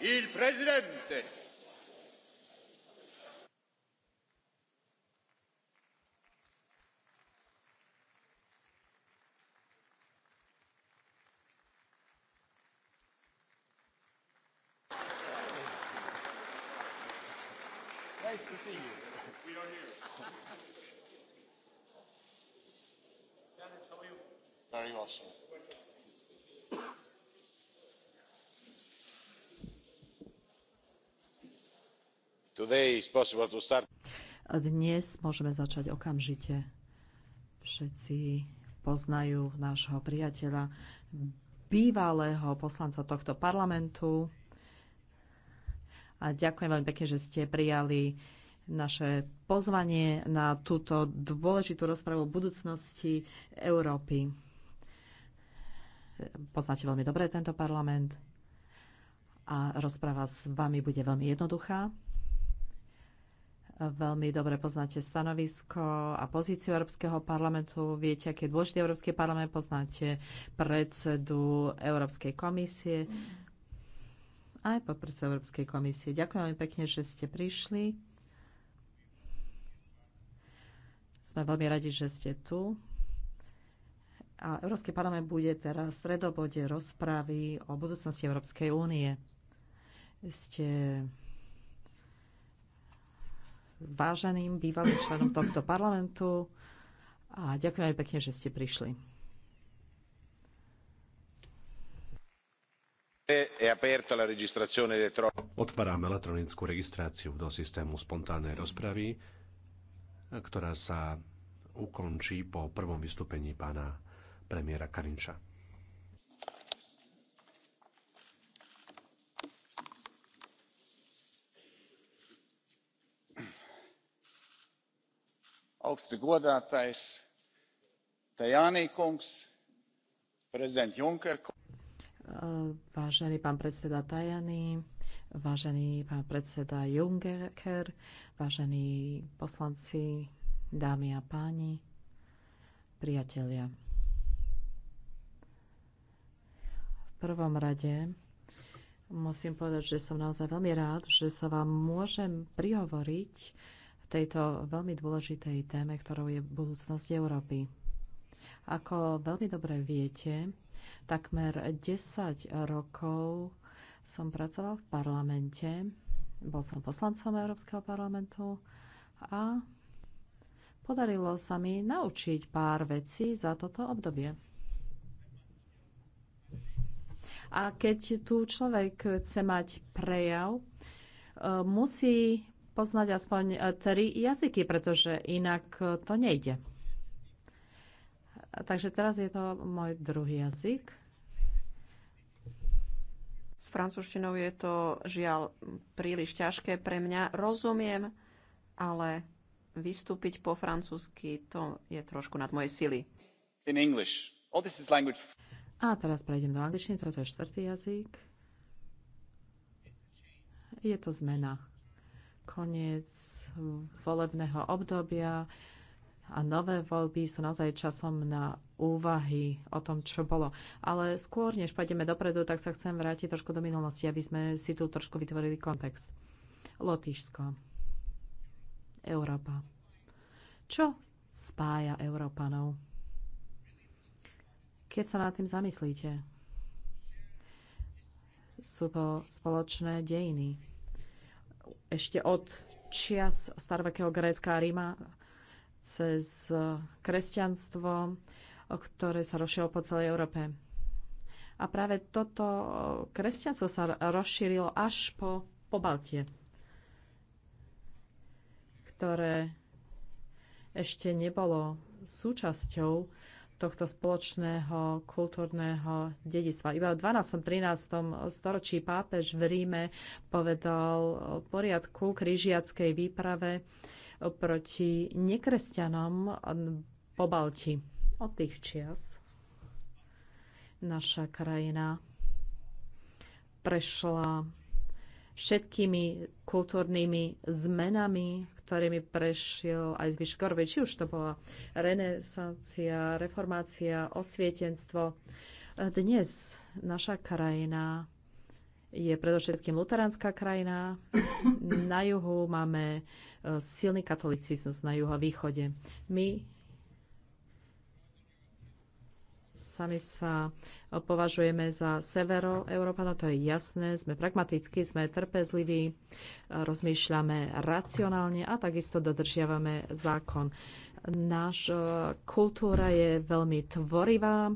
il presidente Dnes môžeme začať okamžite. Všetci poznajú nášho priateľa, bývalého poslanca tohto parlamentu. A ďakujem veľmi pekne, že ste prijali naše pozvanie na túto dôležitú rozpravu o budúcnosti Európy. Poznáte veľmi dobre tento parlament a rozpráva s vami bude veľmi jednoduchá. Veľmi dobre poznáte stanovisko a pozíciu Európskeho parlamentu, viete, aký je dôležitý Európsky parlament, poznáte predsedu Európskej komisie, aj podpredsedu Európskej komisie. Ďakujem veľmi pekne, že ste prišli. Sme veľmi radi, že ste tu. A Európsky parlament bude teraz v stredobode rozprávy o budúcnosti Európskej únie. Ste váženým bývalým členom tohto parlamentu a ďakujem aj pekne, že ste prišli. E, Otváram elektronickú registráciu do systému spontánnej rozpravy, ktorá sa ukončí po prvom vystúpení pána premiéra Karinča. augsti godātais tajani kungs prezident juncker Vážený pán predseda Tajani, vážený pán predseda Juncker, vážení poslanci, dámy a páni, priatelia. V prvom rade musím povedať, že som naozaj veľmi rád, že sa vám môžem prihovoriť tejto veľmi dôležitej téme, ktorou je budúcnosť Európy. Ako veľmi dobre viete, takmer 10 rokov som pracoval v parlamente, bol som poslancom Európskeho parlamentu a podarilo sa mi naučiť pár vecí za toto obdobie. A keď tu človek chce mať prejav, e, musí poznať aspoň e, tri jazyky, pretože inak e, to nejde. Takže teraz je to môj druhý jazyk. S francúzštinou je to žiaľ príliš ťažké pre mňa. Rozumiem, ale vystúpiť po francúzsky to je trošku nad moje sily. In English. All oh, this is language. A teraz prejdem do angličtiny, toto je štvrtý jazyk. Je to zmena koniec volebného obdobia a nové voľby sú naozaj časom na úvahy o tom, čo bolo. Ale skôr, než pôjdeme dopredu, tak sa chcem vrátiť trošku do minulosti, aby sme si tu trošku vytvorili kontext. Lotyšsko. Európa. Čo spája Európanov? Keď sa nad tým zamyslíte, sú to spoločné dejiny, ešte od čias starovekého Grécka a Ríma cez kresťanstvo, ktoré sa rozšírilo po celej Európe. A práve toto kresťanstvo sa rozšírilo až po, po Baltie, ktoré ešte nebolo súčasťou tohto spoločného kultúrneho dedistva. Iba v 12. 13. storočí pápež v Ríme povedal o poriadku križiackej výprave proti nekresťanom po Balti. Od tých čias naša krajina prešla všetkými kultúrnymi zmenami, ktorými prešiel aj zvyšok Európy. Či už to bola renesancia, reformácia, osvietenstvo. Dnes naša krajina je predovšetkým luteránska krajina. Na juhu máme e, silný katolicizmus na východe. My sami sa považujeme za severoeurópanov, to je jasné, sme pragmatickí, sme trpezliví, rozmýšľame racionálne a takisto dodržiavame zákon. Náša e, kultúra je veľmi tvorivá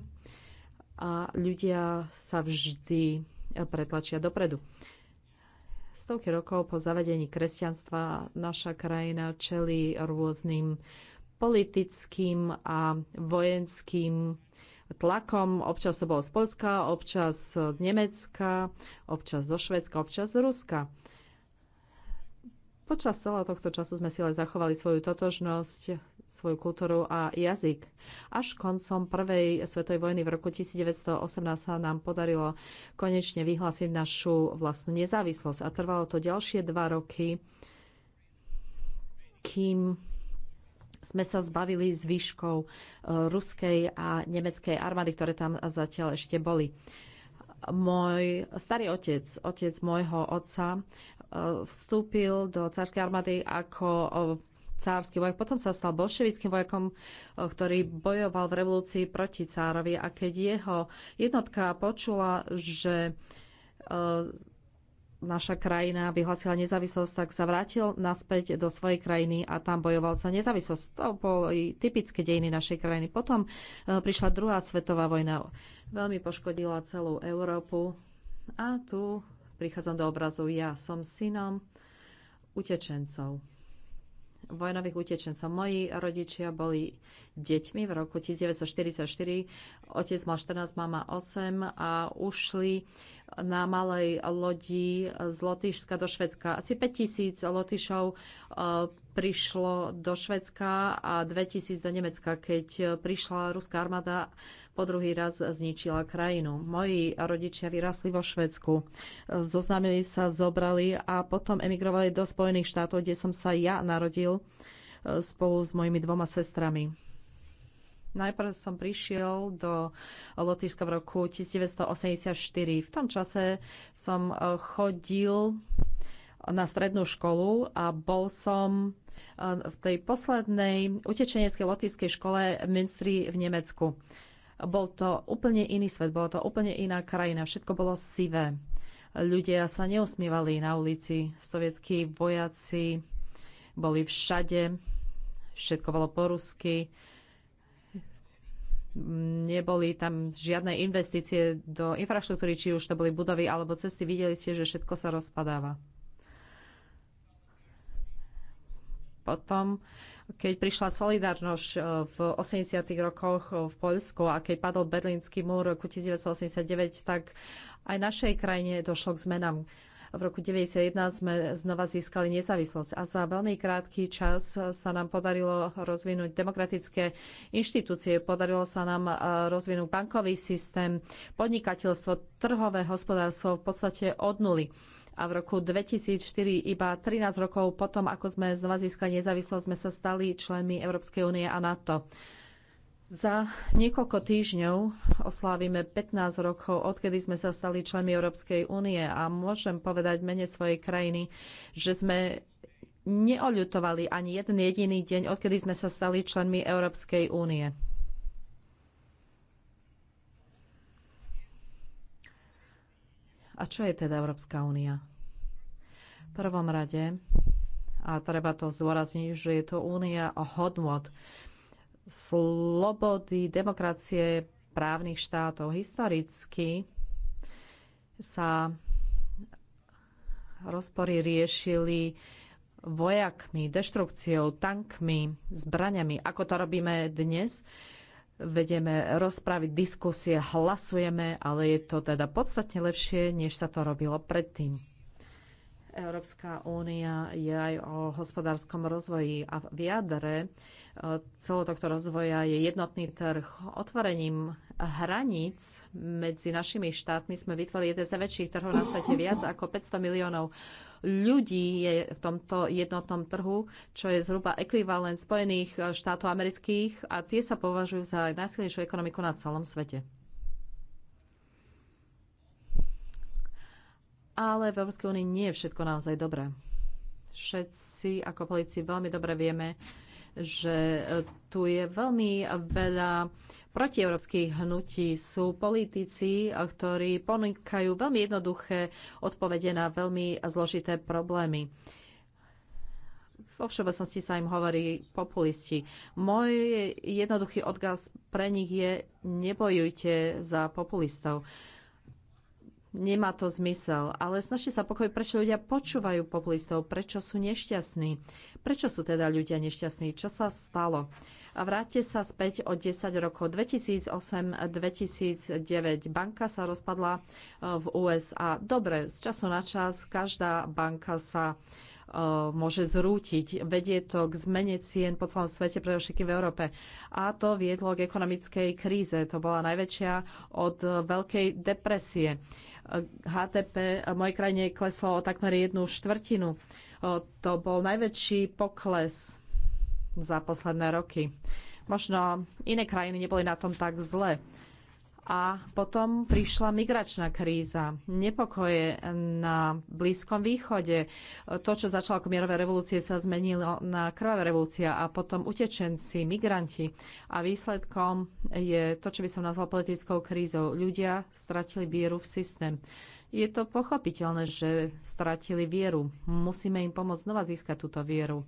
a ľudia sa vždy pretlačia dopredu. Stovky rokov po zavedení kresťanstva naša krajina čelí rôznym politickým a vojenským tlakom. Občas to bolo z Polska, občas z Nemecka, občas zo Švedska, občas z Ruska. Počas celého tohto času sme si ale zachovali svoju totožnosť, svoju kultúru a jazyk. Až koncom prvej svetovej vojny v roku 1918 sa nám podarilo konečne vyhlásiť našu vlastnú nezávislosť a trvalo to ďalšie dva roky, kým sme sa zbavili zvyškov eh, ruskej a nemeckej armády, ktoré tam zatiaľ ešte boli. Môj starý otec, otec môjho otca, eh, vstúpil do cárskej armády ako eh, cársky vojak. Potom sa stal bolševickým vojakom, ktorý bojoval v revolúcii proti cárovi. A keď jeho jednotka počula, že naša krajina vyhlasila nezávislosť, tak sa vrátil naspäť do svojej krajiny a tam bojoval sa nezávislosť. To boli typické dejiny našej krajiny. Potom e, prišla druhá svetová vojna. Veľmi poškodila celú Európu. A tu prichádzam do obrazu. Ja som synom utečencov vojnových utečencov. Moji rodičia boli deťmi v roku 1944. Otec mal 14, mama 8 a ušli na malej lodi z Lotyšska do Švedska. Asi 5000 Lotyšov eh, prišlo do Švedska a 2000 do Nemecka, keď prišla ruská armáda, po druhý raz zničila krajinu. Moji rodičia vyrasli vo Švedsku. Zoznámili sa, zobrali a potom emigrovali do Spojených štátov, kde som sa ja narodil e, spolu s mojimi dvoma sestrami. Najprv som prišiel do Lotyšska v roku 1984. V tom čase som e, chodil na strednú školu a bol som v tej poslednej utečeneckej lotyskej škole Münstri v Nemecku. Bol to úplne iný svet, bola to úplne iná krajina, všetko bolo sivé. Ľudia sa neusmievali na ulici, sovietskí vojaci boli všade, všetko bolo po rusky, neboli tam žiadne investície do infraštruktúry, či už to boli budovy alebo cesty. Videli ste, že všetko sa rozpadáva. potom, keď prišla solidarnosť e, v 80. rokoch e, v Poľsku a keď padol Berlínsky múr v roku 1989, tak aj našej krajine došlo k zmenám. V roku 1991 sme znova získali nezávislosť a za veľmi krátky čas sa nám podarilo rozvinúť demokratické inštitúcie, podarilo sa nám e, rozvinúť bankový systém, podnikateľstvo, trhové hospodárstvo v podstate od nuly a v roku 2004, iba 13 rokov potom, ako sme znova získali nezávislosť, sme sa stali členmi Európskej únie a NATO. Za niekoľko týždňov oslávime 15 rokov, odkedy sme sa stali členmi Európskej únie a môžem povedať mene svojej krajiny, že sme neoľutovali ani jeden jediný deň, odkedy sme sa stali členmi Európskej únie. A čo je teda Európska únia? prvom rade, a treba to zdôrazniť, že je to únia o hodnot slobody, demokracie právnych štátov. Historicky sa rozpory riešili vojakmi, deštrukciou, tankmi, zbraniami. Ako to robíme dnes? Vedeme rozpraviť diskusie, hlasujeme, ale je to teda podstatne lepšie, než sa to robilo predtým. Európska únia je aj o hospodárskom rozvoji a v jadre e, celého tohto rozvoja je jednotný trh. Otvorením hraníc medzi našimi štátmi sme vytvorili jeden z najväčších trhov na svete. Viac ako 500 miliónov ľudí je v tomto jednotnom trhu, čo je zhruba ekvivalent Spojených štátov amerických a tie sa považujú za najsilnejšiu ekonomiku na celom svete. Ale v Európskej únii nie je všetko naozaj dobré. Všetci ako polici veľmi dobre vieme, že e, tu je veľmi veľa protieurópskych hnutí. Sú politici, e, ktorí ponúkajú veľmi jednoduché odpovede na veľmi zložité problémy. Vo všeobecnosti sa im hovorí populisti. Môj jednoduchý odkaz pre nich je nebojujte za populistov nemá to zmysel. Ale snažte sa pochopiť, prečo ľudia počúvajú populistov, prečo sú nešťastní. Prečo sú teda ľudia nešťastní? Čo sa stalo? A vráťte sa späť o 10 rokov. 2008-2009 banka sa rozpadla e, v USA. Dobre, z času na čas každá banka sa e, môže zrútiť. Vedie to k zmene cien po celom svete, predovšetkým v Európe. A to viedlo k ekonomickej kríze. To bola najväčšia od e, Veľkej depresie. HDP v mojej krajine kleslo o takmer jednu štvrtinu. To bol najväčší pokles za posledné roky. Možno iné krajiny neboli na tom tak zle. A potom prišla migračná kríza, nepokoje na Blízkom východe. To, čo začalo ako mierové revolúcie, sa zmenilo na krvavé revolúcia a potom utečenci, migranti. A výsledkom je to, čo by som nazval politickou krízou. Ľudia stratili vieru v systém. Je to pochopiteľné, že stratili vieru. Musíme im pomôcť znova získať túto vieru.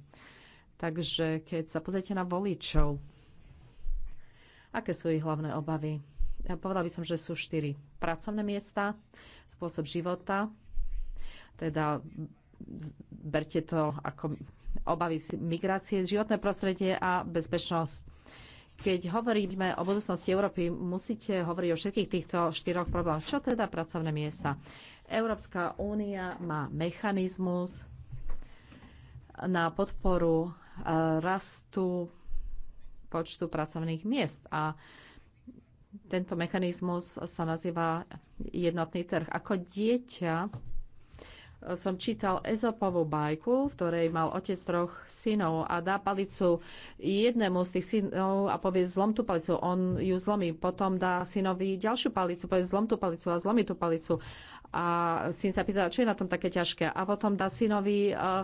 Takže keď sa pozrite na voličov, aké sú ich hlavné obavy? Ja Povedala by som, že sú štyri pracovné miesta, spôsob života, teda berte to ako obavy z migrácie, životné prostredie a bezpečnosť. Keď hovoríme o budúcnosti Európy, musíte hovoriť o všetkých týchto štyroch problémoch. Čo teda pracovné miesta? Európska únia má mechanizmus na podporu eh, rastu počtu pracovných miest a tento mechanizmus sa nazýva jednotný trh. Ako dieťa eh, som čítal Ezopovú bajku, v ktorej mal otec troch synov a dá palicu jednému z tých synov a povie zlom tú palicu, on ju zlomí. Potom dá synovi ďalšiu palicu, povie zlom tú palicu a zlomí tú palicu. A syn sa pýta, čo je na tom také ťažké. A potom dá synovi uh,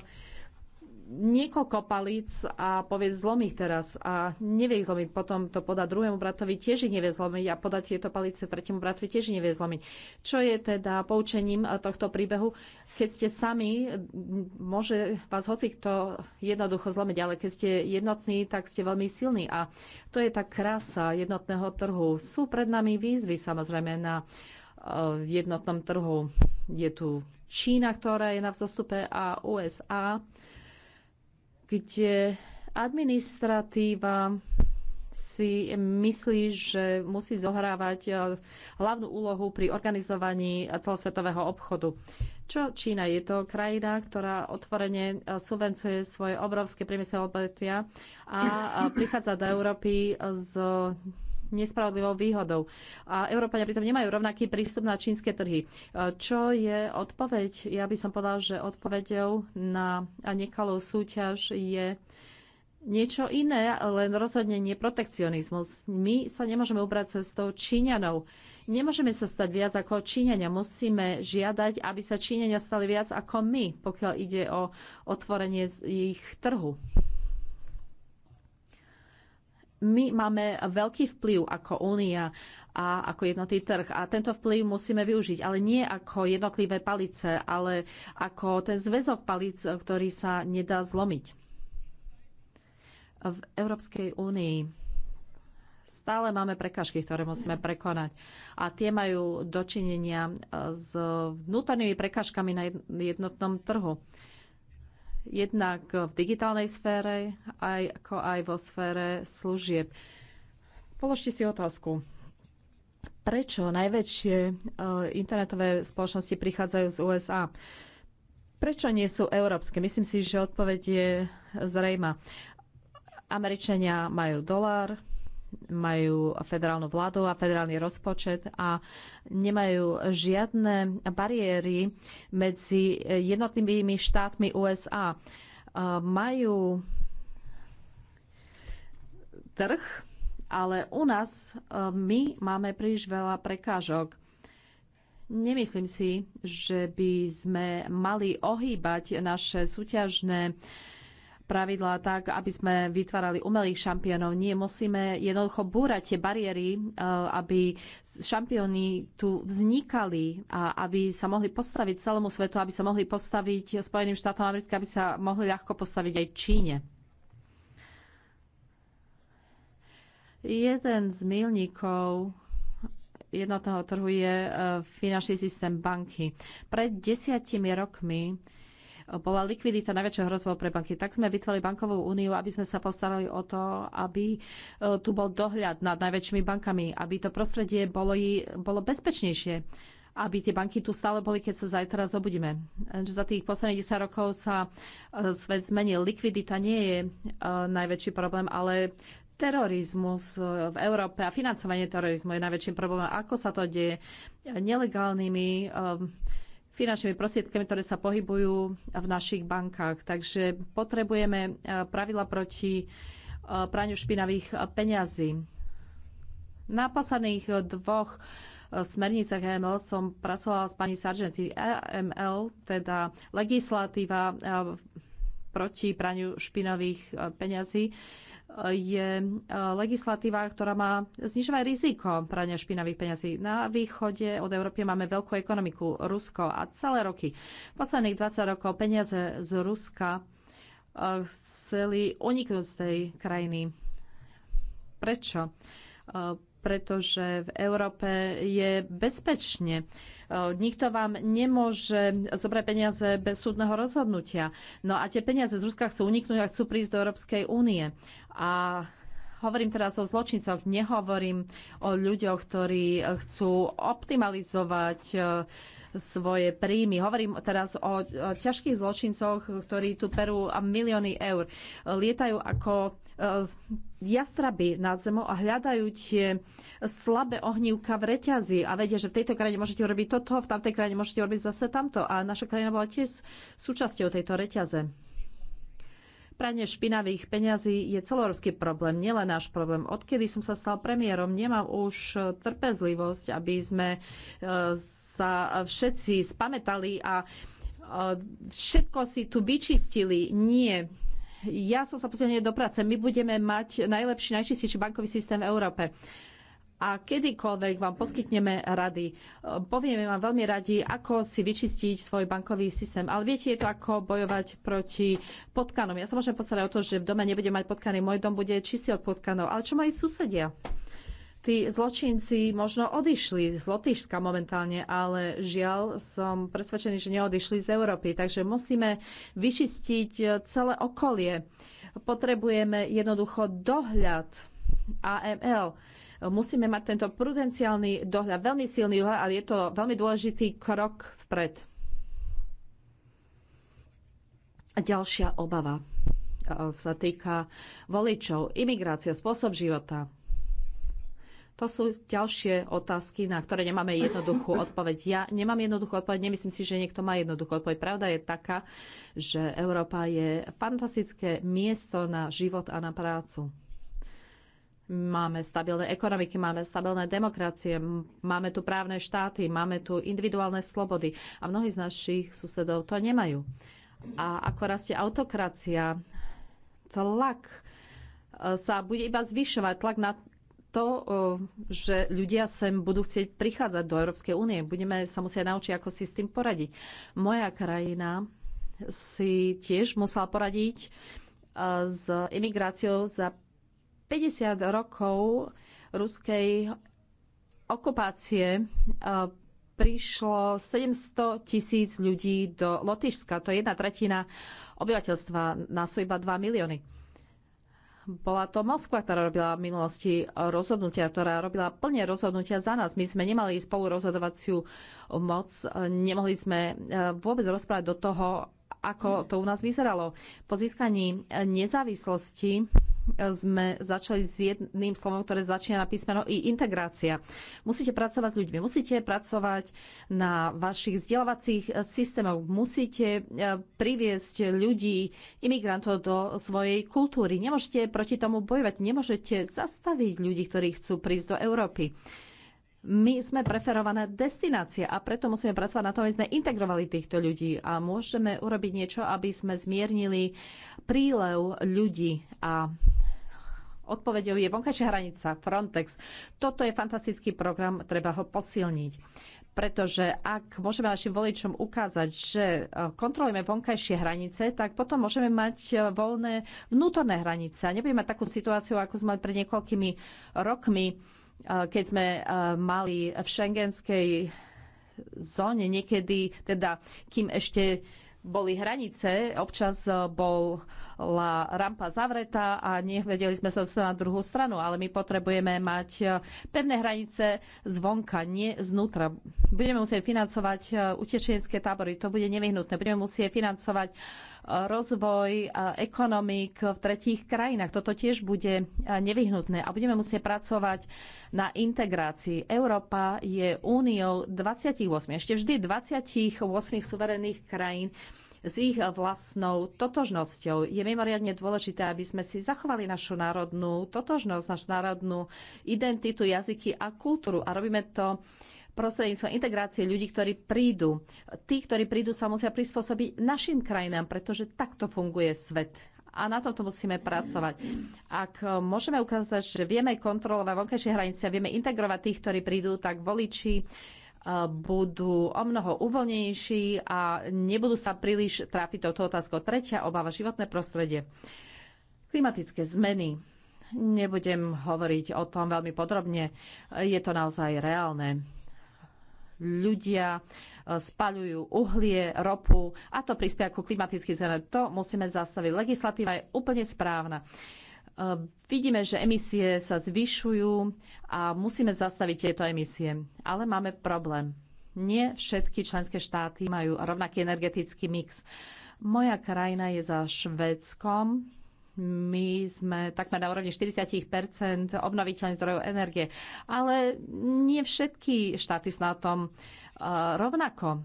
niekoľko palíc a povie zlom ich teraz a nevie ich zlomiť. Potom to poda druhému bratovi, tiež ich nevie zlomiť a poda tieto palice tretiemu bratovi, tiež ich nevie zlomiť. Čo je teda poučením eh, tohto príbehu? Keď ste sami, môže vás hoci kto jednoducho zlomiť, ale keď ste jednotní, tak ste veľmi silní a to je tá krása jednotného trhu. Sú pred nami výzvy samozrejme na v eh, jednotnom trhu. Je tu Čína, ktorá je na vzostupe a USA, kde administratíva si myslí, že musí zohrávať eh, hlavnú úlohu pri organizovaní celosvetového obchodu. Čo Čína? Je to krajina, ktorá otvorene eh, subvencuje svoje obrovské priemyselné odvetvia a eh, prichádza do Európy s nespravodlivou výhodou. A Európania pritom nemajú rovnaký prístup na čínske trhy. E, čo je odpoveď? Ja by som povedal, že odpoveďou na nekalú súťaž je niečo iné, len rozhodne nie protekcionizmus. My sa nemôžeme ubrať cestou Číňanov. Nemôžeme sa stať viac ako Číňania. Musíme žiadať, aby sa Číňania stali viac ako my, pokiaľ ide o otvorenie ich trhu my máme veľký vplyv ako únia a ako jednotný trh a tento vplyv musíme využiť, ale nie ako jednotlivé palice, ale ako ten zväzok palic, ktorý sa nedá zlomiť. V Európskej únii stále máme prekažky, ktoré musíme prekonať a tie majú dočinenia s vnútornými prekážkami na jednotnom trhu jednak v digitálnej sfére, aj, ako aj vo sfére služieb. Položte si otázku. Prečo najväčšie e, internetové spoločnosti prichádzajú z USA? Prečo nie sú európske? Myslím si, že odpoveď je zrejma. Američania majú dolár, majú federálnu vládu a federálny rozpočet a nemajú žiadne bariéry medzi jednotnými štátmi USA. Majú trh, ale u nás e, my máme príliš veľa prekážok. Nemyslím si, že by sme mali ohýbať naše súťažné uh, pravidlá tak, aby sme vytvárali umelých šampiónov. Nie, musíme jednoducho búrať tie bariéry, eh, aby šampióny tu vznikali a aby sa mohli postaviť celému svetu, aby sa mohli postaviť Spojeným štátom americké, aby sa mohli ľahko postaviť aj Číne. Jeden z milníkov jednotného trhu je eh, finančný systém banky. Pred desiatimi rokmi bola likvidita najväčšou hrozbou pre banky. Tak sme vytvorili bankovú úniu, aby sme sa postarali o to, aby e, tu bol dohľad nad najväčšími bankami, aby to prostredie bolo, bolo bezpečnejšie aby tie banky tu stále boli, keď sa zajtra zobudíme. Za tých posledných 10 rokov sa e, svet zmenil. Likvidita nie je e, najväčší problém, ale terorizmus v Európe a financovanie terorizmu je najväčším problémom. Ako sa to deje? Nelegálnymi finančnými prostriedkami, ktoré sa pohybujú v našich bankách. Takže potrebujeme e, pravidla proti e, praniu špinavých e, peňazí. Na posledných dvoch smernicách EML som pracovala s pani Sargenty EML, teda legislatíva proti praniu špinavých peňazí, je e, legislatíva, ktorá má znižovať riziko prania špinavých peňazí. Na východe od Európy máme veľkú ekonomiku, Rusko a celé roky. Posledných 20 rokov peniaze z Ruska e, chceli uniknúť z tej krajiny. Prečo? E, pretože v Európe je bezpečne. E, nikto vám nemôže zobrať peniaze bez súdneho rozhodnutia. No a tie peniaze z Ruska chcú uniknúť a chcú prísť do Európskej únie. A hovorím teraz o zločincoch, nehovorím o ľuďoch, ktorí chcú optimalizovať e, svoje príjmy. Hovorím teraz o, ťažkých zločincoch, ktorí tu perú milióny eur. Lietajú ako e, jastraby nad zemou a hľadajú tie slabé ohnívka v reťazi a vedia, že v tejto krajine môžete urobiť toto, v tamtej krajine môžete urobiť zase tamto. A naša krajina bola tiež súčasťou tejto reťaze. Pranie špinavých peňazí je celorovský problém, nielen náš problém. Odkedy som sa stal premiérom, nemám už e, trpezlivosť, aby sme e, sa všetci spametali a e, všetko si tu vyčistili. Nie. Ja som sa posielal do práce. My budeme mať najlepší, najčistejší bankový systém v Európe a kedykoľvek vám poskytneme rady. Povieme vám veľmi radi, ako si vyčistiť svoj bankový systém. Ale viete, je to ako bojovať proti potkanom. Ja sa môžem postarať o to, že v dome nebudem mať potkany, môj dom bude čistý od potkanov. Ale čo mají susedia? Tí zločinci možno odišli z Lotyšska momentálne, ale žiaľ som presvedčený, že neodišli z Európy. Takže musíme vyčistiť celé okolie. Potrebujeme jednoducho dohľad AML Musíme mať tento prudenciálny dohľad, veľmi silný dohľad, ale je to veľmi dôležitý krok vpred. Ďalšia obava e, sa týka voličov, imigrácia, spôsob života. To sú ďalšie otázky, na ktoré nemáme jednoduchú odpoveď. Ja nemám jednoduchú odpoveď, nemyslím si, že niekto má jednoduchú odpoveď. Pravda je taká, že Európa je fantastické miesto na život a na prácu. Máme stabilné ekonomiky, máme stabilné demokracie, máme tu právne štáty, máme tu individuálne slobody a mnohí z našich susedov to nemajú. A ako rastie autokracia, tlak e, sa bude iba zvyšovať, tlak na to, e, že ľudia sem budú chcieť prichádzať do Európskej únie. Budeme sa musieť naučiť, ako si s tým poradiť. Moja krajina si tiež musela poradiť e, s imigráciou za 50 rokov ruskej okupácie e, prišlo 700 tisíc ľudí do Lotyšska. To je jedna tretina obyvateľstva, nás sú iba 2 milióny. Bola to Moskva, ktorá robila v minulosti rozhodnutia, ktorá robila plne rozhodnutia za nás. My sme nemali spolu rozhodovaciu moc, nemohli sme e, vôbec rozprávať do toho, ako to u nás vyzeralo. Po získaní nezávislosti sme začali s jedným slovom, ktoré začína na písmeno I, integrácia. Musíte pracovať s ľuďmi, musíte pracovať na vašich vzdelávacích systémoch, musíte e, priviesť ľudí, imigrantov do svojej kultúry. Nemôžete proti tomu bojovať, nemôžete zastaviť ľudí, ktorí chcú prísť do Európy. My sme preferované destinácie a preto musíme pracovať na tom, aby sme integrovali týchto ľudí a môžeme urobiť niečo, aby sme zmiernili prílev ľudí a odpovedou je vonkajšia hranica Frontex. Toto je fantastický program, treba ho posilniť. Pretože ak môžeme našim voličom ukázať, že e, kontrolujeme vonkajšie hranice, tak potom môžeme mať e, voľné vnútorné hranice. A nebudeme mať takú situáciu, ako sme mali pred niekoľkými rokmi, e, keď sme mali v šengenskej zóne niekedy, teda kým ešte boli hranice, občas eh, bola rampa zavretá a nevedeli sme sa dostať na druhú stranu, ale my potrebujeme mať eh, pevné hranice zvonka, nie znútra. Budeme musieť financovať eh, utečenecké tábory, to bude nevyhnutné. Budeme musieť financovať rozvoj ekonomík v tretích krajinách. Toto tiež bude nevyhnutné a budeme musieť pracovať na integrácii. Európa je úniou 28, ešte vždy 28 suverénnych krajín s ich vlastnou totožnosťou. Je mimoriadne dôležité, aby sme si zachovali našu národnú totožnosť, našu národnú identitu, jazyky a kultúru. A robíme to prostredníctvom integrácie ľudí, ktorí prídu. Tí, ktorí prídu, sa musia prispôsobiť našim krajinám, pretože takto funguje svet a na tomto musíme pracovať. Ak môžeme ukázať, že vieme kontrolovať vonkajšie hranice, vieme integrovať tých, ktorí prídu, tak voliči eh, budú o mnoho uvoľnejší a nebudú sa príliš trápiť touto otázkou. Tretia obava, životné prostredie. Klimatické zmeny. Nebudem hovoriť o tom veľmi podrobne. Je to naozaj reálne ľudia e, spaľujú uhlie, ropu a to prispieva ku klimatickým zmenám. To musíme zastaviť. Legislatíva je úplne správna. E, vidíme, že emisie sa zvyšujú a musíme zastaviť tieto emisie. Ale máme problém. Nie všetky členské štáty majú rovnaký energetický mix. Moja krajina je za Švedskom my sme takmer na úrovni 40 obnoviteľných zdrojov energie. Ale nie všetky štáty sú na tom eh, rovnako.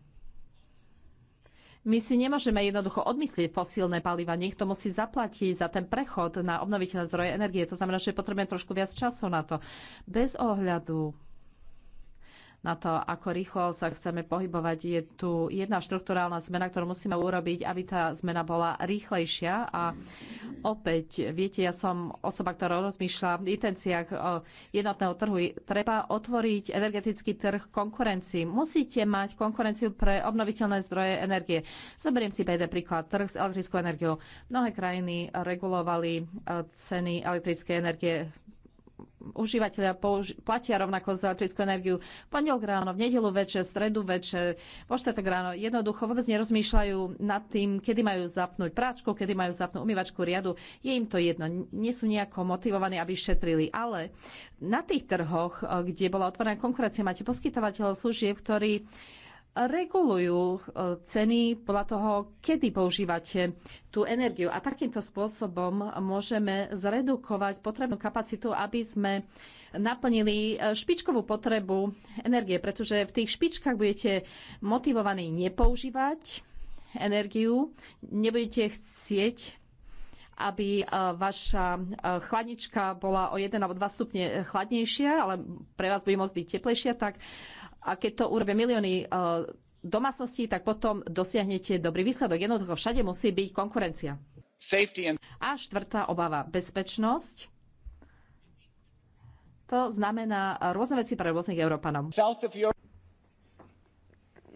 My si nemôžeme jednoducho odmyslieť fosílne paliva. Niekto musí zaplatiť za ten prechod na obnoviteľné zdroje energie. To znamená, že potrebujeme trošku viac času na to. Bez ohľadu na to, ako rýchlo sa chceme pohybovať. Je tu jedna štruktúrálna zmena, ktorú musíme urobiť, aby tá zmena bola rýchlejšia. A opäť, viete, ja som osoba, ktorá rozmýšľa v intenciách e, jednotného trhu. Treba otvoriť energetický trh konkurencii. Musíte mať konkurenciu pre obnoviteľné zdroje energie. Zoberiem si PD príklad, trh s elektrickou energiou. Mnohé krajiny regulovali e, ceny elektrickej energie užívateľia použi- platia rovnako za elektrickú energiu v pondelok ráno, v nedelu večer, v stredu večer, vo štvrtok ráno. Jednoducho vôbec nerozmýšľajú nad tým, kedy majú zapnúť práčku, kedy majú zapnúť umývačku riadu. Je im to jedno. Nie sú nejako motivovaní, aby šetrili. Ale na tých trhoch, kde bola otvorená konkurencia, máte poskytovateľov služieb, ktorí regulujú e, ceny podľa toho, kedy používate tú energiu. A takýmto spôsobom môžeme zredukovať potrebnú kapacitu, aby sme naplnili e, špičkovú potrebu energie, pretože v tých špičkách budete motivovaní nepoužívať energiu, nebudete chcieť aby e, vaša chladnička bola o 1 alebo 2 stupne chladnejšia, ale pre vás bude môcť byť teplejšia, tak a keď to urobia milióny eh, domácností, tak potom dosiahnete dobrý výsledok. Jednoducho všade musí byť konkurencia. A štvrtá obava, bezpečnosť. To znamená rôzne veci pre rôznych Európanov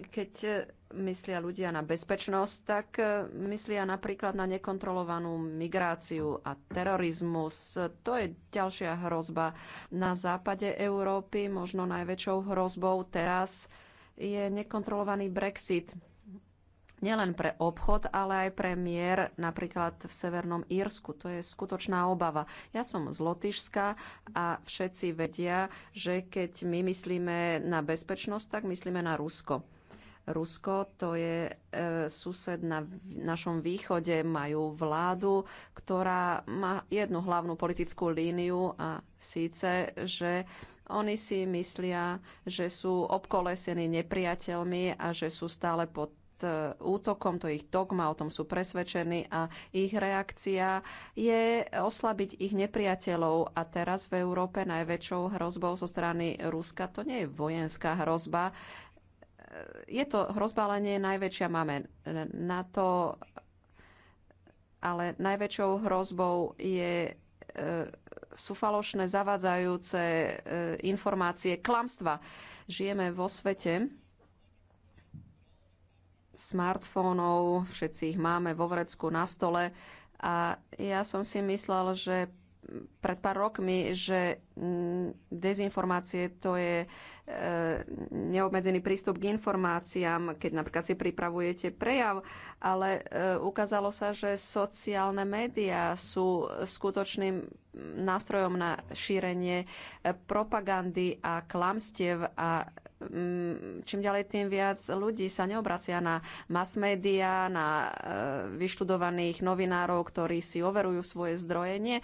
keď e, myslia ľudia na bezpečnosť, tak e, myslia napríklad na nekontrolovanú migráciu a terorizmus. To je ďalšia hrozba. Na západe Európy možno najväčšou hrozbou teraz je nekontrolovaný Brexit. Nielen pre obchod, ale aj pre mier, napríklad v Severnom Írsku. To je skutočná obava. Ja som z Lotyšska a všetci vedia, že keď my myslíme na bezpečnosť, tak myslíme na Rusko. Rusko, to je e, sused na našom východe, majú vládu, ktorá má jednu hlavnú politickú líniu a síce, že oni si myslia, že sú obkolesení nepriateľmi a že sú stále pod e, útokom, to ich dogma, o tom sú presvedčení a ich reakcia je oslabiť ich nepriateľov a teraz v Európe najväčšou hrozbou zo strany Ruska to nie je vojenská hrozba, je to hrozba, ale nie najväčšia. Máme na to, ale najväčšou hrozbou je, e, sú falošné, zavádzajúce e, informácie, klamstva. Žijeme vo svete smartfónov, všetci ich máme vo vrecku na stole a ja som si myslel, že pred pár rokmi, že mm, dezinformácie to je e, neobmedzený prístup k informáciám, keď napríklad si pripravujete prejav, ale e, ukázalo sa, že sociálne médiá sú skutočným nástrojom na šírenie e, propagandy a klamstiev a Mm, čím ďalej tým viac ľudí sa neobracia na mass media, na e, vyštudovaných novinárov, ktorí si overujú svoje zdroje. Nie, e,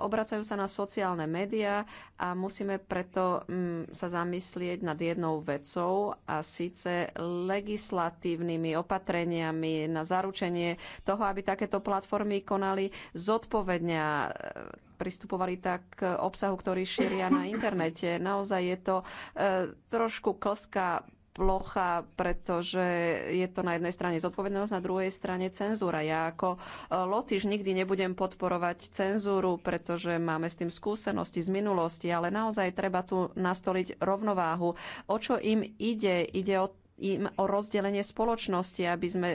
obracajú sa na sociálne médiá a musíme preto mm, sa zamyslieť nad jednou vecou a síce legislatívnymi opatreniami na zaručenie toho, aby takéto platformy konali zodpovedne e, pristupovali tak k obsahu, ktorý šíria na internete. Naozaj je to e, trošku klská plocha, pretože je to na jednej strane zodpovednosť, na druhej strane cenzúra. Ja ako e, lotiš nikdy nebudem podporovať cenzúru, pretože máme s tým skúsenosti z minulosti, ale naozaj treba tu nastoliť rovnováhu. O čo im ide? Ide o im o rozdelenie spoločnosti, aby sme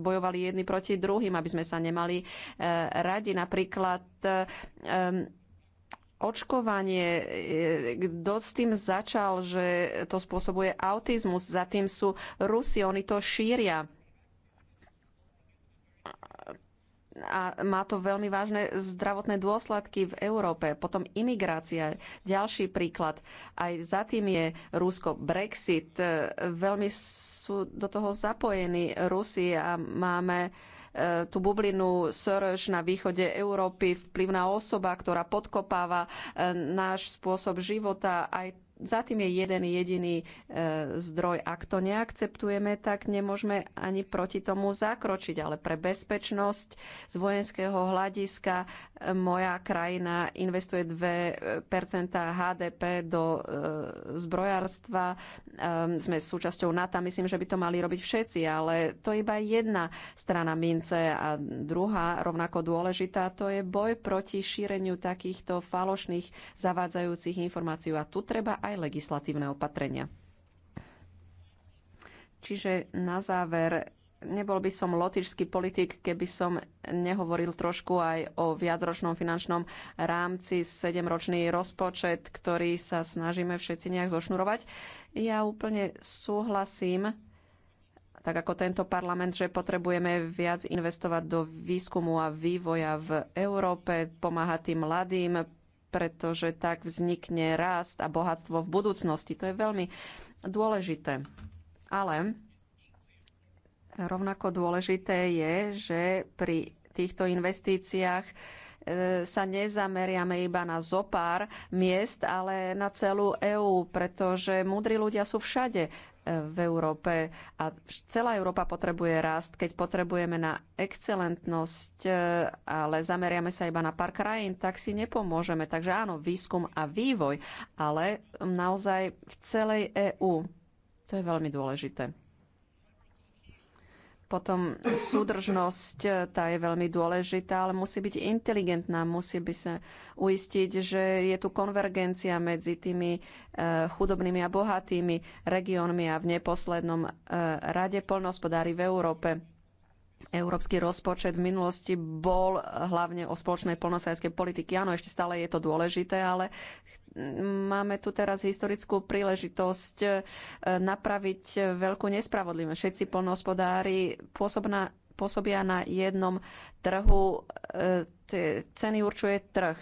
bojovali jedni proti druhým, aby sme sa nemali e, radi. Napríklad e, očkovanie, e, kto s tým začal, že to spôsobuje autizmus, za tým sú Rusi, oni to šíria. a má to veľmi vážne zdravotné dôsledky v Európe. Potom imigrácia, ďalší príklad. Aj za tým je Rusko. Brexit, e, veľmi sú do toho zapojení Rusi a máme e, tú bublinu Sörž na východe Európy, vplyvná osoba, ktorá podkopáva e, náš spôsob života, aj za tým je jeden jediný e, zdroj. Ak to neakceptujeme, tak nemôžeme ani proti tomu zakročiť. Ale pre bezpečnosť z vojenského hľadiska e, moja krajina investuje 2 e, HDP do e, zbrojárstva. E, sme súčasťou NATO. Myslím, že by to mali robiť všetci, ale to je iba jedna strana mince a druhá, rovnako dôležitá, to je boj proti šíreniu takýchto falošných zavádzajúcich informácií. A tu treba aj legislatívne opatrenia. Čiže na záver, nebol by som lotišský politik, keby som nehovoril trošku aj o viacročnom finančnom rámci, sedemročný rozpočet, ktorý sa snažíme všetci nejak zošnurovať. Ja úplne súhlasím tak ako tento parlament, že potrebujeme viac investovať do výskumu a vývoja v Európe, pomáhať tým mladým, pretože tak vznikne rast a bohatstvo v budúcnosti. To je veľmi dôležité. Ale rovnako dôležité je, že pri týchto investíciách e, sa nezameriame iba na zopár miest, ale na celú EÚ, pretože múdri ľudia sú všade v Európe a celá Európa potrebuje rast, keď potrebujeme na excelentnosť, e, ale zameriame sa iba na pár krajín, tak si nepomôžeme. Takže áno, výskum a vývoj, ale naozaj v celej EÚ. To je veľmi dôležité. Potom súdržnosť, e, tá je veľmi dôležitá, ale musí byť inteligentná, musí by sa uistiť, že je tu konvergencia medzi tými e, chudobnými a bohatými regiónmi a v neposlednom e, rade polnohospodári v Európe. Európsky rozpočet v minulosti bol hlavne o spoločnej polnosajskej politiky. Áno, ešte stále je to dôležité, ale máme tu teraz historickú príležitosť eh, napraviť veľkú nespravodlivosť. Všetci polnohospodári pôsobná, pôsobia na jednom trhu. Eh, ceny určuje trh.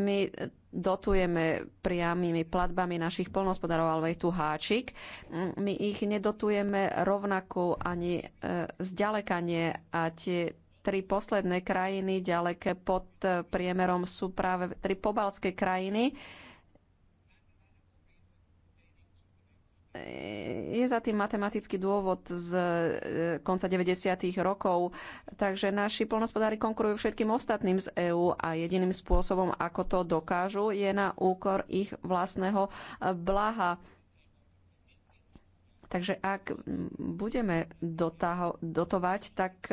My dotujeme priamými platbami našich polnospodárov, alebo je tu háčik. Mm, my ich nedotujeme rovnako ani e, zďaleka nie a tie tri posledné krajiny ďaleké pod e, priemerom sú práve tri pobaltské krajiny E, je za tým matematický dôvod z e, konca 90. rokov, takže naši polnospodári konkurujú všetkým ostatným z EÚ a jediným spôsobom, ako to dokážu, je na úkor ich vlastného e, blaha. Takže ak budeme dotaho- dotovať, tak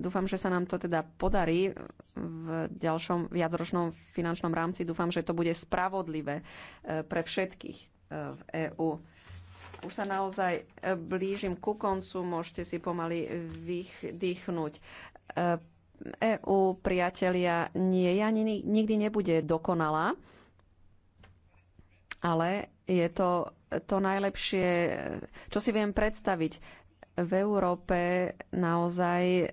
dúfam, že sa nám to teda podarí v ďalšom viacročnom finančnom rámci. Dúfam, že to bude spravodlivé pre všetkých v EÚ. Už sa naozaj e, blížim ku koncu, môžete si pomaly vydýchnuť. EÚ, e priatelia, nie, ja nikdy nebude dokonalá, ale je to to najlepšie, čo si viem predstaviť. V Európe naozaj e,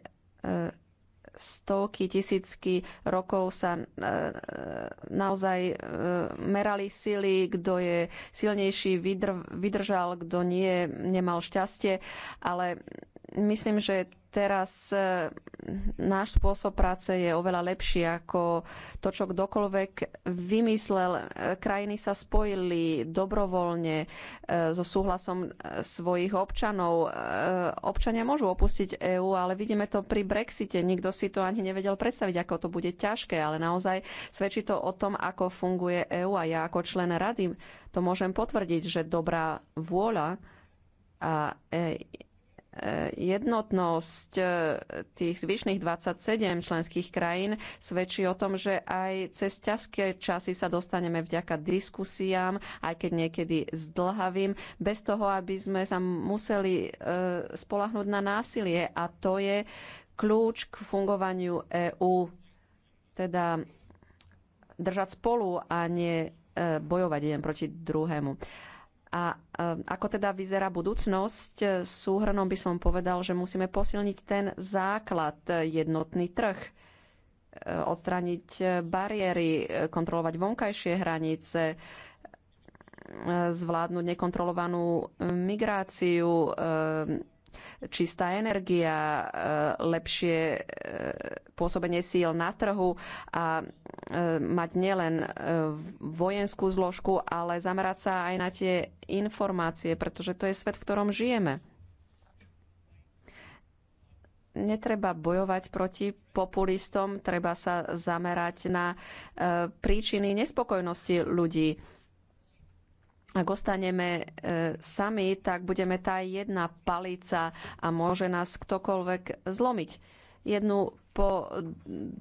stovky, tisícky rokov sa e, e, naozaj e, merali sily, kto je silnejší, vydržal, kto nie, nemal šťastie, ale myslím, že teraz e, náš spôsob práce je oveľa lepší ako to, čo kdokoľvek vymyslel. E, krajiny sa spojili dobrovoľne e, so súhlasom svojich občanov. Občania môžu opustiť EÚ, ale vidíme to pri Brexite. Nikto si to ani nevedel predstaviť, ako to bude ťažké, ale naozaj svedčí to o tom, ako funguje EÚ a ja ako člen rady to môžem potvrdiť, že dobrá vôľa a jednotnosť e, tých zvyšných 27 členských krajín svedčí o tom, že aj cez ťažké časy sa dostaneme vďaka diskusiám, aj keď niekedy zdlhavým, bez toho, aby sme sa museli e, spolahnúť na násilie. A to je kľúč k fungovaniu EÚ. Teda držať spolu a nie e, bojovať jeden proti druhému. A eh, ako teda vyzerá budúcnosť? Eh, súhrnom by som povedal, že musíme posilniť ten základ eh, jednotný trh odstrániť bariéry, kontrolovať vonkajšie hranice, zvládnuť nekontrolovanú migráciu, čistá energia, e, lepšie e, pôsobenie síl na trhu a e, mať nielen vojenskú zložku, ale zamerať sa aj na tie informácie, pretože to je svet, v ktorom žijeme netreba bojovať proti populistom, treba sa zamerať na príčiny nespokojnosti ľudí ak ostaneme e, sami, tak budeme tá jedna palica a môže nás ktokoľvek zlomiť. Jednu po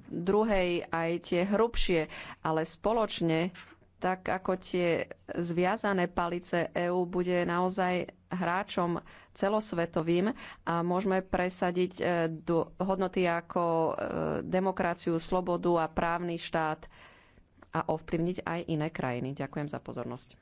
druhej aj tie hrubšie, ale spoločne, tak ako tie zviazané palice EÚ bude naozaj hráčom celosvetovým a môžeme presadiť e, do, hodnoty ako e, demokraciu, slobodu a právny štát a ovplyvniť aj iné krajiny. Ďakujem za pozornosť.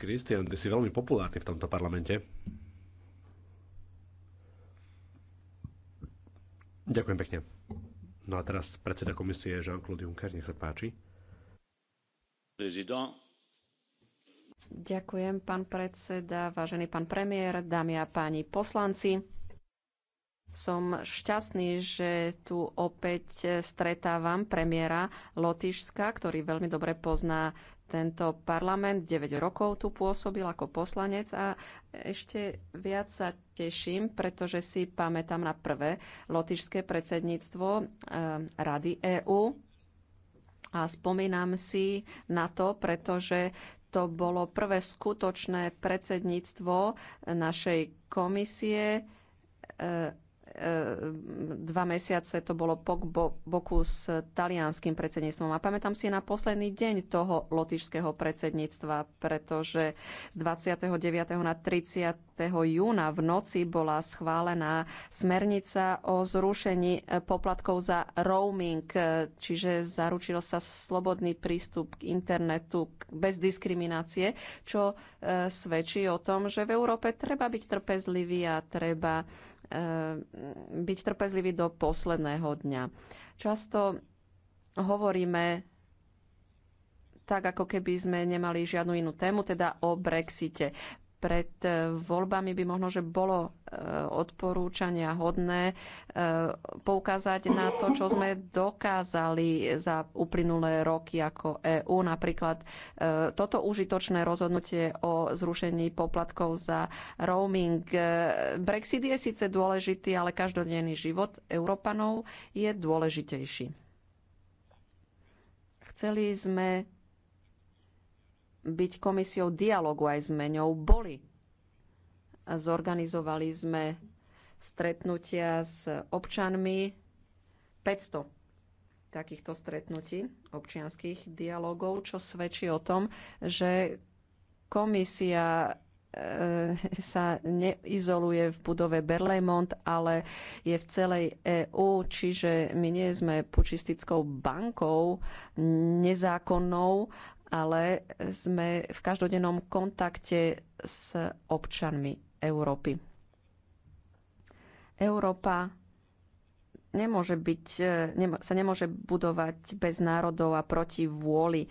Kristian, ty si veľmi populárny v tomto parlamente. Ďakujem pekne. No a teraz predseda komisie Jean-Claude Juncker, nech sa páči. Prezident. Ďakujem, pán predseda, vážený pán premiér, dámy a páni poslanci som šťastný, že tu opäť stretávam premiéra Lotyšska, ktorý veľmi dobre pozná tento parlament. 9 rokov tu pôsobil ako poslanec a ešte viac sa teším, pretože si pamätám na prvé lotišské predsedníctvo eh, Rady EÚ. A spomínam si na to, pretože to bolo prvé skutočné predsedníctvo našej komisie. Eh, E, dva mesiace to bolo po boku s talianským predsedníctvom. A pamätám si na posledný deň toho lotišského predsedníctva, pretože z 29. na 30. júna v noci bola schválená smernica o zrušení e, poplatkov za roaming, e, čiže zaručil sa slobodný prístup k internetu bez diskriminácie, čo svedčí o tom, že v Európe treba byť trpezlivý a treba Eh, byť trpezlivý do posledného dňa. Často hovoríme tak, ako keby sme nemali žiadnu inú tému, teda o Brexite pred e, voľbami by možno, že bolo e, odporúčania hodné e, poukázať na to, čo sme dokázali za uplynulé roky ako EÚ. Napríklad toto užitočné rozhodnutie o zrušení poplatkov za roaming. Brexit je síce dôležitý, ale každodenný život Európanov je dôležitejší. Chceli sme byť komisiou dialogu aj s meňou boli. Zorganizovali sme stretnutia s občanmi 500 takýchto stretnutí občianských dialogov, čo svedčí o tom, že komisia e, sa neizoluje v budove Berlemont, ale je v celej EÚ, čiže my nie sme pučistickou bankou nezákonnou, ale sme v každodennom kontakte s občanmi Európy. Európa nemôže byť, e, sa nemôže budovať bez národov a proti vôli e,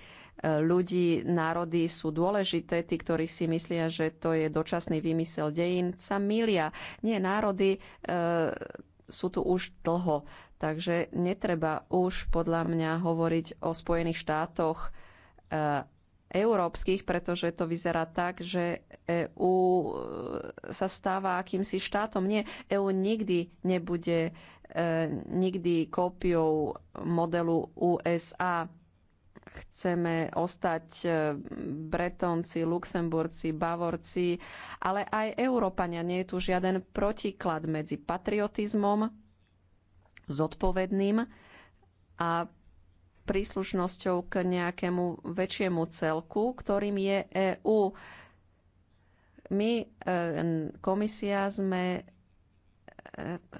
ľudí. Národy sú dôležité, tí, ktorí si myslia, že to je dočasný výmysel dejín, sa milia. Nie, národy e, sú tu už dlho, takže netreba už podľa mňa hovoriť o Spojených štátoch Eh, európskych, pretože to vyzerá tak, že EÚ eh, sa stáva akýmsi štátom. Nie, EU nikdy nebude eh, nikdy kópiou modelu USA. Chceme ostať Bretonci, Luxemburci, Bavorci, ale aj Európania. Nie je tu žiaden protiklad medzi patriotizmom, zodpovedným a príslušnosťou k nejakému väčšiemu celku, ktorým je EÚ. My, e, komisia, sme e,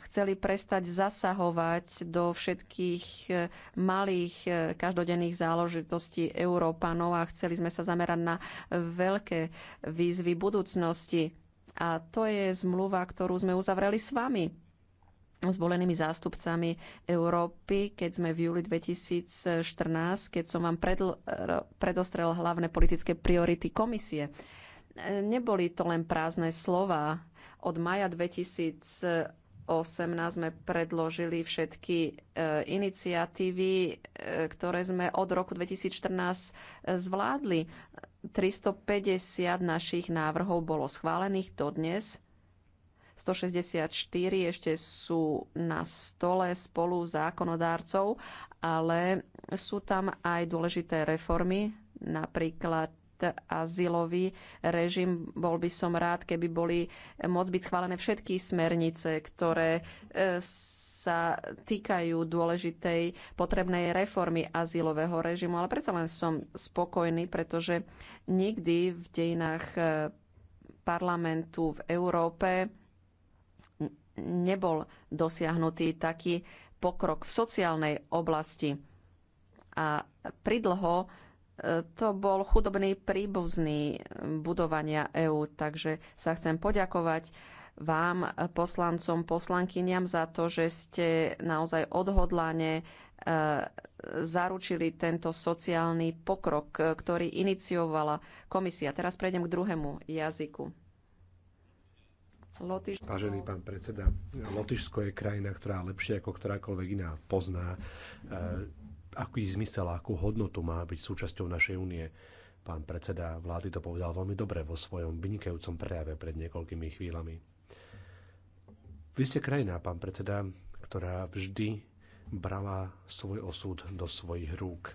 chceli prestať zasahovať do všetkých e, malých každodenných záležitostí Európanov a chceli sme sa zamerať na veľké výzvy budúcnosti. A to je zmluva, ktorú sme uzavreli s vami zvolenými zástupcami Európy, keď sme v júli 2014, keď som vám predl, predostrel hlavné politické priority komisie. Neboli to len prázdne slova. Od maja 2018 sme predložili všetky e, iniciatívy, e, ktoré sme od roku 2014 zvládli. 350 našich návrhov bolo schválených dodnes 164 ešte sú na stole spolu zákonodárcov, ale sú tam aj dôležité reformy, napríklad azylový režim. Bol by som rád, keby boli môcť byť schválené všetky smernice, ktoré e, sa týkajú dôležitej potrebnej reformy azylového režimu, ale predsa len som spokojný, pretože nikdy v dejinách e, parlamentu v Európe nebol dosiahnutý taký pokrok v sociálnej oblasti. A pridlho e, to bol chudobný príbuzný budovania EÚ, takže sa chcem poďakovať vám, poslancom, poslankyniam, za to, že ste naozaj odhodlane e, zaručili tento sociálny pokrok, e, ktorý iniciovala komisia. Teraz prejdem k druhému jazyku. Lotyš... Vážený pán predseda, Lotyšsko je krajina, ktorá lepšie ako ktorákoľvek iná pozná, e, aký zmysel a akú hodnotu má byť súčasťou našej únie. Pán predseda vlády to povedal veľmi dobre vo svojom vynikajúcom prejave pred niekoľkými chvíľami. Vy ste krajina, pán predseda, ktorá vždy brala svoj osud do svojich rúk.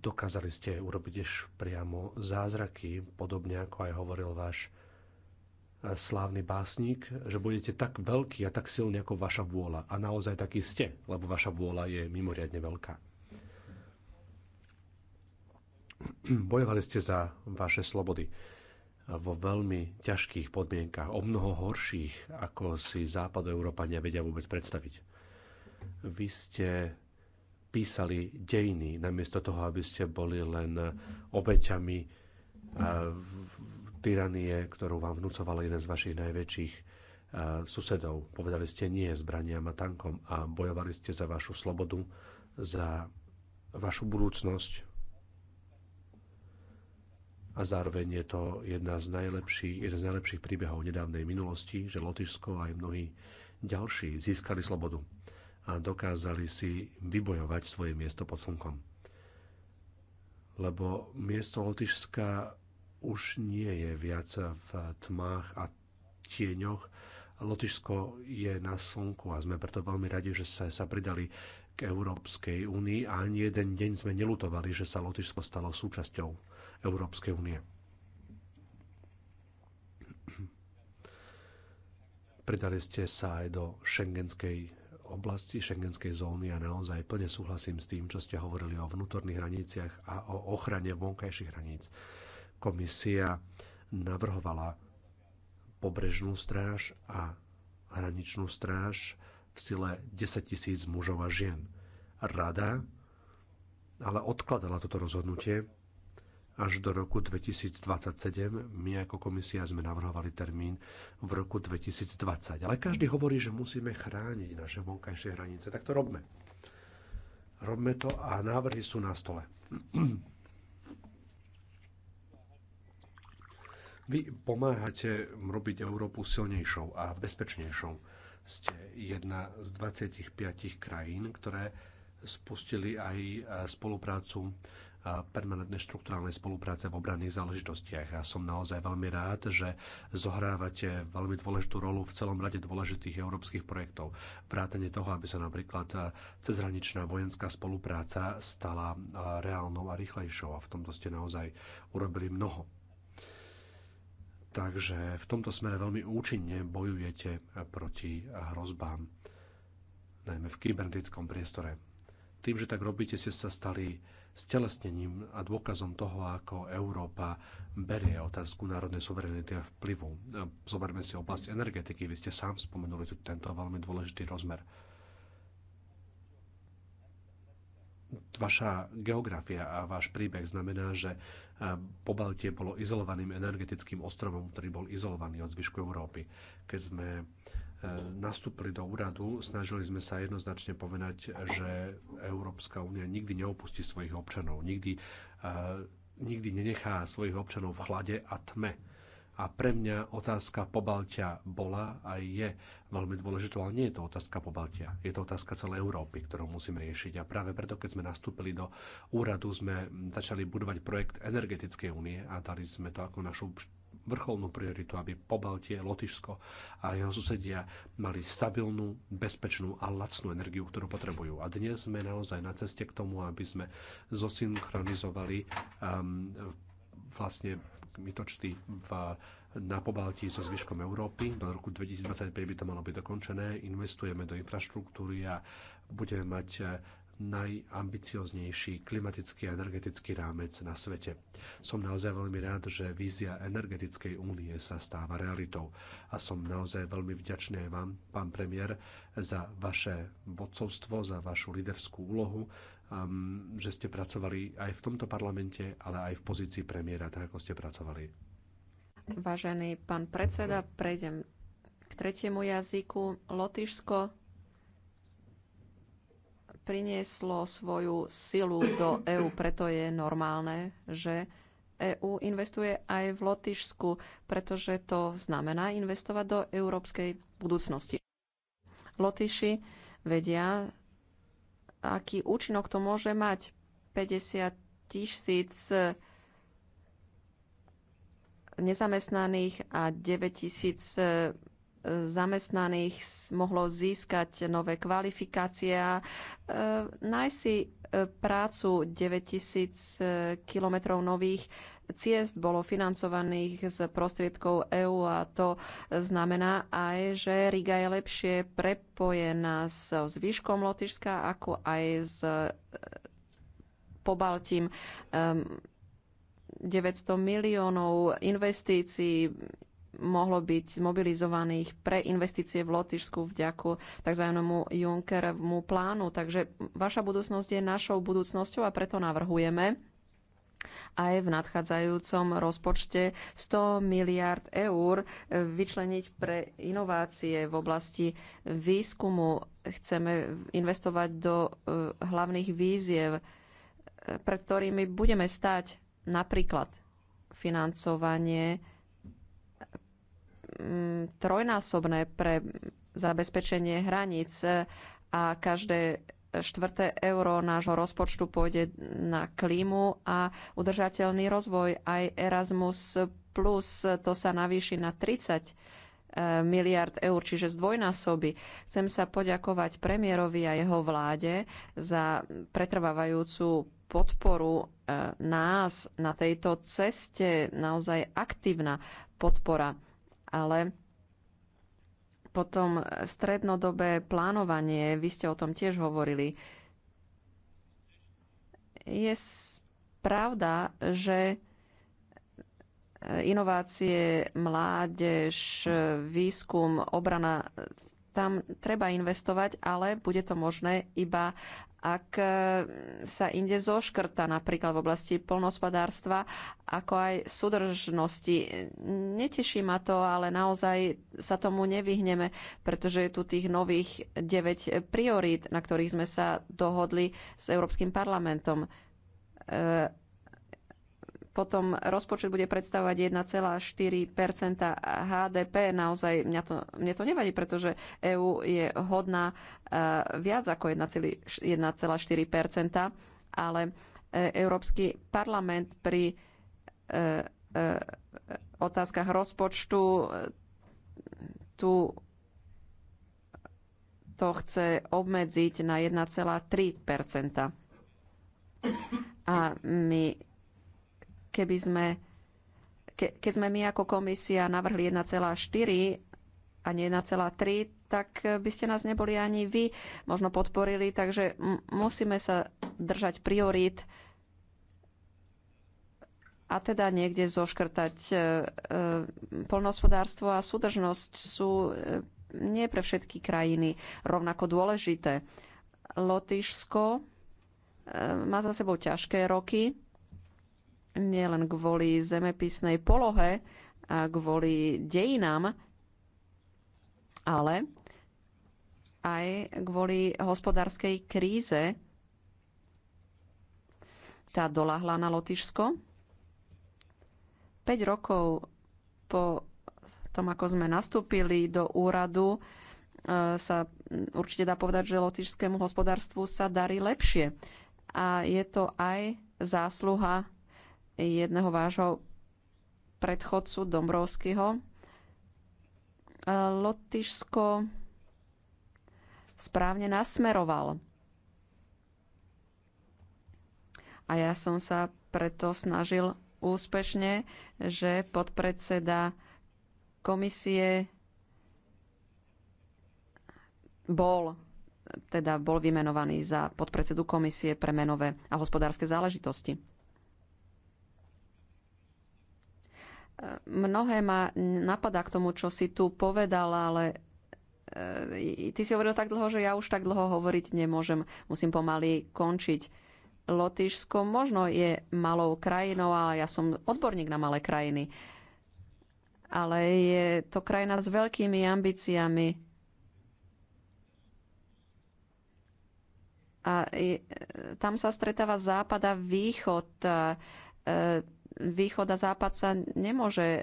Dokázali ste urobiť priamo zázraky, podobne ako aj hovoril váš slávny básnik, že budete tak veľký a tak silný ako vaša vôľa. A naozaj taký ste, lebo vaša vôľa je mimoriadne veľká. Bojovali ste za vaše slobody vo veľmi ťažkých podmienkach, o mnoho horších, ako si Európa vedia vôbec predstaviť. Vy ste písali dejiny, namiesto toho, aby ste boli len obeťami tyranie, ktorú vám vnúcoval jeden z vašich najväčších eh, susedov. Povedali ste nie zbraniam a tankom a bojovali ste za vašu slobodu, za vašu budúcnosť, a zároveň je to jedna z najlepších, jeden z najlepších príbehov nedávnej minulosti, že Lotyšsko aj mnohí ďalší získali slobodu a dokázali si vybojovať svoje miesto pod slnkom. Lebo miesto Lotyšska už nie je viac v tmách a tieňoch. Lotyšsko je na slnku a sme preto veľmi radi, že sa, sa pridali k Európskej únii a ani jeden deň sme nelutovali, že sa Lotyšsko stalo súčasťou Európskej únie. Pridali ste sa aj do šengenskej oblasti, šengenskej zóny a naozaj plne súhlasím s tým, čo ste hovorili o vnútorných hraniciach a o ochrane vonkajších hraníc Komisia navrhovala pobrežnú stráž a hraničnú stráž v sile 10 tisíc mužov a žien. Rada ale odkladala toto rozhodnutie až do roku 2027. My ako komisia sme navrhovali termín v roku 2020. Ale každý hovorí, že musíme chrániť naše vonkajšie hranice. Tak to robme. Robme to a návrhy sú na stole. Vy pomáhate robiť Európu silnejšou a bezpečnejšou. Ste jedna z 25 krajín, ktoré spustili aj e, spoluprácu e, permanentné štrukturálne spolupráce v obranných záležitostiach. Ja som naozaj veľmi rád, že zohrávate veľmi dôležitú rolu v celom rade dôležitých európskych projektov. Vrátane toho, aby sa napríklad e, cezhraničná vojenská spolupráca stala reálnou a rýchlejšou. A v tomto ste naozaj urobili mnoho. Takže v tomto smere veľmi účinne bojujete proti hrozbám, najmä v kybernetickom priestore. Tým, že tak robíte, ste sa stali stelesnením a dôkazom toho, ako Európa berie otázku národnej suverenity a vplyvu. Zoberme si oblasť energetiky, vy ste sám spomenuli tento veľmi dôležitý rozmer vaša geografia a váš príbeh znamená, že e, Pobaltie bolo izolovaným energetickým ostrovom, ktorý bol izolovaný od zvyšku Európy. Keď sme e, nastúpili do úradu, snažili sme sa jednoznačne povedať, že Európska únia nikdy neopustí svojich občanov, nikdy, e, nikdy nenechá svojich občanov v chlade a tme a pre mňa otázka Pobaltia bola a je veľmi dôležitou, ale nie je to otázka Pobaltia. Je to otázka celej Európy, ktorú musíme riešiť. A práve preto, keď sme nastúpili do úradu, sme začali budovať projekt Energetickej únie a dali sme to ako našu vrcholnú prioritu, aby Pobaltie, Lotyšsko a jeho susedia mali stabilnú, bezpečnú a lacnú energiu, ktorú potrebujú. A dnes sme naozaj na ceste k tomu, aby sme zosynchronizovali um, vlastne kmitočty v, na Pobalti so zvyškom Európy. Do roku 2025 by to malo byť dokončené. Investujeme do infraštruktúry a budeme mať eh, najambicioznejší klimatický a energetický rámec na svete. Som naozaj veľmi rád, že vízia energetickej únie sa stáva realitou a som naozaj veľmi vďačný aj vám, pán premiér, za vaše vodcovstvo, za vašu liderskú úlohu um, že ste pracovali aj v tomto parlamente, ale aj v pozícii premiéra, tak ako ste pracovali. Vážený pán predseda, prejdem k tretiemu jazyku. Lotyšsko prinieslo svoju silu do EÚ, preto je normálne, že EÚ investuje aj v Lotyšsku, pretože to znamená investovať do európskej budúcnosti. Lotyši vedia aký účinok to môže mať. 50 tisíc nezamestnaných a 9 tisíc e, zamestnaných mohlo získať nové kvalifikácie a e, nájsť si e, prácu 9000 e, kilometrov nových ciest bolo financovaných z prostriedkov EÚ a to znamená aj, že Riga je lepšie prepojená s zvyškom Lotyšska, ako aj s e, pobaltím. 900 miliónov investícií mohlo byť zmobilizovaných pre investície v Lotyšsku vďaku tzv. Junckerovmu plánu. Takže vaša budúcnosť je našou budúcnosťou a preto navrhujeme, aj v nadchádzajúcom rozpočte 100 miliard eur vyčleniť pre inovácie v oblasti výskumu. Chceme investovať do e, hlavných víziev, e, pred ktorými budeme stať napríklad financovanie mm, trojnásobné pre zabezpečenie hraníc e, a každé štvrté euro nášho rozpočtu pôjde na klímu a udržateľný rozvoj. Aj Erasmus Plus to sa navýši na 30 eh, miliard eur, čiže z dvojnásoby. Chcem sa poďakovať premiérovi a jeho vláde za pretrvávajúcu podporu eh, nás na tejto ceste, naozaj aktívna podpora. Ale potom strednodobé plánovanie, vy ste o tom tiež hovorili. Je pravda, že inovácie, mládež, výskum, obrana, tam treba investovať, ale bude to možné iba ak e, sa inde zoškrta napríklad v oblasti polnospodárstva, ako aj súdržnosti. Neteší ma to, ale naozaj sa tomu nevyhneme, pretože je tu tých nových 9 priorít, na ktorých sme sa dohodli s Európskym parlamentom. E, potom rozpočet bude predstavovať 1,4 HDP. Naozaj mňa to, mne to nevadí, pretože EÚ je hodná e, viac ako 1,4 ale e, Európsky parlament pri e, otázkach rozpočtu tu to chce obmedziť na 1,3 A my keby sme, ke, keď sme my ako komisia navrhli 1,4 a nie 1,3, tak by ste nás neboli ani vy možno podporili, takže musíme sa držať priorít a teda niekde zoškrtať e, e, polnohospodárstvo a súdržnosť sú e, nie pre všetky krajiny rovnako dôležité. Lotyšsko má za sebou ťažké roky, nielen kvôli zemepisnej polohe a kvôli dejinám, ale aj kvôli hospodárskej kríze. Tá dolahla na Lotyšsko. 5 rokov po tom, ako sme nastúpili do úradu, e, sa určite dá povedať, že lotišskému hospodárstvu sa darí lepšie. A je to aj zásluha jedného vášho predchodcu Dombrovského. E, Lotyšsko správne nasmeroval. A ja som sa preto snažil úspešne, že podpredseda komisie bol teda bol vymenovaný za podpredsedu komisie pre menové a hospodárske záležitosti. Mnohé ma napadá k tomu, čo si tu povedala, ale e, ty si hovoril tak dlho, že ja už tak dlho hovoriť nemôžem. Musím pomaly končiť. Lotyšsko možno je malou krajinou a ja som odborník na malé krajiny. Ale je to krajina s veľkými ambíciami. A e, tam sa stretáva západ a východ. E, východ a západ sa nemôže e,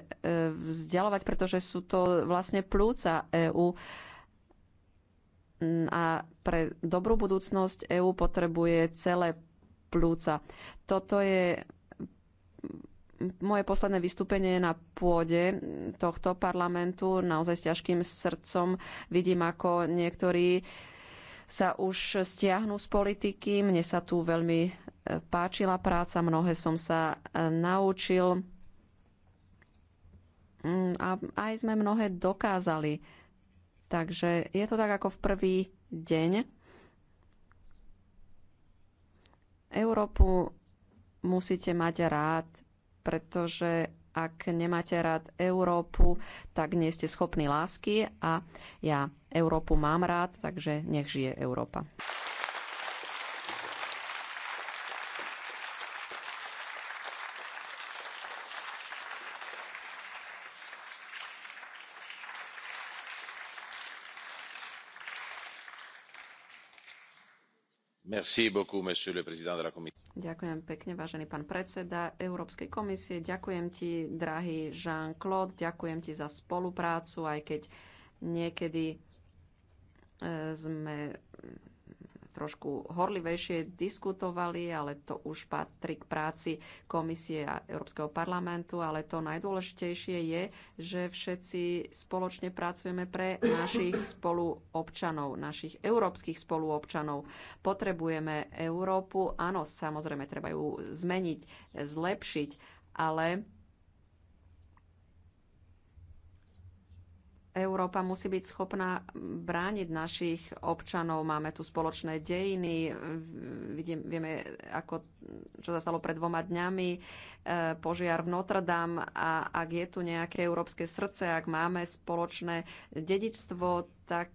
vzdialovať, pretože sú to vlastne plúca EÚ. Mm, a pre dobrú budúcnosť EÚ potrebuje celé plúca. Toto je moje posledné vystúpenie na pôde tohto parlamentu. Naozaj s ťažkým srdcom vidím, ako niektorí sa už stiahnu z politiky. Mne sa tu veľmi e, páčila práca, mnohé som sa e, naučil mm, a aj sme mnohé dokázali. Takže je to tak ako v prvý deň. Európu musíte mať rád, pretože ak nemáte rád Európu, tak nie ste schopní lásky a ja Európu mám rád, takže nech žije Európa. ďakujem pekne, vážený pán predseda Európskej komisie. Ďakujem ti, drahý Jean-Claude, ďakujem ti za spoluprácu, aj keď niekedy eh, sme trošku horlivejšie diskutovali, ale to už patrí k práci Komisie a Európskeho parlamentu, ale to najdôležitejšie je, že všetci spoločne pracujeme pre našich spoluobčanov, našich európskych spoluobčanov. Potrebujeme Európu, áno, samozrejme, treba ju zmeniť, zlepšiť, ale Európa musí byť schopná brániť našich občanov. Máme tu spoločné dejiny, vidím, vieme, ako, čo sa stalo pred dvoma dňami, e, požiar v Notre Dame a ak je tu nejaké európske srdce, ak máme spoločné dedičstvo, tak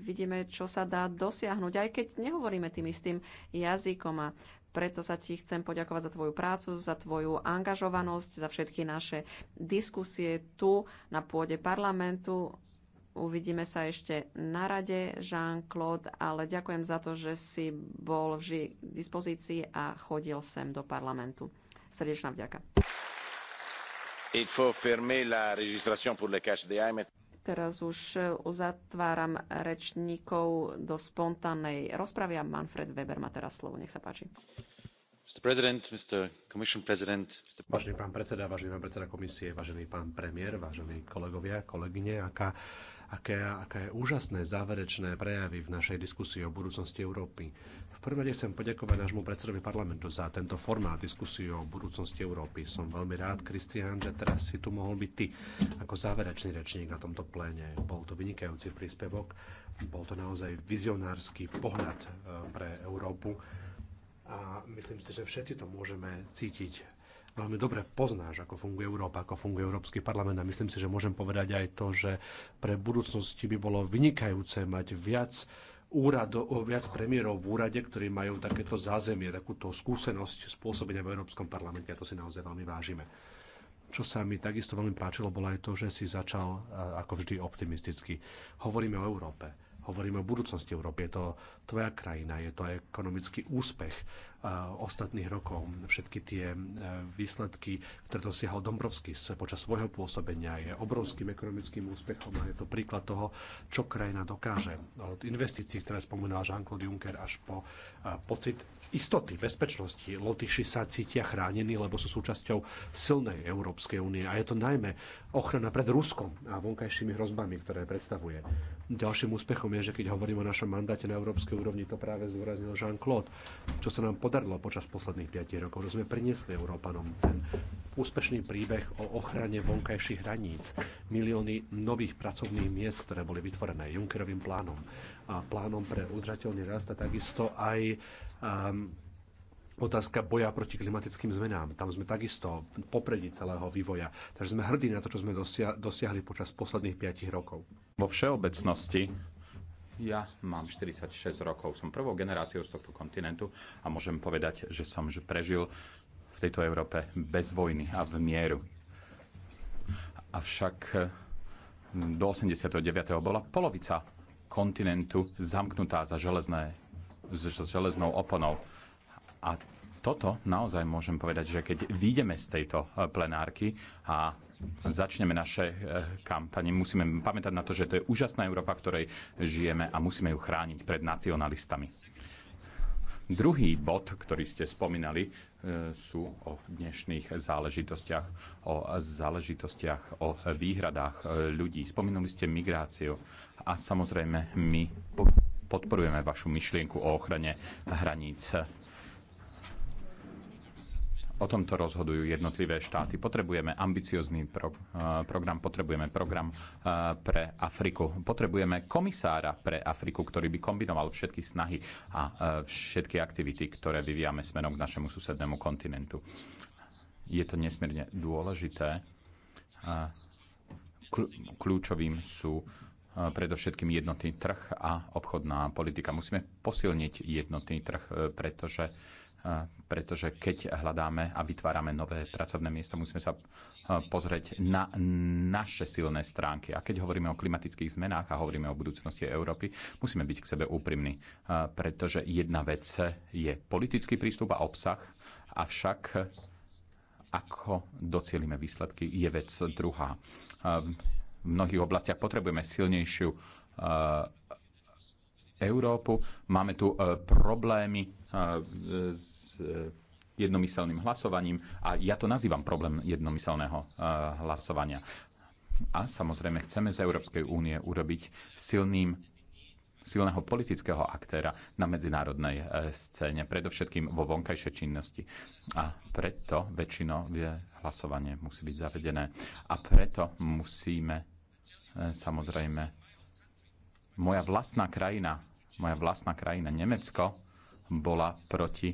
vidíme, čo sa dá dosiahnuť, aj keď nehovoríme tým istým jazykom. A preto sa ti chcem poďakovať za tvoju prácu, za tvoju angažovanosť, za všetky naše diskusie tu na pôde parlamentu. Uvidíme sa ešte na rade, Jean-Claude, ale ďakujem za to, že si bol vždy k dispozícii a chodil sem do parlamentu. Srdečná vďaka. Teraz už uzatváram rečníkov do spontánnej rozpravy a Manfred Weber má teraz slovo. Nech sa páči. Mr. President, Mr. Commission President, Mr. Vážený pán predseda, vážený pán predseda komisie, vážený pán premiér, vážení kolegovia, kolegyne, aká aké, aké úžasné záverečné prejavy v našej diskusii o budúcnosti Európy. V prvom rade chcem poďakovať nášmu predsedovi parlamentu za tento formát diskusie o budúcnosti Európy. Som veľmi rád, Kristián, že teraz si tu mohol byť ty ako záverečný rečník na tomto pléne. Bol to vynikajúci príspevok, bol to naozaj vizionársky pohľad eh, pre Európu a myslím si, že všetci to môžeme cítiť veľmi dobre poznáš, ako funguje Európa, ako funguje Európsky parlament a myslím si, že môžem povedať aj to, že pre budúcnosti by bolo vynikajúce mať viac úrado, viac premiérov v úrade, ktorí majú takéto zázemie, takúto skúsenosť spôsobenia v Európskom parlamente a to si naozaj veľmi vážime. Čo sa mi takisto veľmi páčilo, bolo aj to, že si začal eh, ako vždy optimisticky. Hovoríme o Európe Hovoríme o budúcnosti Európy. Je to tvoja krajina, je to ekonomický úspech eh, ostatných rokov. Všetky tie eh, výsledky, ktoré dosiahol Dombrovský počas svojho pôsobenia, je obrovským ekonomickým úspechom a je to príklad toho, čo krajina dokáže. Od investícií, ktoré spomínal Jean-Claude Juncker, až po eh, pocit istoty, bezpečnosti. Lotyši sa cítia chránení, lebo sú súčasťou silnej Európskej únie a je to najmä ochrana pred Ruskom a vonkajšími hrozbami, ktoré predstavuje. Ďalším úspechom je, že keď hovorím o našom mandáte na európskej úrovni, to práve zdôraznil Jean-Claude, čo sa nám podarilo počas posledných 5 rokov, že sme priniesli Európanom ten úspešný príbeh o ochrane vonkajších hraníc, milióny nových pracovných miest, ktoré boli vytvorené Junckerovým plánom a plánom pre udržateľný rast a takisto aj um, otázka boja proti klimatickým zmenám. Tam sme takisto v popredí celého vývoja. Takže sme hrdí na to, čo sme dosia- dosiahli počas posledných 5 rokov. Vo všeobecnosti ja mám 46 rokov, som prvou generáciou z tohto kontinentu a môžem povedať, že som že prežil v tejto Európe bez vojny a v mieru. Avšak hm, do 89. bola polovica kontinentu zamknutá za, železné, za železnou oponou a toto naozaj môžem povedať, že keď výjdeme z tejto e, plenárky a začneme naše e, kampane, musíme pamätať na to, že to je úžasná Európa, v ktorej žijeme a musíme ju chrániť pred nacionalistami. Druhý bod, ktorý ste spomínali, e, sú o dnešných záležitostiach, o záležitostiach, o výhradách ľudí. Spomínali ste migráciu a samozrejme my podporujeme vašu myšlienku o ochrane hraníc O tomto rozhodujú jednotlivé štáty. Potrebujeme ambiciozný pro, eh, program, potrebujeme program eh, pre Afriku, potrebujeme komisára pre Afriku, ktorý by kombinoval všetky snahy a eh, všetky aktivity, ktoré vyvíjame smerom k našemu susednému kontinentu. Je to nesmierne dôležité. Kľúčovým sú predovšetkým jednotný trh a obchodná politika. Musíme posilniť jednotný trh, pretože pretože keď hľadáme a vytvárame nové pracovné miesta, musíme sa pozrieť na naše silné stránky. A keď hovoríme o klimatických zmenách a hovoríme o budúcnosti Európy, musíme byť k sebe úprimní, pretože jedna vec je politický prístup a obsah, avšak ako docielime výsledky, je vec druhá. V mnohých oblastiach potrebujeme silnejšiu Európu. Máme tu e, problémy s e, e, jednomyselným hlasovaním a ja to nazývam problém jednomyselného hlasovania. A samozrejme chceme z Európskej únie urobiť silným silného politického aktéra na medzinárodnej scéne, predovšetkým vo vonkajšej činnosti. A preto väčšinové hlasovanie musí byť zavedené. A preto musíme samozrejme moja vlastná krajina moja vlastná krajina Nemecko bola proti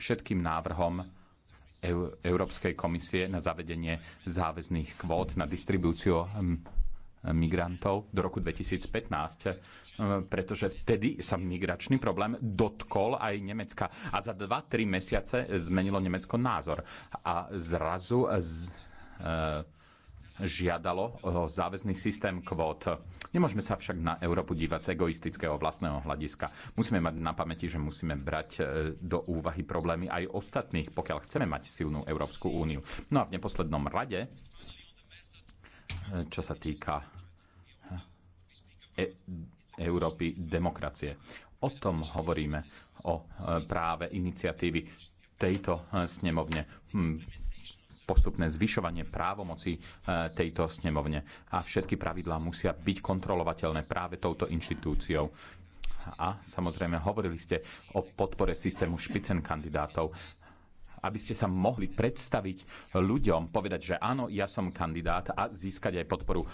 všetkým návrhom Európskej komisie na zavedenie záväzných kvót na distribúciu hm, migrantov do roku 2015, hm, pretože vtedy sa migračný problém dotkol aj Nemecka. A za 2-3 mesiace zmenilo Nemecko názor. A zrazu z, e, žiadalo o záväzný systém kvót. Nemôžeme sa však na Európu dívať z egoistického vlastného hľadiska. Musíme mať na pamäti, že musíme brať e, do úvahy problémy aj ostatných, pokiaľ chceme mať silnú Európsku úniu. No a v neposlednom rade, e, čo sa týka e, e- Európy demokracie. O tom hovoríme, o práve iniciatívy tejto snemovne hm, postupné zvyšovanie právomoci e, tejto snemovne. A všetky pravidlá musia byť kontrolovateľné práve touto inštitúciou. A samozrejme, hovorili ste o podpore systému špicen kandidátov aby ste sa mohli predstaviť ľuďom, povedať, že áno, ja som kandidát a získať aj podporu eh,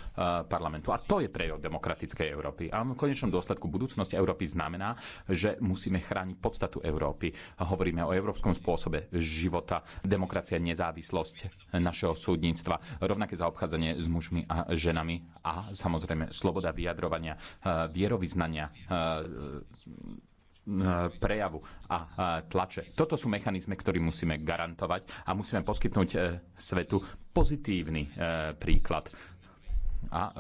parlamentu. A to je prejav demokratickej Európy. A v konečnom dôsledku budúcnosť Európy znamená, že musíme chrániť podstatu Európy. Hovoríme o európskom spôsobe života, demokracia, nezávislosť našeho súdnictva, rovnaké zaobchádzanie s mužmi a ženami a samozrejme sloboda vyjadrovania, eh, vierovýznania, eh, Eh, prejavu a eh, tlače. Toto sú mechanizmy, ktoré musíme garantovať a musíme poskytnúť eh, svetu pozitívny príklad a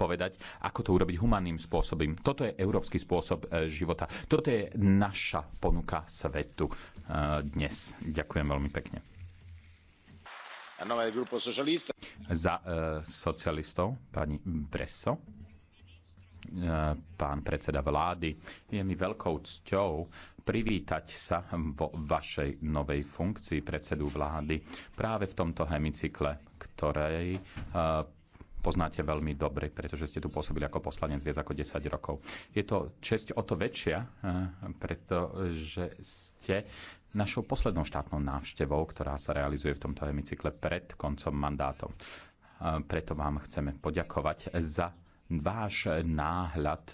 povedať, ako to urobiť humanným spôsobom. Toto je európsky spôsob života. Toto je naša ponuka svetu dnes. Ďakujem veľmi pekne. Za socialistov pani Bresso. E, pán predseda vlády. Je mi veľkou cťou privítať sa vo vašej novej funkcii predsedu vlády práve v tomto hemicykle, ktorej e, poznáte veľmi dobre, pretože ste tu pôsobili ako poslanec viac ako 10 rokov. Je to česť o to väčšia, e, pretože ste našou poslednou štátnou návštevou, ktorá sa realizuje v tomto hemicykle pred koncom mandátom. Preto vám chceme poďakovať za váš náhľad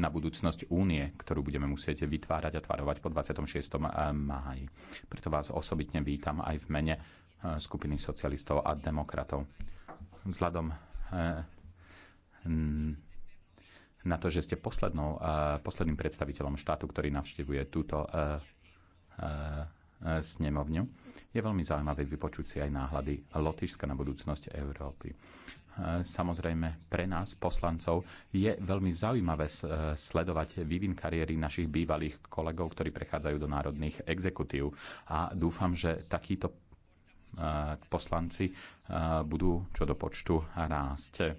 na budúcnosť únie, ktorú budeme musieť vytvárať a tvarovať po 26. Eh, máji. Preto vás osobitne vítam aj v mene eh, skupiny socialistov a demokratov. Vzhľadom eh, na to, že ste poslednou, posledným predstaviteľom štátu, ktorý navštevuje túto snemovňu. Je veľmi zaujímavé vypočuť si aj náhľady Lotyšska na budúcnosť Európy samozrejme pre nás, poslancov, je veľmi zaujímavé sledovať vývin kariéry našich bývalých kolegov, ktorí prechádzajú do národných exekutív. A dúfam, že takíto e, poslanci e, budú čo do počtu rásť.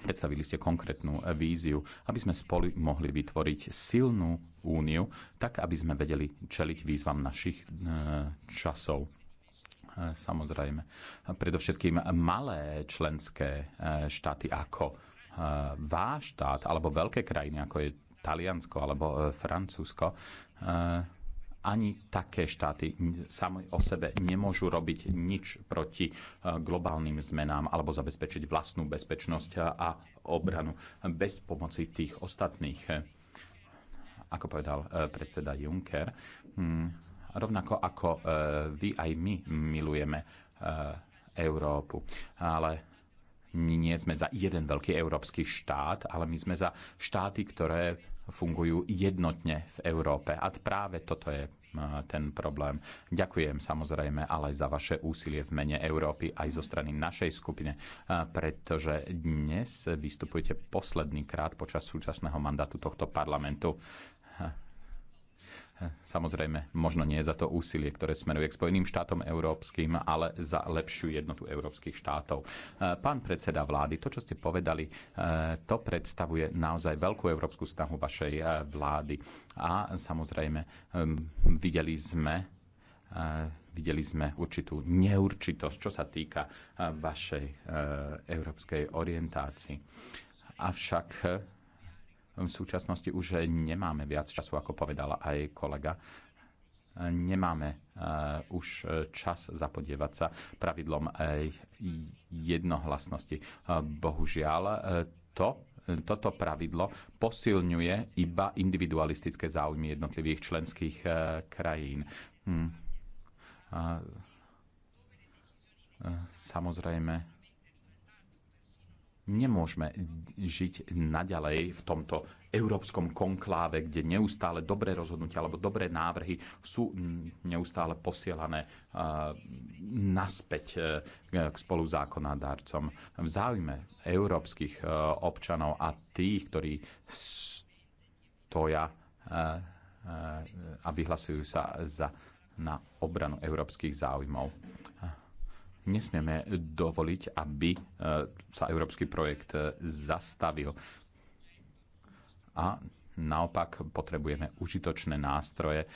Predstavili ste konkrétnu víziu, aby sme spolu mohli vytvoriť silnú úniu, tak aby sme vedeli čeliť výzvam našich e, časov E, samozrejme predovšetkým malé členské e, štáty ako e, váš štát alebo veľké krajiny ako je Taliansko alebo Francúzsko ani také štáty sami o sebe nemôžu robiť nič proti globálnym zmenám alebo zabezpečiť vlastnú bezpečnosť a obranu bez pomoci tých ostatných. Ako povedal predseda Juncker, hm, rovnako ako e, vy aj my milujeme e, Európu. Ale nie sme za jeden veľký európsky štát, ale my sme za štáty, ktoré fungujú jednotne v Európe. A práve toto je e, ten problém. Ďakujem samozrejme ale za vaše úsilie v mene Európy aj zo strany našej skupine, pretože dnes vystupujete posledný krát počas súčasného mandátu tohto parlamentu Samozrejme, možno nie za to úsilie, ktoré smeruje k Spojeným štátom európskym, ale za lepšiu jednotu európskych štátov. E, pán predseda vlády, to, čo ste povedali, e, to predstavuje naozaj veľkú európsku snahu vašej e, vlády. A samozrejme, videli sme videli sme určitú neurčitosť, čo sa týka vašej európskej orientácii. Avšak v súčasnosti už nemáme viac času, ako povedala aj kolega. Nemáme e, už čas zapodievať sa pravidlom e, jednohlasnosti. E, bohužiaľ, to toto pravidlo posilňuje iba individualistické záujmy jednotlivých členských krajín. Hm. Samozrejme, Nemôžeme žiť naďalej v tomto európskom konkláve, kde neustále dobré rozhodnutia alebo dobré návrhy sú neustále posielané uh, naspäť uh, k spoluzákonodárcom. V záujme európskych uh, občanov a tých, ktorí stoja a vyhlasujú sa za, na obranu európskych záujmov. Nesmieme dovoliť, aby e, sa európsky projekt e, zastavil. A naopak potrebujeme užitočné nástroje,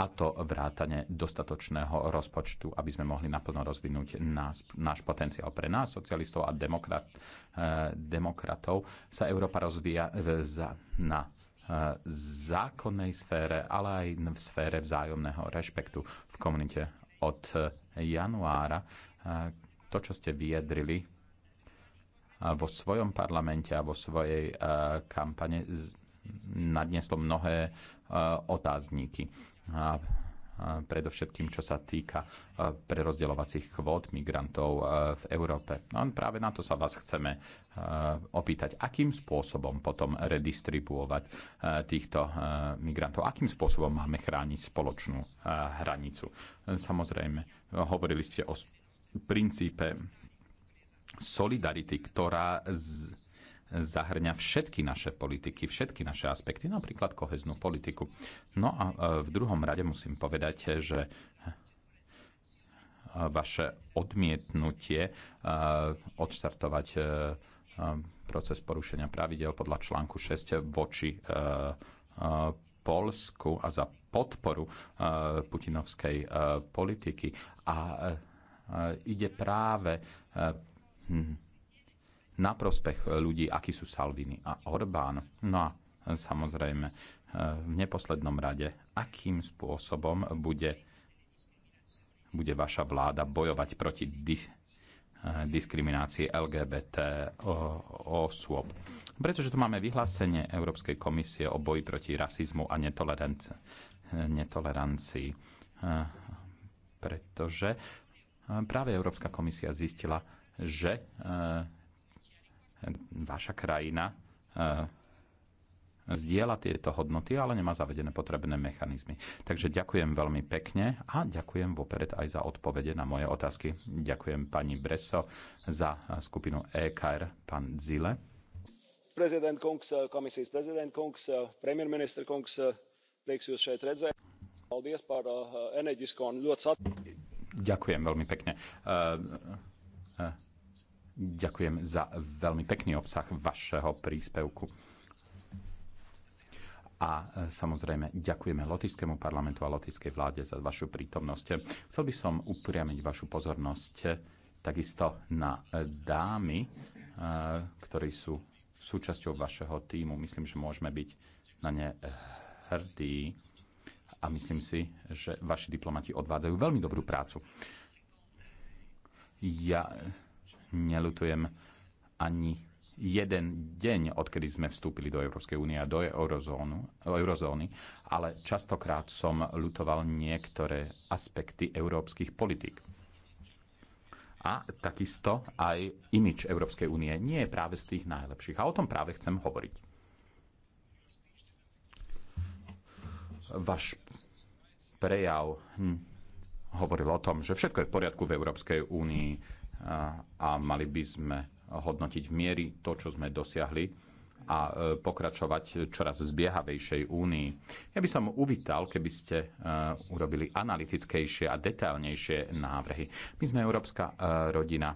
a to vrátane dostatočného rozpočtu, aby sme mohli naplno rozvinúť nás, náš potenciál. Pre nás, socialistov a demokrat, e, demokratov, sa Európa rozvíja na zákonnej sfére, ale aj v sfére vzájomného rešpektu v komunite od januára to, čo ste vyjadrili vo svojom parlamente a vo svojej e, kampane, nadneslo mnohé e, otázníky. A predovšetkým čo sa týka e, prerozdeľovacích kvót migrantov v Európe. No práve na to sa vás chceme opýtať, akým spôsobom potom redistribuovať týchto migrantov, akým spôsobom máme chrániť spoločnú hranicu. Samozrejme, hovorili ste o princípe solidarity, ktorá z, zahrňa všetky naše politiky, všetky naše aspekty, napríklad koheznú politiku. No a e, v druhom rade musím povedať, že e, vaše odmietnutie e, odštartovať proces porušenia pravidel podľa článku 6 voči Polsku a za podporu putinovskej politiky a ide práve e, hm, na prospech ľudí, akí sú Salvini a Orbán. No a samozrejme e, v neposlednom rade, akým spôsobom bude, bude vaša vláda bojovať proti dis- e, diskriminácii LGBT osôb. Pretože tu máme vyhlásenie Európskej komisie o boji proti rasizmu a netolerancii. Pretože Eh, práve Európska komisia zistila, že eh, vaša krajina eh, zdieľa tieto hodnoty, ale nemá zavedené potrebné mechanizmy. Takže ďakujem veľmi pekne a ďakujem vopred aj za odpovede na moje otázky. Ďakujem pani Breso za skupinu EKR, pán Zile. Prezident Kongs, komisijas prezident Kungs, premjerministra Kungs, prieks jūs šeit redzēt. Paldies par enerģisko un ļoti sat... Ďakujem veľmi pekne. Eh, eh, ďakujem za veľmi pekný obsah vašeho príspevku. A eh, samozrejme ďakujeme Lotyšskému parlamentu a Lotyšskej vláde za vašu prítomnosť. Chcel by som upriamiť vašu pozornosť takisto na dámy, ktorí sú súčasťou vašeho týmu. Myslím, že môžeme byť na ne hrdí a myslím si, že vaši diplomati odvádzajú veľmi dobrú prácu. Ja nelutujem ani jeden deň, odkedy sme vstúpili do Európskej únie a do eurozónu, eurozóny, ale častokrát som lutoval niektoré aspekty európskych politik. A takisto aj imič Európskej únie nie je práve z tých najlepších. A o tom práve chcem hovoriť. váš prejav hm, hovoril o tom, že všetko je v poriadku v Európskej únii a, a mali by sme hodnotiť v miery to, čo sme dosiahli a e, pokračovať čoraz zbiehavejšej únii. Ja by som uvítal, keby ste e, urobili analytickejšie a detailnejšie návrhy. My sme európska e, rodina,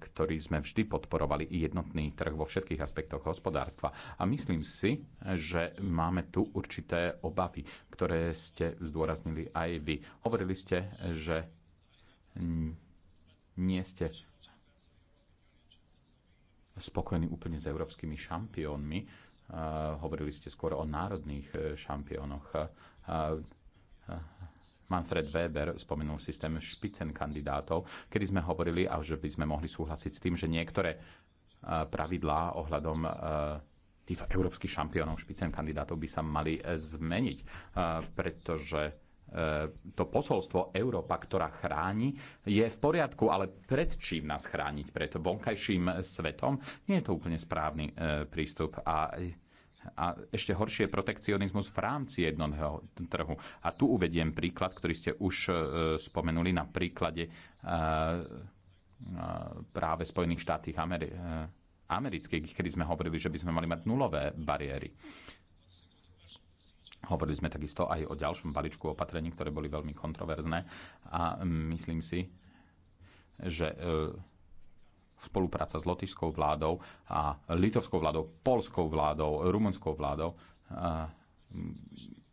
ktorí sme vždy podporovali jednotný trh vo všetkých aspektoch hospodárstva. A myslím si, že máme tu určité obavy, ktoré ste zdôraznili aj vy. Hovorili ste, že nie ste spokojní úplne s európskymi šampiónmi. Hovorili ste skôr o národných e, šampiónoch. Manfred Weber spomenul systém špicen kandidátov, kedy sme hovorili, a že by sme mohli súhlasiť s tým, že niektoré e, pravidlá ohľadom e, týchto európskych šampiónov špicen kandidátov by sa mali zmeniť, pretože E, to posolstvo Európa, ktorá chráni, je v poriadku, ale pred čím nás chrániť? Pred vonkajším svetom? Nie je to úplne správny e, prístup. A a ešte horšie je protekcionizmus v rámci jednotného trhu. A tu uvediem príklad, ktorý ste už e, spomenuli na príklade e, e, práve Spojených štátov Ameri- e, amerických, kedy sme hovorili, že by sme mali mať nulové bariéry. E, Hovorili sme takisto aj o ďalšom balíčku opatrení, ktoré boli veľmi kontroverzné a myslím si, že e, spolupráca s lotišskou vládou a litovskou vládou, polskou vládou, rumunskou vládou, e,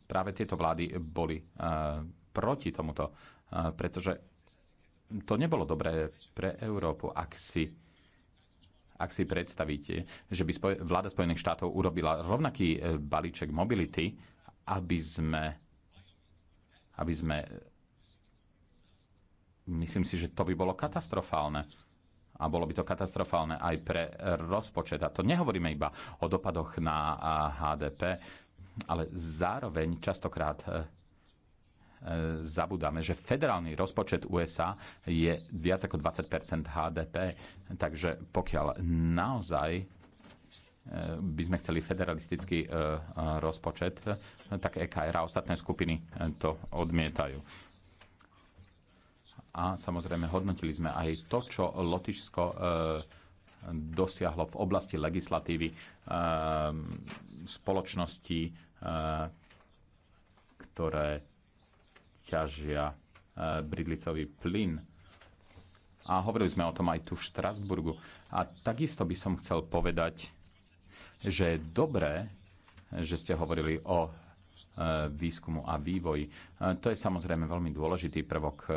práve tieto vlády boli e, proti tomuto, pretože to nebolo dobré pre Európu, ak si ak si predstavíte, že by vláda Spojených štátov urobila rovnaký balíček mobility, aby sme, aby sme myslím si, že to by bolo katastrofálne. A bolo by to katastrofálne aj pre rozpočet. A to nehovoríme iba o dopadoch na HDP, ale zároveň častokrát e, e, zabudáme, že federálny rozpočet USA je viac ako 20 HDP. Takže pokiaľ naozaj by sme chceli federalistický e, e, rozpočet, tak EKR a ostatné skupiny e, to odmietajú. A samozrejme hodnotili sme aj to, čo Lotyšsko dosiahlo v oblasti legislatívy spoločnosti, ktoré ťažia bridlicový plyn a hovorili sme o tom aj tu v Štrasburgu. A takisto by som chcel povedať, že je dobré, že ste hovorili o e, výskumu a vývoji. E, to je samozrejme veľmi dôležitý prvok e,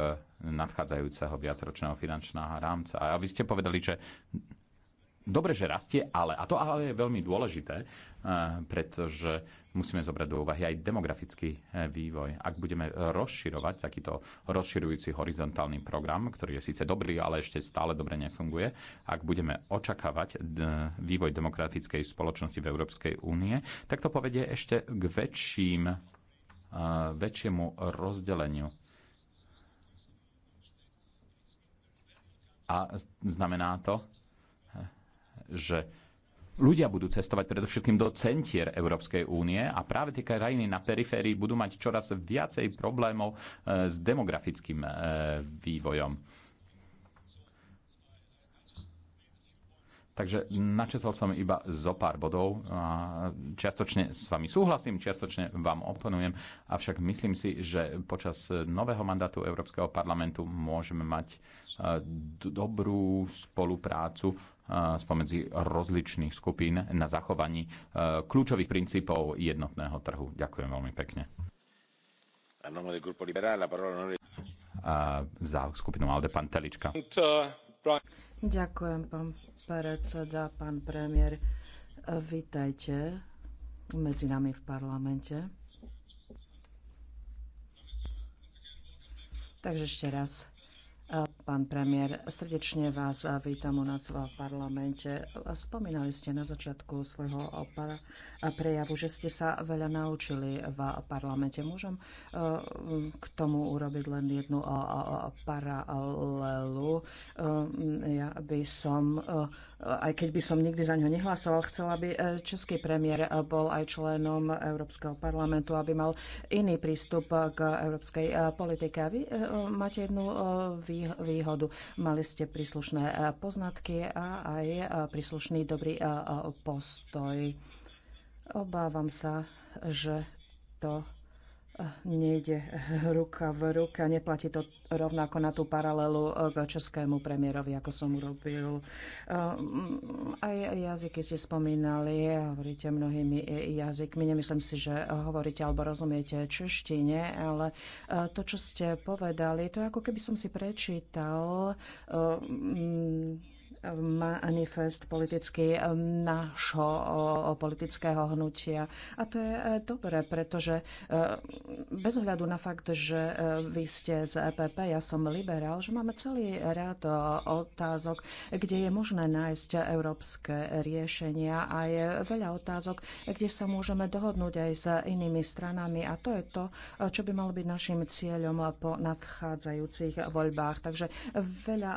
nadchádzajúceho viacročného finančného rámca. A vy ste povedali, že dobre, že rastie, ale, a to ale je veľmi dôležité, eh, pretože musíme zobrať do úvahy aj demografický eh, vývoj. Ak budeme rozširovať takýto rozširujúci horizontálny program, ktorý je síce dobrý, ale ešte stále dobre nefunguje, ak budeme očakávať eh, vývoj demografickej spoločnosti v Európskej únie, tak to povedie ešte k väčším, väčšiemu rozdeleniu a znamená to, že ľudia budú cestovať predovšetkým do centier Európskej únie a práve tie krajiny na periférii budú mať čoraz viacej problémov e, s demografickým e, vývojom. Takže načetol som iba zo pár bodov. a Čiastočne s vami súhlasím, čiastočne vám oponujem, avšak myslím si, že počas nového mandátu Európskeho parlamentu môžeme mať e, dobrú spoluprácu spomedzi rozličných skupín na zachovaní e, kľúčových princípov jednotného trhu. Ďakujem veľmi pekne. A za skupinu Alde pán Telička. Ďakujem, pán predseda, pán premiér. Vítajte medzi nami v parlamente. Takže ešte raz Pán premiér, srdečne vás vítam u nás v parlamente. Spomínali ste na začiatku svojho prejavu, že ste sa veľa naučili v parlamente. Môžem e, k tomu urobiť len jednu paralelu. E, ja by som e, aj keď by som nikdy za ňo nehlasoval, chcela by e, český premiér e, bol aj členom Európskeho parlamentu, aby mal iný prístup e, k európskej politike. A vy máte jednu výhodu. Mali ste príslušné poznatky a aj príslušný dobrý postoj. Obávam sa, že to nejde ruka v ruka, Neplatí to rovnako na tú paralelu eh, k českému premiérovi, ako som urobil. Eh, aj jazyky ste spomínali, hovoríte mnohými eh, jazykmi. Nemyslím si, že hovoríte alebo rozumiete češtine, ale to, čo ste povedali, to je ako keby som si prečítal manifest politicky nášho politického hnutia. A to je e, dobré, pretože e, bez ohľadu na fakt, že e, vy ste z EPP, ja som liberál, že máme celý rád otázok, kde je možné nájsť európske riešenia a je veľa otázok, kde sa môžeme dohodnúť aj s inými stranami a to je to, čo by malo byť našim cieľom po nadchádzajúcich voľbách. Takže veľa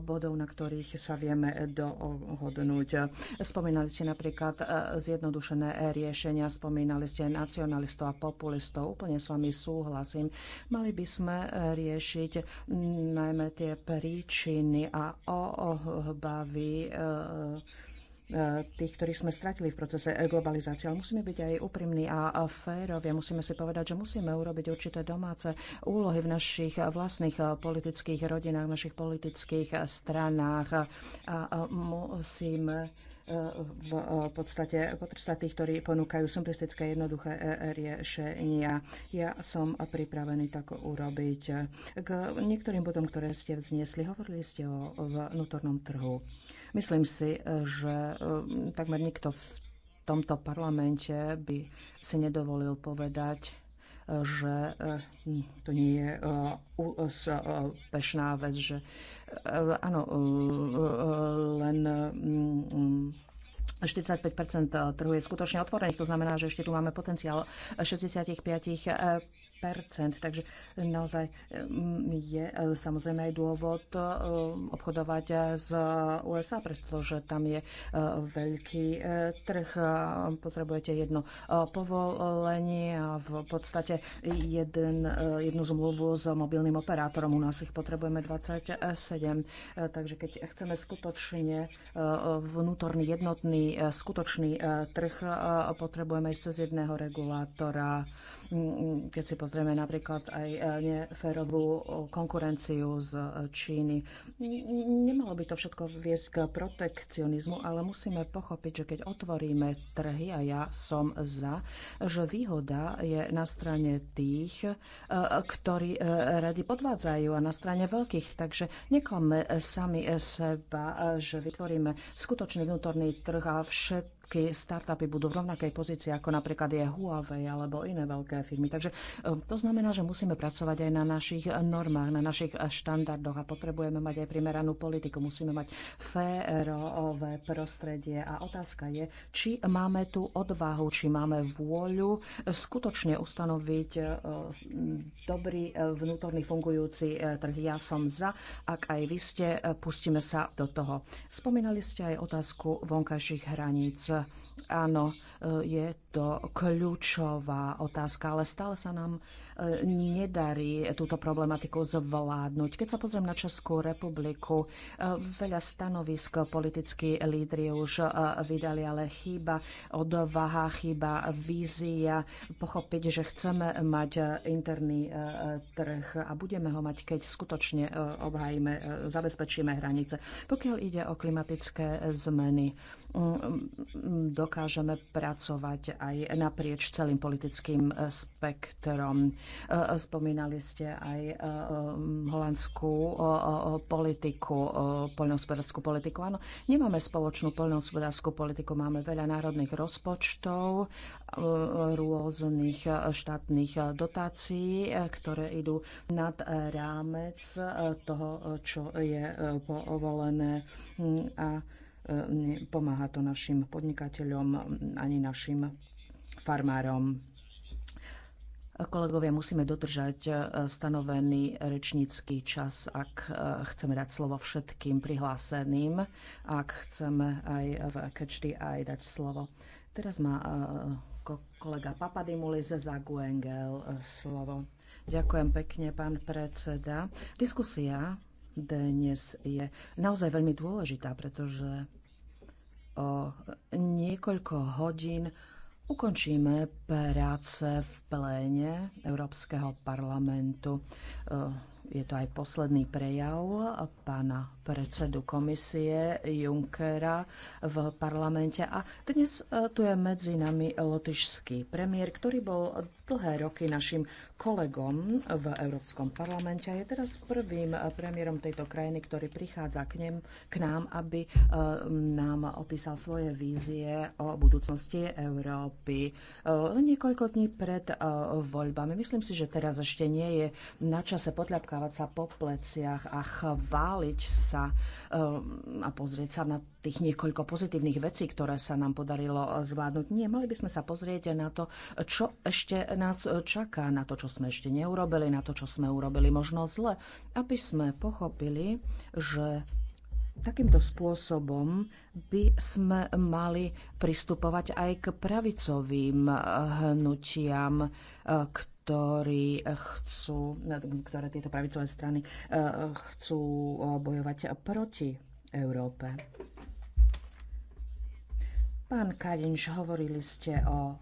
bodov, na ktorých sa viac vieme dohodnúť. Spomínali ste napríklad e, zjednodušené riešenia, spomínali ste nacionalistov a populistov. Úplne s vami súhlasím. Mali by sme e, riešiť najmä tie príčiny a obavy e, E, tých, ktorých sme stratili v procese globalizácie. Ale musíme byť aj úprimní a férovi. Musíme si povedať, že musíme urobiť určité domáce úlohy v našich vlastných politických rodinách, v našich politických stranách. A musíme e, e, v podstate potrstať tých, ktorí ponúkajú simplistické jednoduché riešenia. Ja som pripravený tak urobiť. K niektorým bodom, ktoré ste vzniesli, hovorili ste o vnútornom trhu. Myslím si, že eh, takmer nikto v tomto parlamente by si nedovolil povedať, eh, že eh, to nie je pešná vec, že áno, len 45 mm, trhu je skutočne otvorených, to znamená, že ešte tu máme potenciál 65 Takže naozaj mm, je e, samozrejme aj dôvod e, obchodovať e, z USA, pretože tam je veľký trh. Potrebujete jedno povolenie a v podstate jeden, jednu zmluvu s mobilným operátorom. U nás ich potrebujeme 27. Takže keď chceme skutočne vnútorný, jednotný, skutočný trh, potrebujeme ísť cez jedného regulátora. Mm, mm, keď si pozrieme napríklad aj e, neférovú konkurenciu z e, Číny, nemalo by to všetko viesť k protekcionizmu, ale musíme pochopiť, že keď otvoríme trhy, a ja som za, že výhoda je na strane tých, e, ktorí radi podvádzajú a na strane veľkých. Takže neklame sami seba, že vytvoríme skutočný vnútorný trh a všetko všetky startupy budú v rovnakej pozícii, ako napríklad je Huawei alebo iné veľké firmy. Takže e, to znamená, že musíme pracovať aj na našich normách, na našich štandardoch a potrebujeme mať aj primeranú politiku. Musíme mať férové prostredie. A otázka je, či máme tú odvahu, či máme vôľu skutočne ustanoviť e, dobrý e, vnútorný fungujúci trh. Ja som za, ak aj vy ste, pustíme sa do toho. Spomínali ste aj otázku vonkajších hraníc. Áno, e, je to kľúčová otázka, ale stále sa nám e, nedarí túto problematiku zvládnuť. Keď sa pozriem na Českú republiku, e, veľa stanovisk politickí lídry už vydali, ale chýba odvaha, chýba vízia, pochopiť, že chceme mať interný trh a budeme ho mať, keď skutočne obhajíme, zabezpečíme hranice. Pokiaľ ide o klimatické zmeny, Mm, mm, dokážeme pracovať aj naprieč celým politickým e, spektrom. E, e, spomínali ste aj holandskú politiku, poľnohospodárskú politiku. Áno, nemáme spoločnú poľnohospodárskú politiku, máme veľa národných rozpočtov, rôznych štátnych dotácií, ktoré idú nad rámec toho, čo je povolené mm, a Pomáha to našim podnikateľom ani našim farmárom. Kolegovia, musíme dodržať e, stanovený rečnícky čas, ak e, chceme dať slovo všetkým prihláseným, ak chceme aj v kečty aj dať slovo. Teraz má e, kolega Papadimulis za Guengel slovo. Ďakujem pekne, pán predseda. Diskusia dnes je naozaj veľmi dôležitá, pretože o niekoľko hodín ukončíme práce v pléne Európskeho parlamentu. E, je to aj posledný prejav pána predsedu komisie Junckera v parlamente. A dnes e, tu je medzi nami lotyšský premiér, ktorý bol dlhé roky našim kolegom v Európskom parlamente a je teraz prvým e, premiérom tejto krajiny, ktorý prichádza k, nem, k nám, aby e, nám opísal svoje vízie o budúcnosti Európy. Niekoľko dní pred voľbami. Myslím si, že teraz ešte nie je na čase potľapkávať sa po pleciach a chváliť sa sa eh, a pozrieť sa na tých niekoľko pozitívnych vecí, ktoré sa nám podarilo eh, zvládnuť. Nie, mali by sme sa pozrieť na to, čo ešte nás eh, čaká, na to, čo sme ešte neurobili, na to, čo sme urobili možno zle, aby sme pochopili, že Takýmto spôsobom by sme mali pristupovať aj k pravicovým hnutiam, k ktorí eh, chcú, eh, ktoré tieto pravicové strany eh, chcú bojovať proti Európe. Pán Kadinš, hovorili ste o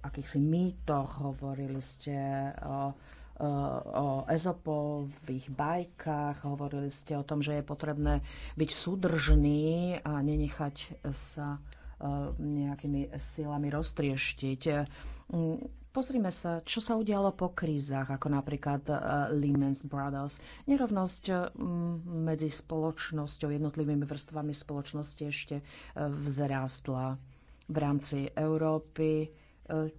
akýchsi mýtoch, hovorili ste o o ezopových bajkách, hovorili ste o tom, že je potrebné byť súdržný a nenechať sa nejakými silami roztrieštiť. Mm, Pozrime sa, čo sa udialo po krízach, ako napríklad e, Lehman Brothers. Nerovnosť e, medzi spoločnosťou, jednotlivými vrstvami spoločnosti ešte e, vzrástla v rámci Európy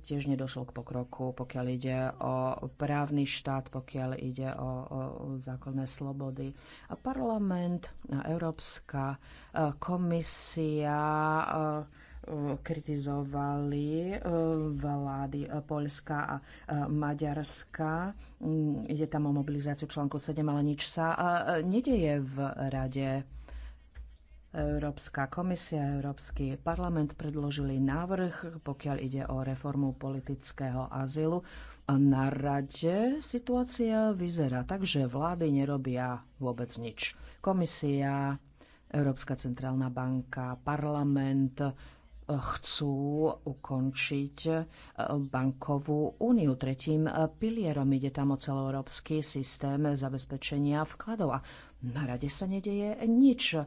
tiež nedošlo k pokroku, pokiaľ ide o právny štát, pokiaľ ide o, o zákonné slobody. A parlament, Európska komisia kritizovali eh, vlády eh, Polska a eh, Maďarska. Mm, ide tam o mobilizáciu článku 7, ale nič sa nedeje v rade. Európska komisia a Európsky parlament predložili návrh, pokiaľ ide o reformu politického azylu. A na rade situácia vyzerá tak, že vlády nerobia vôbec nič. Komisia, Európska centrálna banka, parlament chcú ukončiť e, bankovú úniu. Tretím e, pilierom ide tam o celoeurópsky systém zabezpečenia vkladov. A na rade sa nedeje nič. E,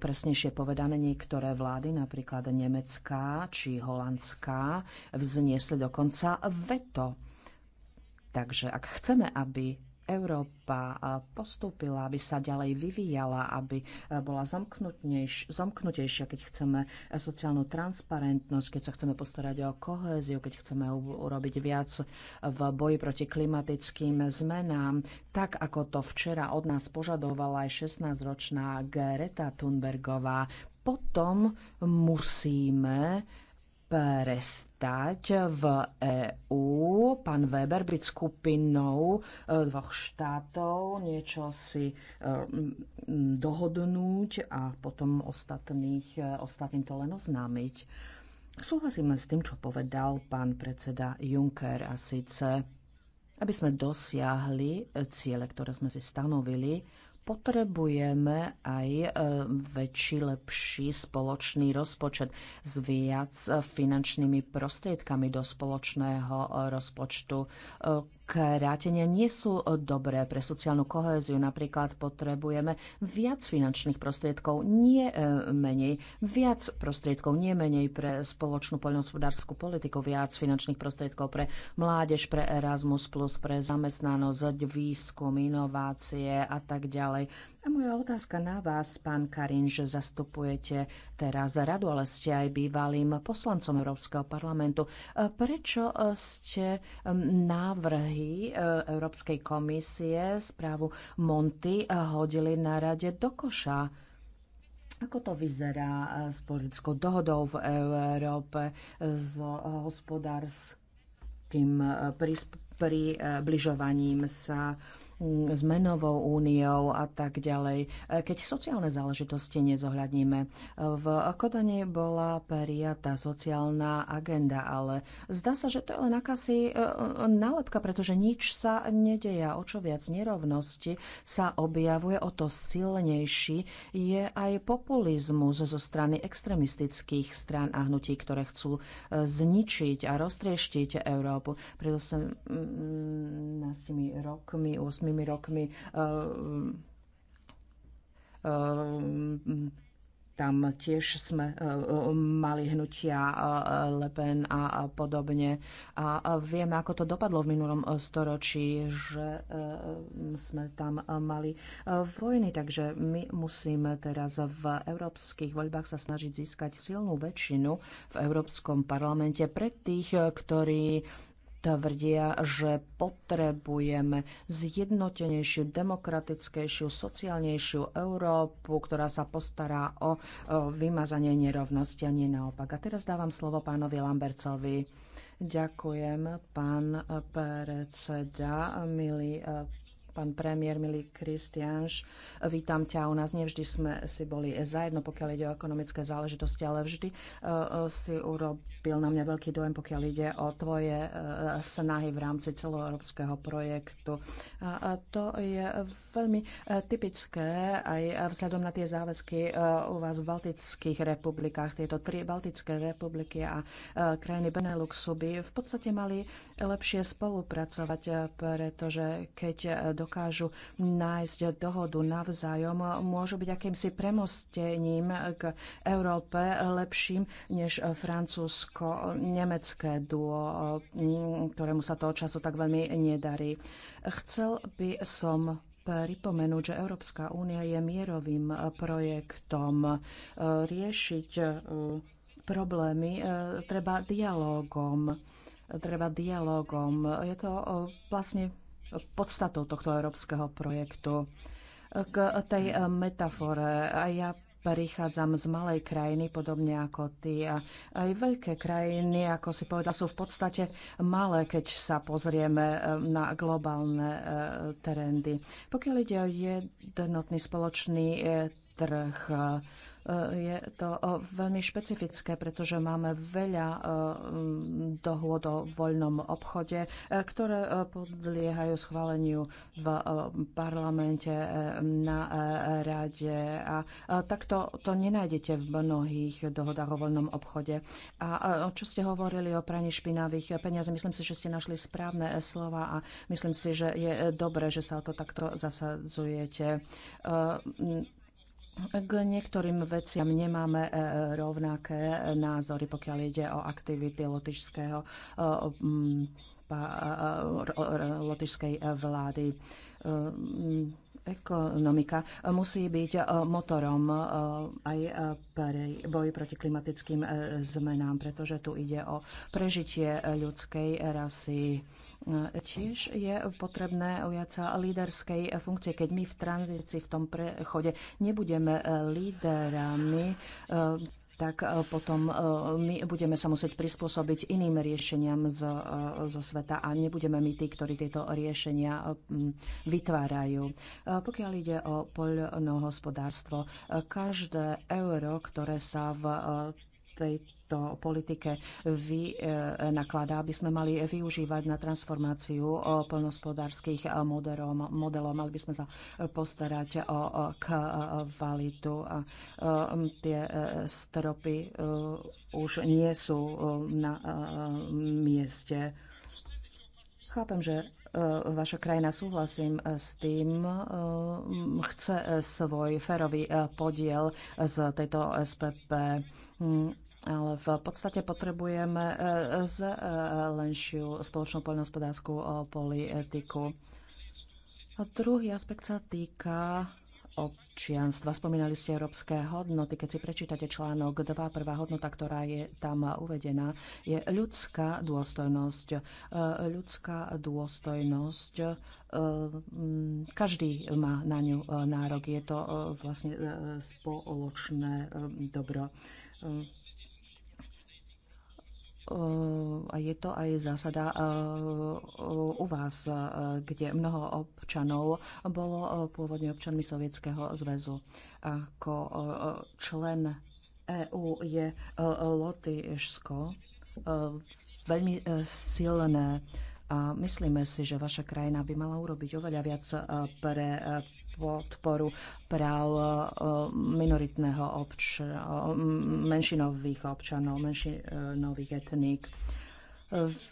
presnejšie povedané, niektoré vlády, napríklad nemecká či holandská, vzniesli dokonca veto. Takže ak chceme, aby Európa postúpila, aby sa ďalej vyvíjala, aby e, bola zomknutejšia, keď chceme e, sociálnu transparentnosť, keď sa chceme postarať o kohéziu, keď chceme urobiť viac v boji proti klimatickým zmenám, tak ako to včera od nás požadovala aj 16-ročná Greta Thunbergová. Potom musíme prestať v EÚ. Pán Weber byť skupinou e, dvoch štátov, niečo si e, dohodnúť a potom ostatných, e, ostatným to len oznámiť. Súhlasíme s tým, čo povedal pán predseda Juncker a síce, aby sme dosiahli ciele, ktoré sme si stanovili, potrebujeme aj e, väčší, lepší spoločný rozpočet s viac e, finančnými prostriedkami do spoločného e, rozpočtu krátenia nie sú dobré pre sociálnu kohéziu. Napríklad potrebujeme viac finančných prostriedkov, nie e, menej. Viac prostriedkov, nie menej pre spoločnú poľnohospodárskú politiku, viac finančných prostriedkov pre mládež, pre Erasmus+, pre zamestnanosť, výskum, inovácie a tak ďalej. A moja otázka na vás, pán Karin, že zastupujete teraz radu, ale ste aj bývalým poslancom Európskeho parlamentu. E, prečo e, ste návrhy e, Európskej komisie správu Monty hodili na rade do koša? Ako to vyzerá s politickou dohodou v Európe, s hospodárským približovaním sa? Mm, s menovou úniou a tak ďalej. E, keď sociálne záležitosti nezohľadníme. E, v Kodani bola prijatá sociálna agenda, ale zdá sa, že to je len akási e, nálepka, pretože nič sa nedeja. O čo viac nerovnosti sa objavuje, o to silnejší je aj populizmus zo strany extremistických strán a hnutí, ktoré chcú zničiť a roztrieštiť Európu. Preto som 15 rokmi, 8 poslednými rokmi eh, eh, tam tiež sme eh, mali hnutia lepen a podobne. A vieme, ako to dopadlo v minulom storočí, že sme tam mali vojny, takže my musíme teraz v európskych voľbách sa snažiť získať silnú väčšinu v Európskom parlamente pre tých, ktorí tvrdia, že potrebujeme zjednotenejšiu, demokratickejšiu, sociálnejšiu Európu, ktorá sa postará o, o vymazanie nerovnosti a nie naopak. A teraz dávam slovo pánovi Lambercovi. Ďakujem, pán predseda, milý Pán premiér, milý Kristianš, vítam ťa. U nás nevždy sme si boli zajedno, pokiaľ ide o ekonomické záležitosti, ale vždy e, e, si urobil na mňa veľký dojem, pokiaľ ide o tvoje e, snahy v rámci celoeurópskeho projektu. a to je veľmi e, typické aj vzhľadom na tie záväzky e, u vás v Baltických republikách. Tieto tri Baltické republiky a e, krajiny Beneluxu by v podstate mali lepšie spolupracovať, pretože keď dokážu nájsť dohodu navzájom, môžu byť akýmsi premostením k Európe lepším než francúzsko-nemecké duo, ktorému sa toho času tak veľmi nedarí. Chcel by som pripomenúť, že Európska únia je mierovým eh, projektom. Eh, riešiť eh, problémy treba dialogom. Treba dialogom. Je to vlastne podstatou tohto európskeho projektu. K tej metafore. A ja prichádzam z malej krajiny, podobne ako ty. A aj veľké krajiny, ako si povedal, sú v podstate malé, keď sa pozrieme e, na globálne e, trendy. Pokiaľ ide o jednotný spoločný e, trh, Eh, je to eh, veľmi špecifické, pretože máme veľa eh, mm, dohôd o voľnom obchode, ktoré podliehajú schváleniu v parlamente na rade. A takto to nenájdete v mnohých dohodách o voľnom obchode. A čo ste hovorili o praní špinavých peniazí, myslím si, že ste našli správne slova a myslím si, že je dobré, že sa o to takto zasadzujete k niektorým veciam nemáme e, rovnaké názory, pokiaľ ide o aktivity lotišského lotišskej vlády ekonomika musí byť e, motorom e, aj pre boj proti klimatickým zmenám, pretože tu ide o prežitie ľudskej rasy. Tiež je potrebné ujať sa líderskej funkcie, keď my v tranzícii, v tom prechode nebudeme eh, líderami, eh, tak eh, potom my budeme sa musieť prispôsobiť iným riešeniam z, zo sveta a nebudeme my tí, ktorí tieto riešenia hm, vytvárajú. Pokiaľ ide o poľnohospodárstvo, každé euro, ktoré sa v tej to politike vy e, nakladá, aby sme mali využívať na transformáciu e, plnospodárských e, modelov. modelov. Mali by sme sa postarať o kvalitu a tie stropy už nie sú na mieste. Chápem, že vaša krajina, súhlasím s tým, chce svoj férový podiel z tejto SPP ale v podstate potrebujeme e, zelenšiu spoločnú poľnohospodárskú e, politiku. A druhý aspekt sa týka občianstva. Spomínali ste európske hodnoty. Keď si prečítate článok 2, prvá hodnota, ktorá je tam uvedená, je ľudská dôstojnosť. E, ľudská dôstojnosť každý má na ňu nárok. Je to vlastne spoločné dobro a je to aj zásada e, u vás, e, kde mnoho občanov bolo e, pôvodne občanmi Sovietskeho zväzu. Ako člen EÚ je Lotyšsko veľmi silné. A myslíme si, že vaša krajina by mala urobiť oveľa viac pre podporu práv e, minoritného obč- e, menšinových občanov, menšinových etník. E,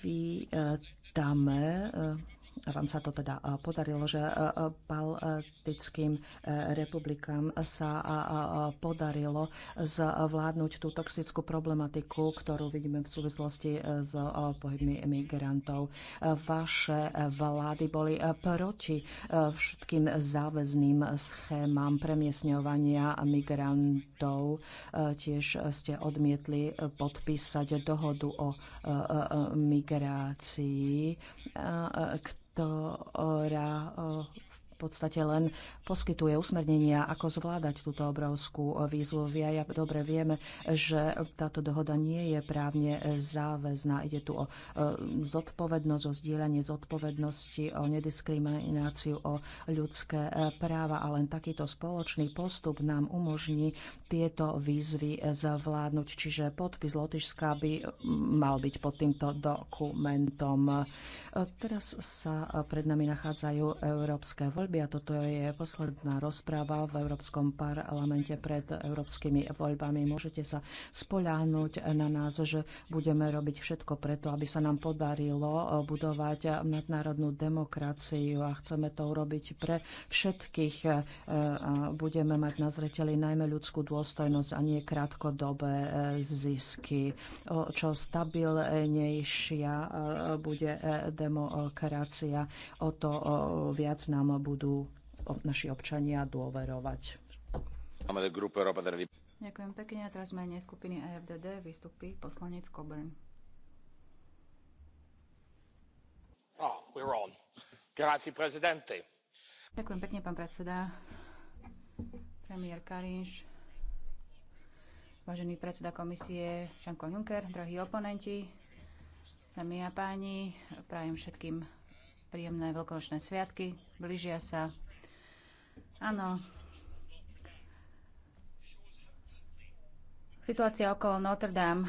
vítame vám sa to teda eh, podarilo, že eh, eh, baltickým republikám sa podarilo zvládnuť tú toxickú problematiku, ktorú vidíme v súvislosti s pohybmi migrantov. Vaše vlády boli proti všetkým záväzným schémam premiesňovania migrantov. Tiež ste odmietli podpísať dohodu o migrácii, ktorá podstate len poskytuje usmernenia, ako zvládať túto obrovskú výzvu. Ja, ja dobre vieme, že táto dohoda nie je právne záväzná. Ide tu o e, zodpovednosť, o zdieľanie zodpovednosti, o nediskrimináciu, o ľudské e, práva a len takýto spoločný postup nám umožní tieto výzvy e, zvládnuť. Čiže podpis Lotyšska by mal byť pod týmto dokumentom. Teraz sa pred nami nachádzajú európske voľby voľby a toto je posledná rozpráva v Európskom parlamente pred európskymi voľbami. Môžete sa spoľahnúť na nás, že budeme robiť všetko preto, aby sa nám podarilo budovať nadnárodnú demokraciu a chceme to urobiť pre všetkých. E, budeme mať na zreteli najmä ľudskú dôstojnosť a nie krátkodobé e, zisky. čo stabilnejšia e, bude demokracia, o to viac nám bude budú naši občania dôverovať. Ďakujem pekne. A teraz menej skupiny AFDD e vystupí poslanec Coburn. Oh, we're on. Grazie, presidente. Ďakujem pekne, pán predseda. Premiér Karinš, vážený predseda komisie jean Juncker, drahí oponenti, dámy a páni, prajem všetkým príjemné veľkonočné sviatky, blížia sa. Áno, Situácia okolo Notre Dame,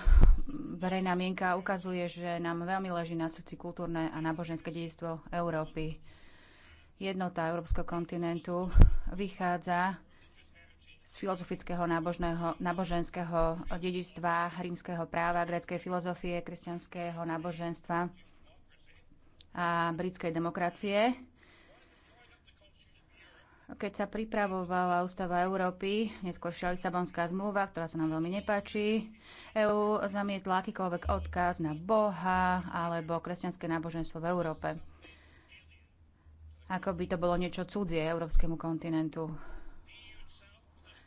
verejná mienka ukazuje, že nám veľmi leží na srdci kultúrne a náboženské dejstvo Európy. Jednota európskeho kontinentu vychádza z filozofického nábožného, náboženského dedičstva rímskeho práva, gréckej filozofie, kresťanského náboženstva a britskej demokracie. Keď sa pripravovala ústava Európy, neskôr šla Lisabonská zmluva, ktorá sa nám veľmi nepáči, EÚ zamietla akýkoľvek odkaz na Boha alebo kresťanské náboženstvo v Európe. Ako by to bolo niečo cudzie európskemu kontinentu.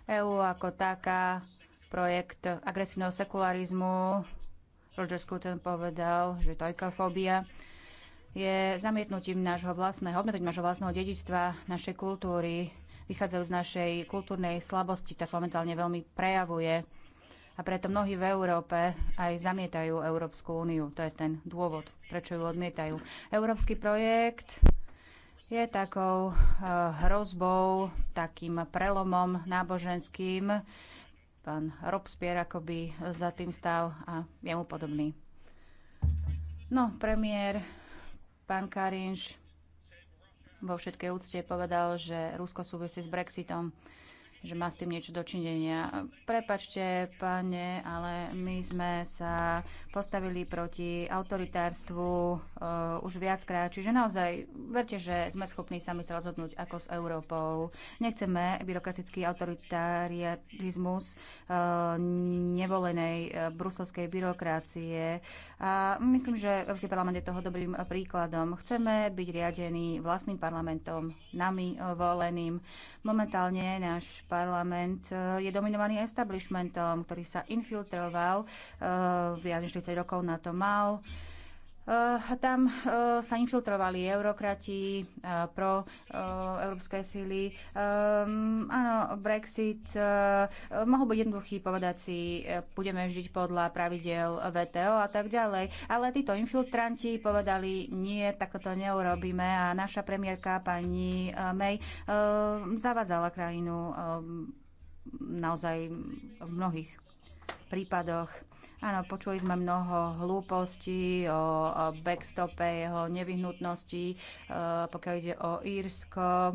EÚ ako taká, projekt agresívneho sekularizmu, Roger Scruton povedal, že to je ekofóbia je zamietnutím nášho vlastného, obmetnutím nášho vlastného dedičstva, našej kultúry, vychádzajú z našej kultúrnej slabosti, tá sa momentálne veľmi prejavuje. A preto mnohí v Európe aj zamietajú Európsku úniu. To je ten dôvod, prečo ju odmietajú. Európsky projekt je takou eh, hrozbou, takým prelomom náboženským. Pán Robspier akoby za tým stál a je mu podobný. No, premiér Pán Karinš vo všetkej úcte povedal, že Rusko súvisí s Brexitom že má s tým niečo dočinenia. Prepačte, pane, ale my sme sa postavili proti autoritárstvu uh, už viackrát, čiže naozaj verte, že sme schopní sami sa rozhodnúť ako s Európou. Nechceme byrokratický autoritarizmus uh, eh, nevolenej uh, bruselskej byrokracie. A myslím, že Európsky parlament je toho dobrým príkladom. Chceme byť riadení vlastným parlamentom, nami voleným. Momentálne náš parlament e, je dominovaný establishmentom, ktorý sa infiltroval, e, viac než 30 rokov na to mal Eh, tam eh, sa infiltrovali eurokrati, eh, pro európske síly. áno, Brexit mohol byť jednoduchý povedať si, budeme žiť podľa pravidel VTO a tak ďalej. Ale títo infiltranti povedali, nie, takto to neurobíme a naša premiérka pani May zavadzala krajinu naozaj v mnohých prípadoch. Áno, počuli sme mnoho hlúpostí o backstope, jeho nevyhnutnosti, e, pokiaľ ide o Írsko e,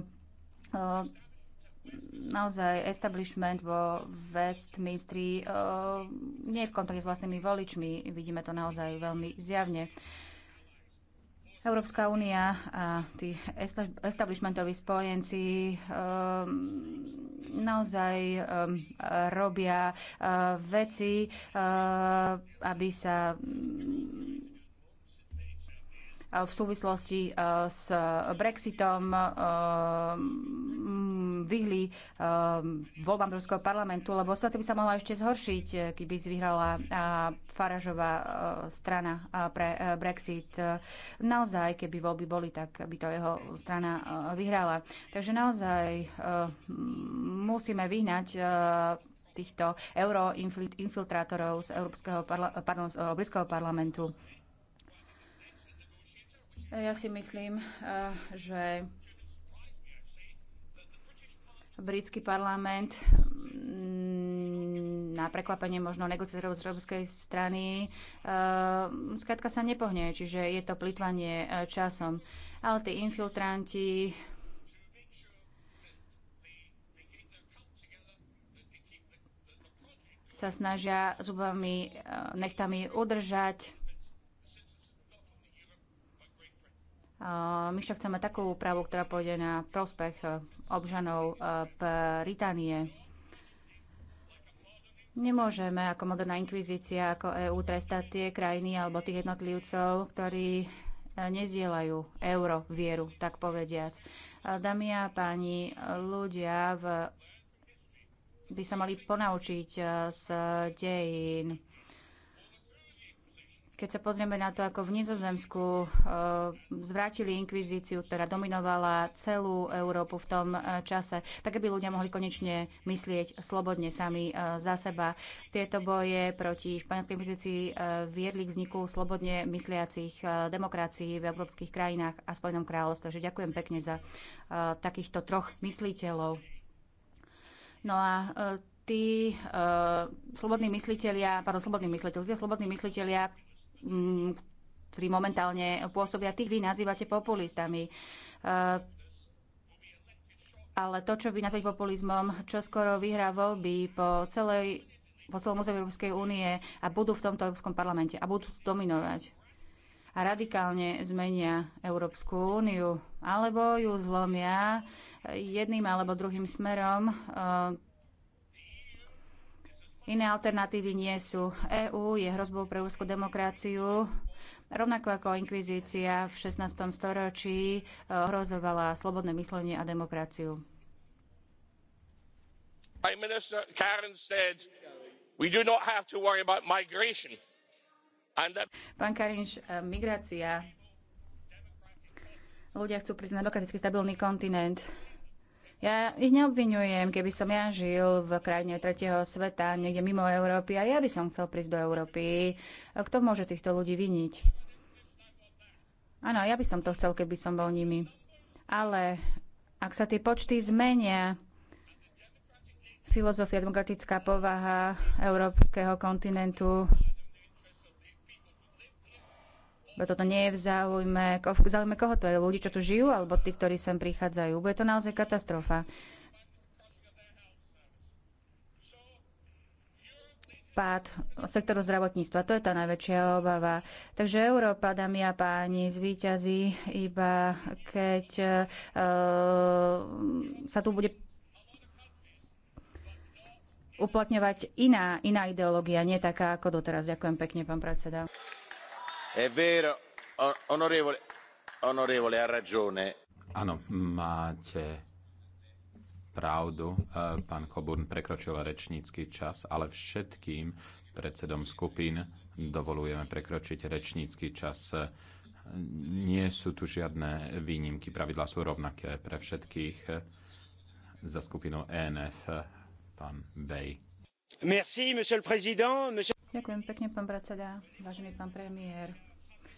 naozaj establishment vo Westminstri, e, nie je v kontakte s vlastnými voličmi. Vidíme to naozaj veľmi zjavne. Európska únia a tí establishmentoví spojenci um, naozaj um, robia uh, veci, uh, aby sa um, v súvislosti e, s Brexitom e, vyhli e, voľbám Európskeho parlamentu, lebo situácia by sa mohla ešte zhoršiť, keby zvyhrala Faražová strana pre Brexit. Naozaj, keby voľby boli, tak by to jeho strana vyhrala. Takže naozaj musíme vyhnať týchto euroinfiltrátorov z, Európskeho parla- pardon, z Európskeho parlamentu. Ja si myslím, eh, že britský parlament mm, na prekvapenie možno negociátorov z európskej strany uh, skrátka sa nepohne, čiže je to plitvanie eh, časom. Ale tí infiltranti sa snažia zubami, nechtami udržať My však chceme takú úpravu, ktorá pôjde na prospech eh, občanov eh, Británie. Nemôžeme ako moderná inkvizícia, ako EÚ trestať tie krajiny alebo tých jednotlivcov, ktorí eh, nezdielajú euro vieru, tak povediac. Dámy a páni, ľudia v, by sa mali ponaučiť z dejín. Keď sa pozrieme na to, ako v Nizozemsku e, zvrátili inkvizíciu, ktorá dominovala celú Európu v tom e, čase, tak aby ľudia mohli konečne myslieť slobodne sami e, za seba. Tieto boje proti španielskej inkvizícii viedli k vzniku slobodne mysliacich demokracií v európskych krajinách a Spojenom kráľovstve. Takže ďakujem pekne za takýchto troch mysliteľov. No a tí uh, slobodní mysliteľia, pardon, slobodní mysliteľia, slobodní mysliteľia Mm, ktorí momentálne pôsobia, tých vy nazývate populistami. Eh, ale to, čo vy nazvať populizmom, čo skoro vyhrá voľby po celej po celom území Európskej únie a budú v tomto Európskom parlamente a budú dominovať a radikálne zmenia Európsku úniu alebo ju zlomia jedným alebo druhým smerom. Eh, Iné alternatívy nie sú. EÚ je hrozbou pre úzku demokraciu, rovnako ako inkvizícia v 16. storočí e, ohrozovala slobodné myslenie a demokraciu. Prime Minister Karen said, we do not have to worry about migration. And that... Pán Karinš, e, migrácia. Ľudia chcú prísť na demokraticky stabilný kontinent ja ich neobvinujem, keby som ja žil v krajine tretieho sveta, niekde mimo Európy a ja by som chcel prísť do Európy. Kto môže týchto ľudí viniť? Áno, ja by som to chcel, keby som bol nimi. Ale ak sa tie počty zmenia, filozofia, demokratická povaha európskeho kontinentu toto nie je v záujme, v záujme koho to je, ľudí, čo tu žijú, alebo tí, ktorí sem prichádzajú. Bude to naozaj katastrofa. pád sektoru zdravotníctva. To je tá najväčšia obava. Takže Európa, dámy a páni, zvýťazí iba keď uh, sa tu bude uplatňovať iná, iná ideológia, nie taká ako doteraz. Ďakujem pekne, pán predseda. È vero, onorevole, onorevole, ha ragione. Áno, máte pravdu. E, pán Coburn prekročil rečnícky čas, ale všetkým predsedom skupín dovolujeme prekročiť rečnícky čas. E, nie sú tu žiadne výnimky, pravidlá sú rovnaké pre všetkých. E, za skupinu ENF pán Bej. Merci, monsieur le président. Monsieur... Ďakujem pekne, pán predseda, vážený pán premiér.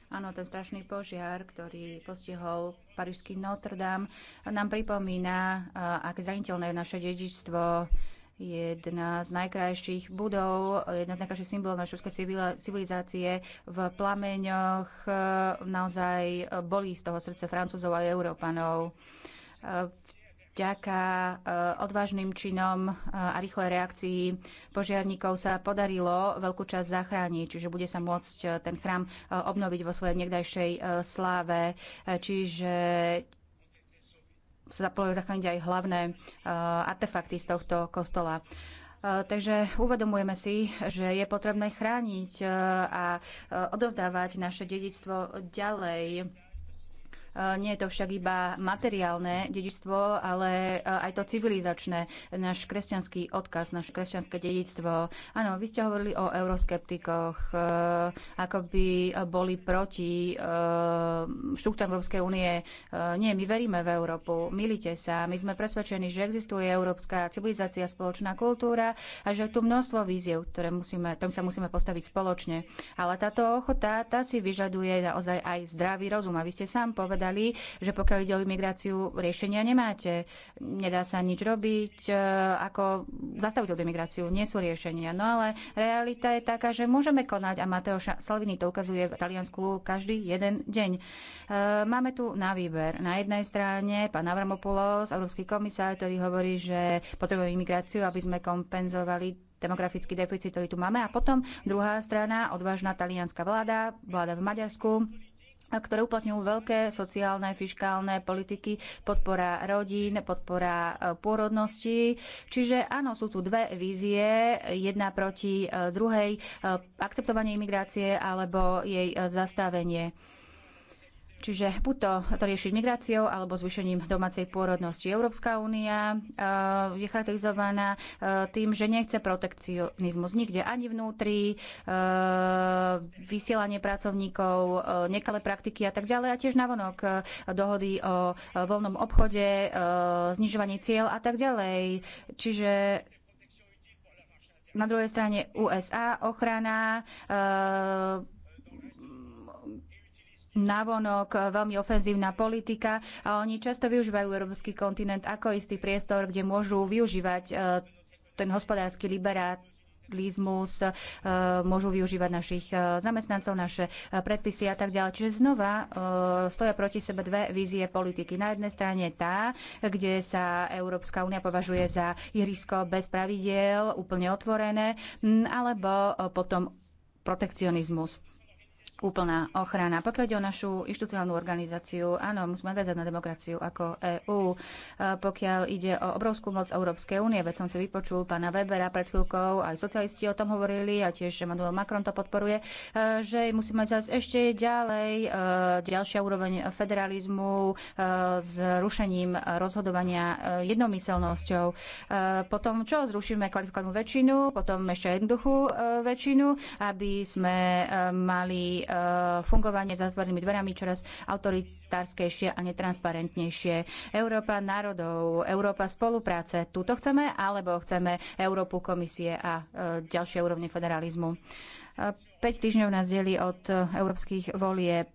Áno, ten strašný požiar, ktorý postihol parížský Notre Dame, nám pripomína, aké zraniteľné je naše dedičstvo, jedna z najkrajších budov, jedna z najkrajších symbolov našej civilizácie v plameňoch. E, naozaj e, boli z toho srdce Francúzov a Európanov. E, v vďaka eh, odvážnym činom eh, a rýchlej reakcii požiarníkov sa podarilo veľkú časť zachrániť, čiže bude sa môcť eh, ten chrám obnoviť vo svojej niekdajšej sláve. Čiže sa podarilo zachrániť aj hlavné artefakty z tohto kostola. Takže uvedomujeme si, že je potrebné chrániť a odovzdávať naše dedičstvo ďalej Eh, nie je to však iba materiálne dedičstvo, ale eh, aj to civilizačné, náš kresťanský odkaz, naše kresťanské dedictvo. Áno, vy ste hovorili o euroskeptikoch, eh, ako by boli proti štruktúram Európskej únie. Nie, my veríme v Európu, milite sa, my sme presvedčení, že existuje európska civilizácia, spoločná kultúra a že je tu množstvo víziev, ktoré musíme, ktorým sa musíme postaviť spoločne. Ale táto ochota, tá si vyžaduje naozaj aj zdravý rozum. A vy ste sám povedali, povedali, že pokiaľ ide o imigráciu, riešenia nemáte. Nedá sa nič robiť, e, ako zastaviť tú imigráciu, nie sú riešenia. No ale realita je taká, že môžeme konať a Mateo Salvini to ukazuje v Taliansku každý jeden deň. E, máme tu na výber. Na jednej strane pán Avramopoulos, európsky komisár, ktorý hovorí, že potrebujeme imigráciu, aby sme kompenzovali demografický deficit, ktorý tu máme. A potom druhá strana, odvážna talianská vláda, vláda v Maďarsku, ktoré uplatňujú veľké sociálne, fiškálne politiky, podpora rodín, podpora e, pôrodnosti. Čiže áno, sú tu dve vízie, jedna proti e, druhej, e, akceptovanie imigrácie alebo jej zastavenie. Čiže buď to, to riešiť migráciou alebo zvýšením domácej pôrodnosti. Európska únia e, je charakterizovaná e, tým, že nechce protekcionizmus nikde ani vnútri, e, vysielanie pracovníkov, nekalé praktiky a tak ďalej a tiež navonok dohody o voľnom obchode, znižovanie cieľ a tak ďalej. Čiže na druhej strane USA, ochrana, navonok veľmi ofenzívna politika a oni často využívajú európsky kontinent ako istý priestor, kde môžu využívať e, ten hospodársky liberát lizmus, e, môžu využívať našich e, zamestnancov, naše predpisy a tak ďalej. Čiže znova stoja proti sebe dve vízie politiky. Na jednej strane tá, kde sa Európska únia považuje za ihrisko bez pravidiel, úplne otvorené, alebo potom protekcionizmus úplná ochrana. Pokiaľ ide o našu inštitucionálnu organizáciu, áno, musíme väzať na demokraciu ako EÚ. Pokiaľ ide o obrovskú moc Európskej únie, veď som si vypočul pána Webera pred chvíľkou, aj socialisti o tom hovorili a tiež Emmanuel Macron to podporuje, e, že musíme zase ešte ďalej, e, ďalšia úroveň federalizmu e, s rušením rozhodovania jednomyselnosťou. Potom čo? Zrušíme kvalifikovanú väčšinu, potom ešte jednoduchú väčšinu, aby sme mali Eh, fungovanie za zvornými dverami čoraz autoritárskejšie a netransparentnejšie. Európa národov, Európa spolupráce. Túto chceme, alebo chceme Európu komisie a eh, ďalšie úrovne federalizmu. 5 eh, týždňov nás delí od európskych volieb.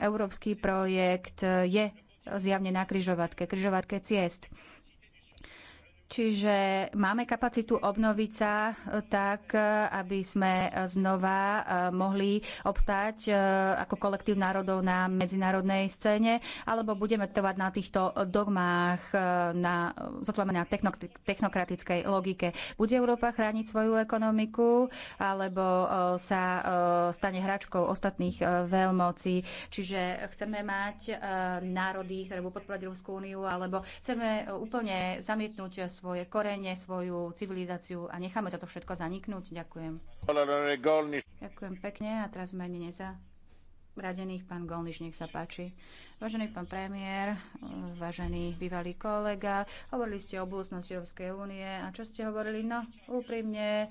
Európsky projekt je zjavne na kryžovatke, kryžovatke ciest. Čiže máme kapacitu obnoviť sa e, tak, e, aby sme e, znova mohli obstáť ako kolektív národov na medzinárodnej scéne, alebo budeme trvať na týchto dogmách, na, zotrváme na technokratickej logike. Bude Európa chrániť svoju ekonomiku, alebo sa stane hračkou ostatných veľmocí. Čiže chceme mať národy, ktoré budú podporovať Európsku úniu, alebo chceme úplne zamietnúť svoje korene, svoju civilizáciu a necháme toto všetko zaniknúť. Ďakujem. Ďakujem pekne a teraz menej neza radených, pán Golniš, nech sa páči. Vážený pán premiér, vážený bývalý kolega, hovorili ste o budúcnosti Európskej únie a čo ste hovorili? No, úprimne, e,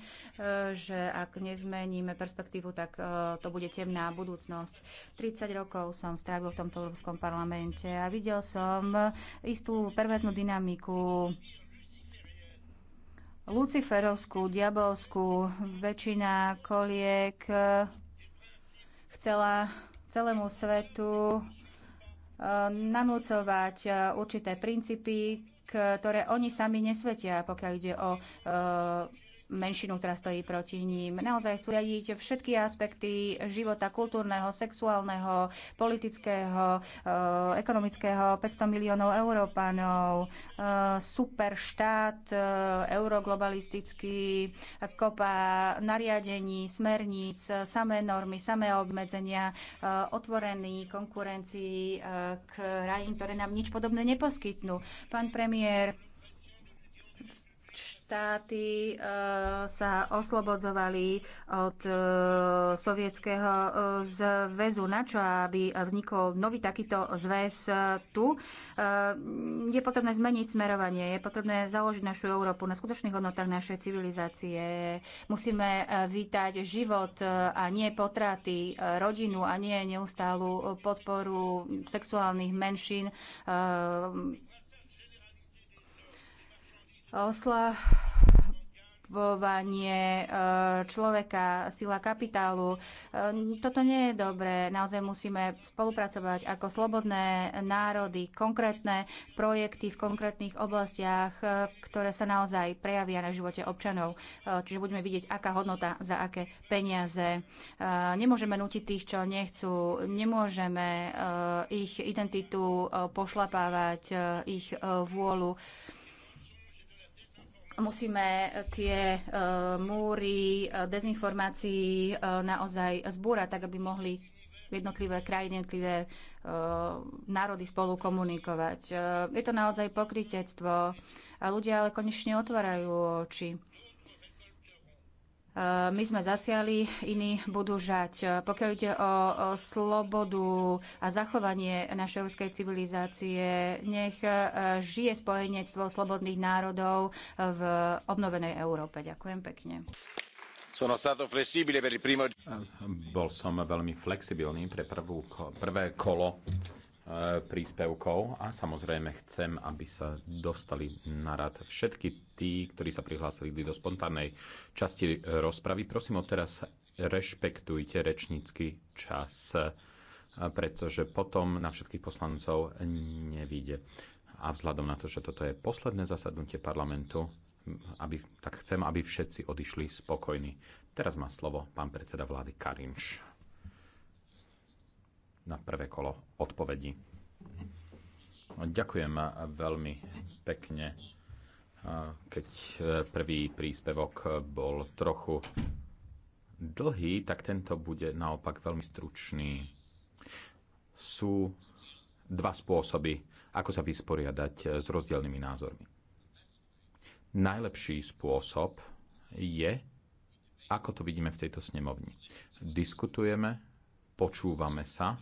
že ak nezmeníme perspektívu, tak e, to bude temná budúcnosť. 30 rokov som strávil v tomto Európskom parlamente a videl som istú perverznú dynamiku luciferovskú, diabolskú. Väčšina koliek eh, chcela celému svetu eh, nanúcovať eh, určité princípy, ktoré oni sami nesvetia, pokiaľ ide o menšinu, ktorá stojí proti ním. Naozaj chcú riadiť všetky aspekty života kultúrneho, sexuálneho, politického, eh, ekonomického, 500 miliónov Európanov, eh, super štát, eh, euroglobalistický, kopa nariadení, smerníc, samé normy, samé obmedzenia, otvorený konkurencii k krajín, ktoré nám nič podobné neposkytnú. Pán premiér, štáty eh, sa oslobodzovali od eh, sovietského eh, zväzu. Na čo, aby vznikol nový takýto zväz tu? Je potrebné zmeniť smerovanie, je potrebné založiť našu Európu na skutočných hodnotách našej civilizácie. Musíme vítať život a nie potraty, rodinu a nie neustálu podporu sexuálnych menšín, oslabovanie eh, človeka, sila kapitálu. Eh, toto nie je dobré. Naozaj musíme spolupracovať ako slobodné národy, konkrétne projekty v konkrétnych oblastiach, eh, ktoré sa naozaj prejavia na živote občanov. Čiže budeme vidieť, aká hodnota za aké peniaze. Nemôžeme nutiť tých, čo nechcú. Nemôžeme ich identitu pošlapávať, ich vôľu musíme e, tie e, múry e, dezinformácií naozaj zbúrať, tak aby mohli jednotlivé krajiny, jednotlivé národy spolu komunikovať. Je to naozaj pokritectvo. A ľudia ale konečne otvárajú oči. Eh, my sme zasiali, iní budú žať. Eh, pokiaľ ide o slobodu a zachovanie našej európskej civilizácie, nech eh, žije spojenectvo slobodných národov v obnovenej Európe. Ďakujem pekne. Bol som veľmi flexibilný pre prvú, prvé kolo E, príspevkov a samozrejme chcem, aby sa dostali na rad všetky tí, ktorí sa prihlásili do spontánnej časti rozpravy. Prosím o teraz rešpektujte rečnícky čas, e, pretože potom na všetkých poslancov nevíde. A vzhľadom na to, že toto je posledné zasadnutie parlamentu, aby, tak chcem, aby všetci odišli spokojní. Teraz má slovo pán predseda vlády Karinš na prvé kolo odpovedí. No, ďakujem veľmi pekne, keď e, prvý príspevok bol trochu dlhý, tak tento bude naopak veľmi stručný. Sú dva spôsoby, ako sa vysporiadať e, s rozdielnymi názormi. Najlepší spôsob je, ako to vidíme v tejto snemovni. Diskutujeme, počúvame sa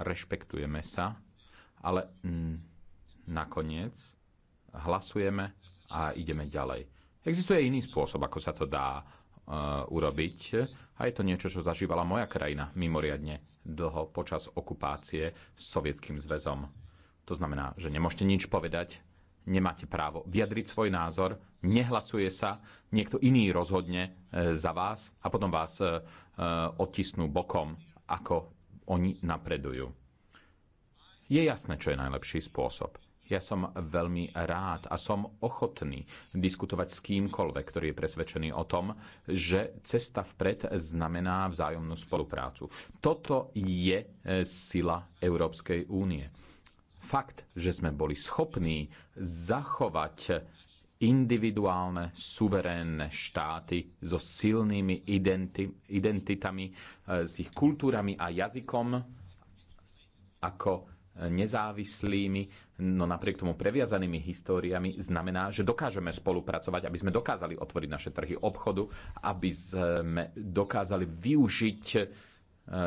rešpektujeme sa, ale mm, nakoniec hlasujeme a ideme ďalej. Existuje iný spôsob, ako sa to dá e, urobiť a je to niečo, čo zažívala moja krajina mimoriadne dlho počas okupácie s Sovietským zväzom. To znamená, že nemôžete nič povedať, nemáte právo vyjadriť svoj názor, nehlasuje sa, niekto iný rozhodne e, za vás a potom vás e, e, odtisnú otisnú bokom ako oni napredujú. Je jasné, čo je najlepší spôsob. Ja som veľmi rád a som ochotný diskutovať s kýmkoľvek, ktorý je presvedčený o tom, že cesta vpred znamená vzájomnú spoluprácu. Toto je e, sila Európskej únie. Fakt, že sme boli schopní zachovať individuálne suverénne štáty so silnými identi- identitami, e, s ich kultúrami a jazykom ako nezávislými, no napriek tomu previazanými históriami, znamená, že dokážeme spolupracovať, aby sme dokázali otvoriť naše trhy obchodu, aby sme dokázali využiť e,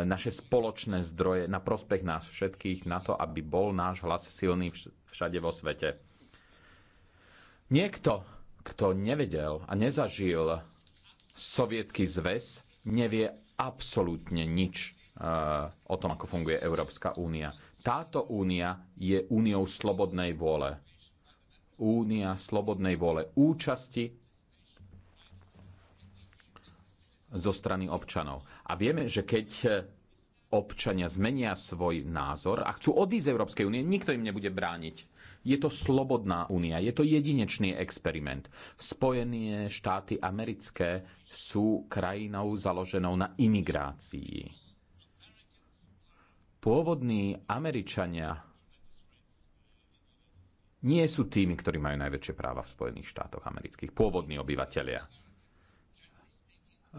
naše spoločné zdroje na prospech nás všetkých, na to, aby bol náš hlas silný všade vo svete Niekto, kto nevedel a nezažil sovietský zväz, nevie absolútne nič eh, o tom, ako funguje Európska únia. Táto únia je úniou slobodnej vôle. Únia slobodnej vôle účasti zo strany občanov. A vieme, že keď eh, občania zmenia svoj názor a chcú odísť z Európskej únie, nikto im nebude brániť. Je to slobodná únia, je to jedinečný experiment. Spojené štáty americké sú krajinou založenou na imigrácii. Pôvodní Američania nie sú tými, ktorí majú najväčšie práva v Spojených štátoch amerických. Pôvodní obyvateľia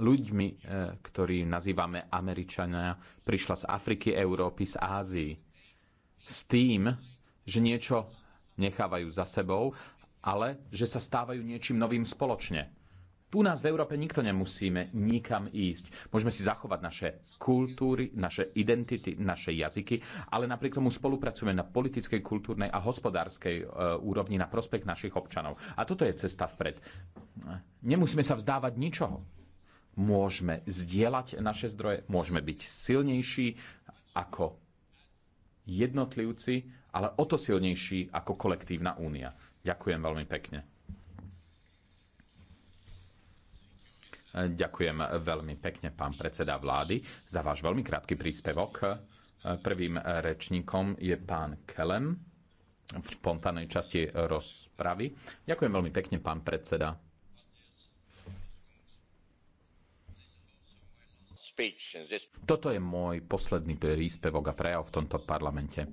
ľuďmi, eh, ktorí nazývame Američania, prišla z Afriky, Európy, z Ázii. S tým, že niečo nechávajú za sebou, ale že sa stávajú niečím novým spoločne. Tu nás v Európe nikto nemusíme nikam ísť. Môžeme si zachovať naše kultúry, naše identity, naše jazyky, ale napriek tomu spolupracujeme na politickej, kultúrnej a hospodárskej e, úrovni na prospech našich občanov. A toto je cesta vpred. Nemusíme sa vzdávať ničoho. Môžeme zdieľať naše zdroje, môžeme byť silnejší ako jednotlivci ale o to silnejší ako kolektívna únia. Ďakujem veľmi pekne. Ďakujem veľmi pekne, pán predseda vlády, za váš veľmi krátky príspevok. Prvým rečníkom je pán Kelem v spontánnej časti rozpravy. Ďakujem veľmi pekne, pán predseda. Toto je môj posledný príspevok a prejav v tomto parlamente.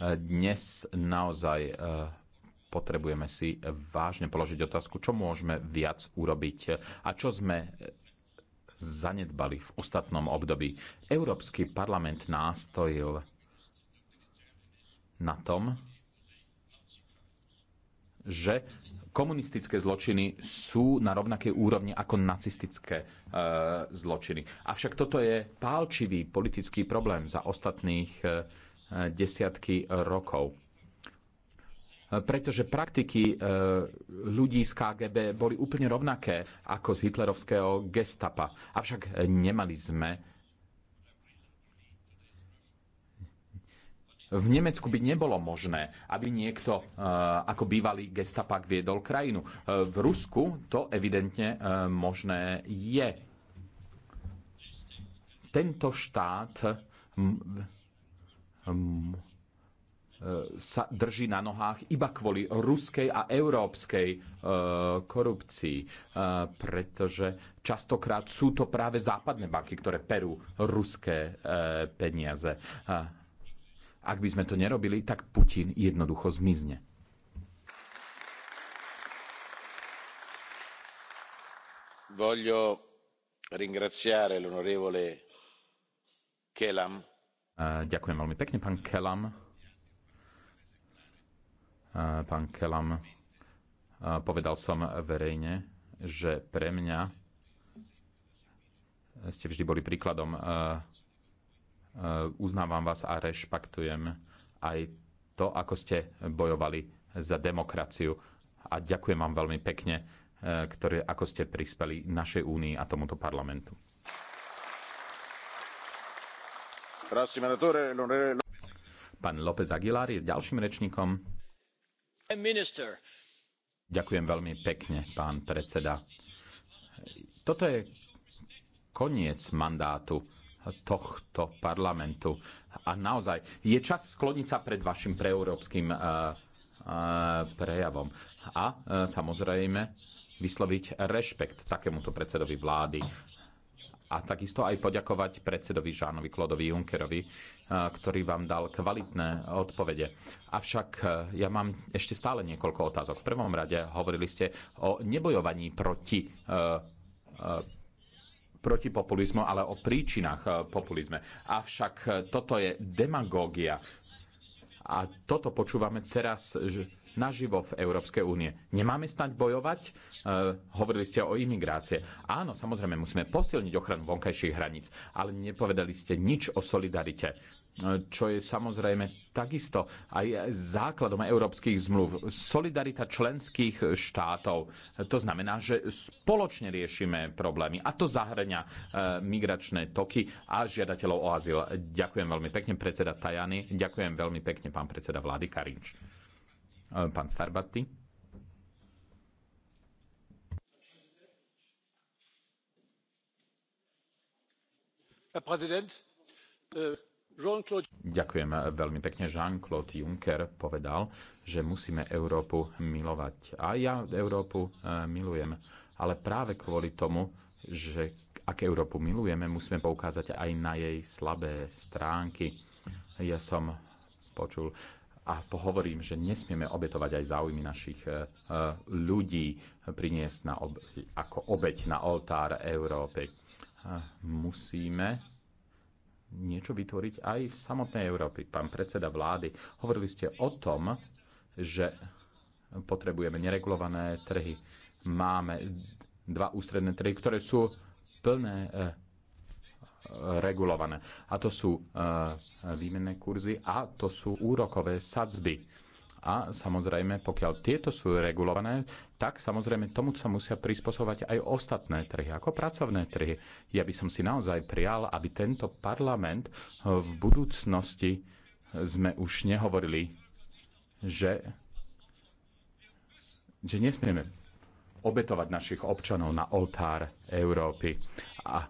E, dnes naozaj e, potrebujeme si vážne položiť otázku, čo môžeme viac urobiť a čo sme zanedbali v ostatnom období. Európsky parlament nástojil na tom, že komunistické zločiny sú na rovnakej úrovni ako nacistické e, zločiny. Avšak toto je pálčivý politický problém za ostatných e, desiatky rokov. Pretože praktiky e, ľudí z KGB boli úplne rovnaké ako z hitlerovského gestapa. Avšak nemali sme v Nemecku by nebolo možné, aby niekto e, ako bývalý gestapak viedol krajinu. E, v Rusku to evidentne možné je. Tento štát Ehm, e, sa drží na nohách iba kvôli ruskej a európskej e, korupcii, e, pretože častokrát sú to práve západné banky, ktoré perú ruské peniaze. Ak by sme to nerobili, tak Putin jednoducho zmizne. Voglio ringraziare l'onorevole Kelam Ďakujem veľmi pekne, pán Kelam. Pán Kelam, povedal som verejne, že pre mňa ste vždy boli príkladom. Uznávam vás a rešpektujem aj to, ako ste bojovali za demokraciu. A ďakujem vám veľmi pekne, ktoré, ako ste prispeli našej únii a tomuto parlamentu. Pán López Aguilar je ďalším rečníkom. Ďakujem veľmi pekne, pán predseda. Toto je koniec mandátu tohto parlamentu. A naozaj je čas skloniť sa pred vašim preeurópskym eh, eh, prejavom. A eh, samozrejme vysloviť rešpekt takémuto predsedovi vlády a takisto aj poďakovať predsedovi Žánovi Klodovi Junkerovi, eh, ktorý vám dal kvalitné odpovede. Avšak eh, ja mám ešte stále niekoľko otázok. V prvom rade hovorili ste o nebojovaní proti eh, proti populizmu, ale o príčinách populizme. Avšak toto je demagógia. A toto počúvame teraz, že naživo v Európskej únie. Nemáme stať bojovať? E, hovorili ste o imigrácie. Áno, samozrejme, musíme posilniť ochranu vonkajších hraníc, ale nepovedali ste nič o solidarite e, čo je samozrejme takisto aj základom európskych zmluv. Solidarita členských štátov. To znamená, že spoločne riešime problémy a to zahrania e, migračné toky a žiadateľov o azyl. Ďakujem veľmi pekne, predseda Tajany. Ďakujem veľmi pekne, pán predseda vlády Karinč. Pán Starbatty. Äh, Ďakujem veľmi pekne. Jean-Claude Juncker povedal, že musíme Európu milovať. A ja Európu e, milujem, ale práve kvôli tomu, že ak Európu milujeme, musíme poukázať aj na jej slabé stránky. Ja som počul, a pohovorím, že nesmieme obetovať aj záujmy našich e, e, ľudí priniesť na ob- ako obeť na oltár Európy. E, musíme niečo vytvoriť aj v samotnej Európy. Pán predseda vlády, hovorili ste o tom, že potrebujeme neregulované trhy. Máme dva ústredné trhy, ktoré sú plné regulované. A to sú eh, výmenné kurzy a to sú úrokové sadzby. A samozrejme, pokiaľ tieto sú regulované, tak samozrejme tomu sa musia prispôsobovať aj ostatné trhy, ako pracovné trhy. Ja by som si naozaj prial, aby tento parlament eh, v budúcnosti sme už nehovorili, že, že nesmieme obetovať našich občanov na oltár Európy. A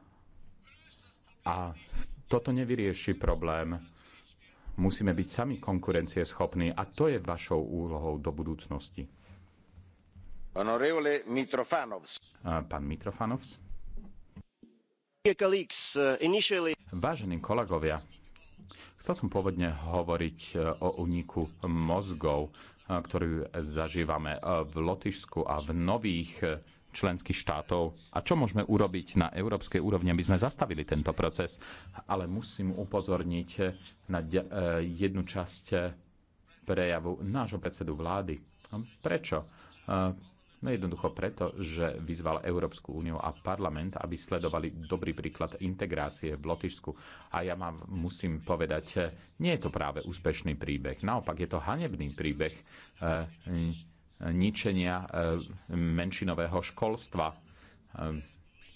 a toto nevyrieši problém. Musíme byť sami konkurencieschopní a to je vašou úlohou do budúcnosti. Honorevole Mitrofanovs. Pán Mitrofanovs. Uh, Vážení kolegovia, chcel som pôvodne hovoriť uh, o úniku mozgov, uh, ktorú zažívame v Lotyšsku a v nových členských štátov. A čo môžeme urobiť na európskej úrovni, aby sme zastavili tento proces? Ale musím upozorniť na e, jednu časť prejavu nášho predsedu vlády. Prečo? E, no jednoducho preto, že vyzval Európsku úniu a parlament, aby sledovali dobrý príklad integrácie v Lotyšsku. A ja vám musím povedať, e, nie je to práve úspešný príbeh. Naopak je to hanebný príbeh ničenia e, menšinového školstva, e,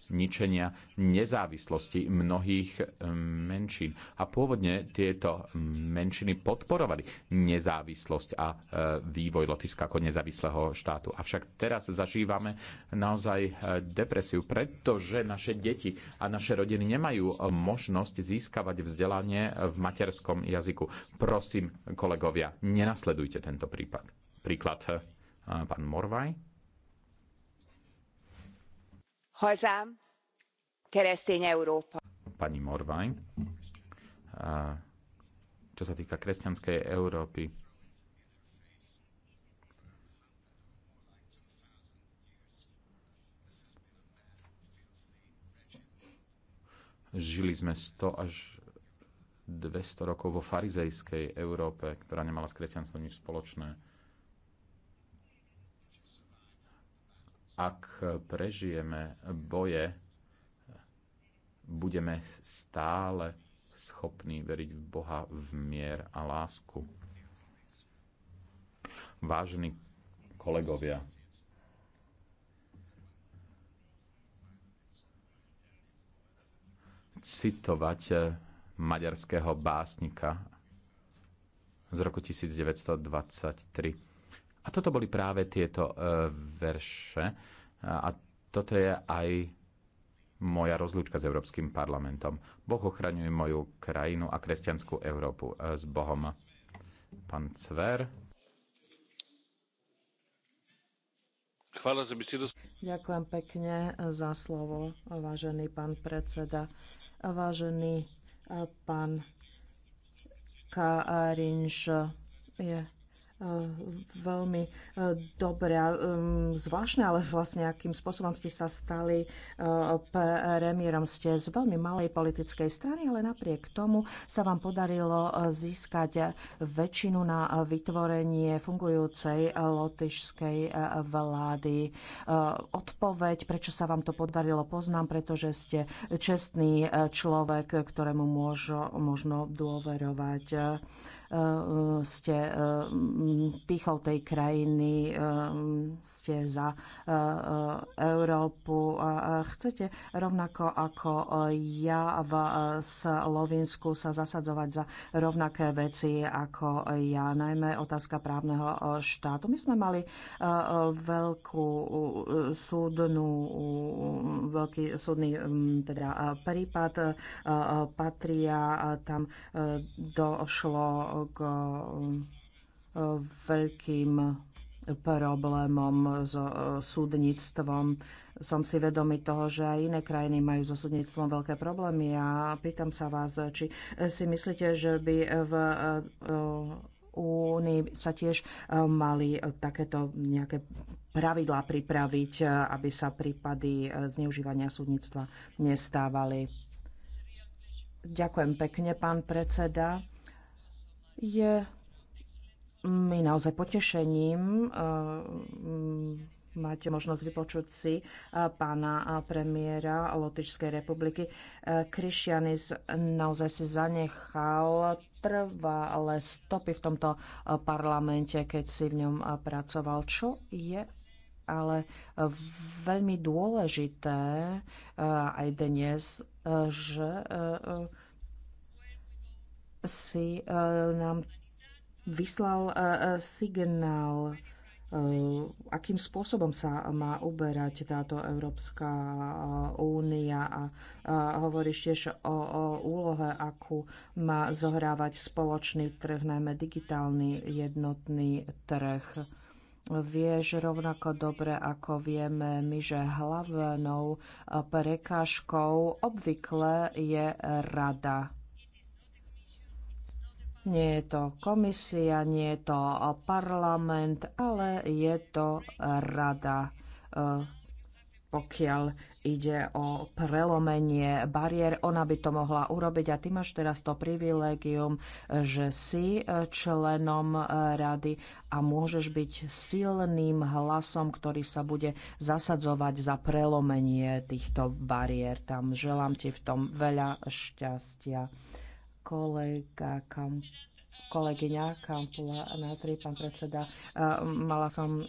ničenia nezávislosti mnohých e, menšín. A pôvodne tieto menšiny podporovali nezávislosť a vývoj Lotyšska ako nezávislého štátu. Avšak teraz zažívame naozaj depresiu, pretože naše deti a naše rodiny nemajú možnosť získavať vzdelanie v materskom jazyku. Prosím, kolegovia, nenasledujte tento prípad. Príklad. Pán Morvaj. Hazám, keresztény Európa. Pani Morvaj, čo sa týka kresťanskej Európy, žili sme 100 až 200 rokov vo farizejskej Európe, ktorá nemala s kresťanstvom nič spoločné. Ak prežijeme boje, budeme stále schopní veriť v Boha, v mier a lásku. Vážení kolegovia, citovať eh, maďarského básnika z roku 1923 a toto boli práve tieto e, verše a toto je aj moja rozlúčka s Európskym parlamentom. Boh ochraňuje moju krajinu a kresťanskú Európu e, s Bohom. Pán Cver. Ďakujem pekne za slovo, vážený pán predseda. Vážený e, pán Karinš, je E, veľmi e, dobré a zvláštne, ale vlastne akým spôsobom ste sa stali e, premiérom. Ste z veľmi malej politickej strany, ale napriek tomu sa vám podarilo získať väčšinu na vytvorenie fungujúcej lotyšskej vlády. Odpoveď, prečo sa vám to podarilo, poznám, pretože ste čestný človek, ktorému môžu, možno dôverovať. Eh, ste eh, mm, pichou tej krajiny, eh, ste za Európu a chcete rovnako ako ja v Slovensku sa zasadzovať za rovnaké veci ako ja, najmä otázka právneho štátu. My sme mali veľkú súdnu, veľký súdny mm, teda prípad Patria, tam došlo k e, veľkým problémom s e, súdnictvom. Som si vedomý toho, že aj iné krajiny majú so súdnictvom veľké problémy a pýtam sa vás, či si myslíte, že by v e, Únii sa tiež mali takéto nejaké pravidlá pripraviť, aby sa prípady zneužívania súdnictva nestávali. Ďakujem pekne, pán predseda. Je mi naozaj potešením eh, mať možnosť vypočuť si eh, pána eh, premiéra Lotyšskej republiky. Krišianis naozaj si zanechal trvalé stopy v tomto parlamente, keď si v ňom pracoval. Čo je ale veľmi dôležité aj dnes, že si eh, nám vyslal eh, eh, signál, akým spôsobom sa má uberať táto Európska únia a hovoríš tiež o, o úlohe, akú má zohrávať spoločný trh, najmä digitálny jednotný trh vieš rovnako dobre, ako vieme my, že hlavnou prekážkou obvykle je rada. Nie je to komisia, nie je to parlament, ale je to rada, e, pokiaľ ide o prelomenie bariér. Ona by to mohla urobiť a ty máš teraz to privilégium, že si e, členom e, rady a môžeš byť silným hlasom, ktorý sa bude zasadzovať za prelomenie týchto bariér. Tam želám ti v tom veľa šťastia kolega kam, kolegyňa Kampula tri, pán predseda. Mala som e, e,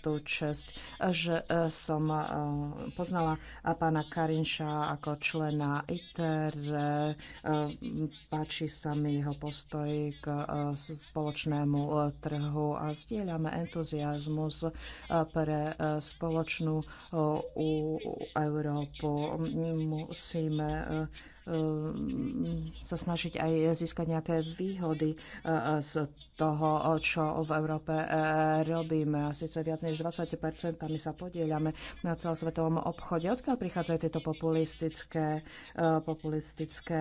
tú čest, že e, som poznala pána Karinša ako člena ITER. Páči sa mi jeho postoj k spoločnému trhu a zdieľame entuziasmus pre spoločnú Európu. Musíme Eh, sa snažiť aj získať nejaké výhody eh, z toho, čo v Európe eh, robíme. A síce viac než 20 sa podielame na celosvetovom obchode. Odkiaľ prichádzajú tieto populistické, populistické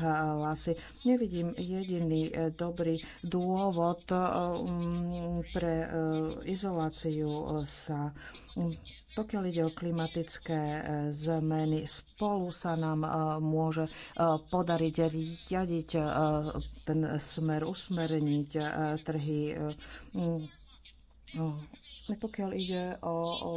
hlasy? Nevidím jediný dobrý dôvod pre izoláciu sa pokiaľ ide o klimatické e, zmeny, spolu sa nám e, môže e, podariť riadiť ten smer, usmerniť trhy. Pokiaľ ide o, o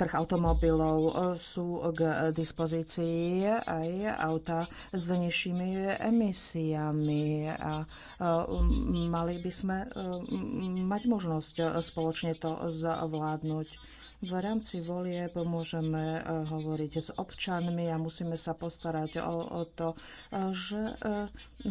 trh automobilov. E, sú k dispozícii aj auta s nižšími emisiami a e, mali by sme e, mať možnosť spoločne to zvládnuť. V rámci volieb môžeme eh, hovoriť s občanmi a musíme sa postarať o, o to, eh, že eh,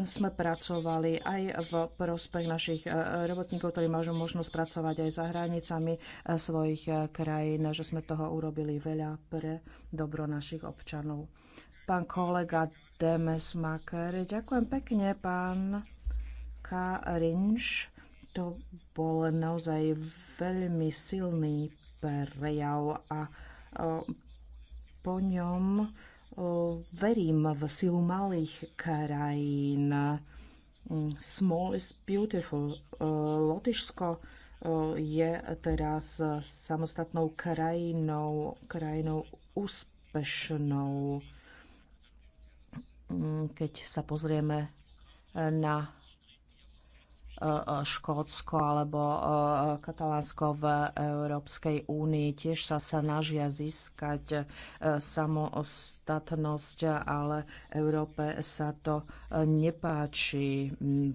sme pracovali aj v prospech našich robotníkov, ktorí majú možnosť pracovať aj za hranicami svojich krajín, že sme toho urobili veľa pre dobro našich občanov. Pán kolega Maker, ďakujem pekne, pán Karinš. To bol naozaj veľmi silný prejav a e, po ňom e, verím v silu malých krajín. Mm, Small is beautiful. E, Lotyšsko je teraz samostatnou krajinou, krajinou úspešnou. Mm, Keď sa pozrieme na E, Škótsko alebo e, Katalánsko v Európskej únii. Tiež sa snažia získať e, samostatnosť, ale Európe sa to nepáči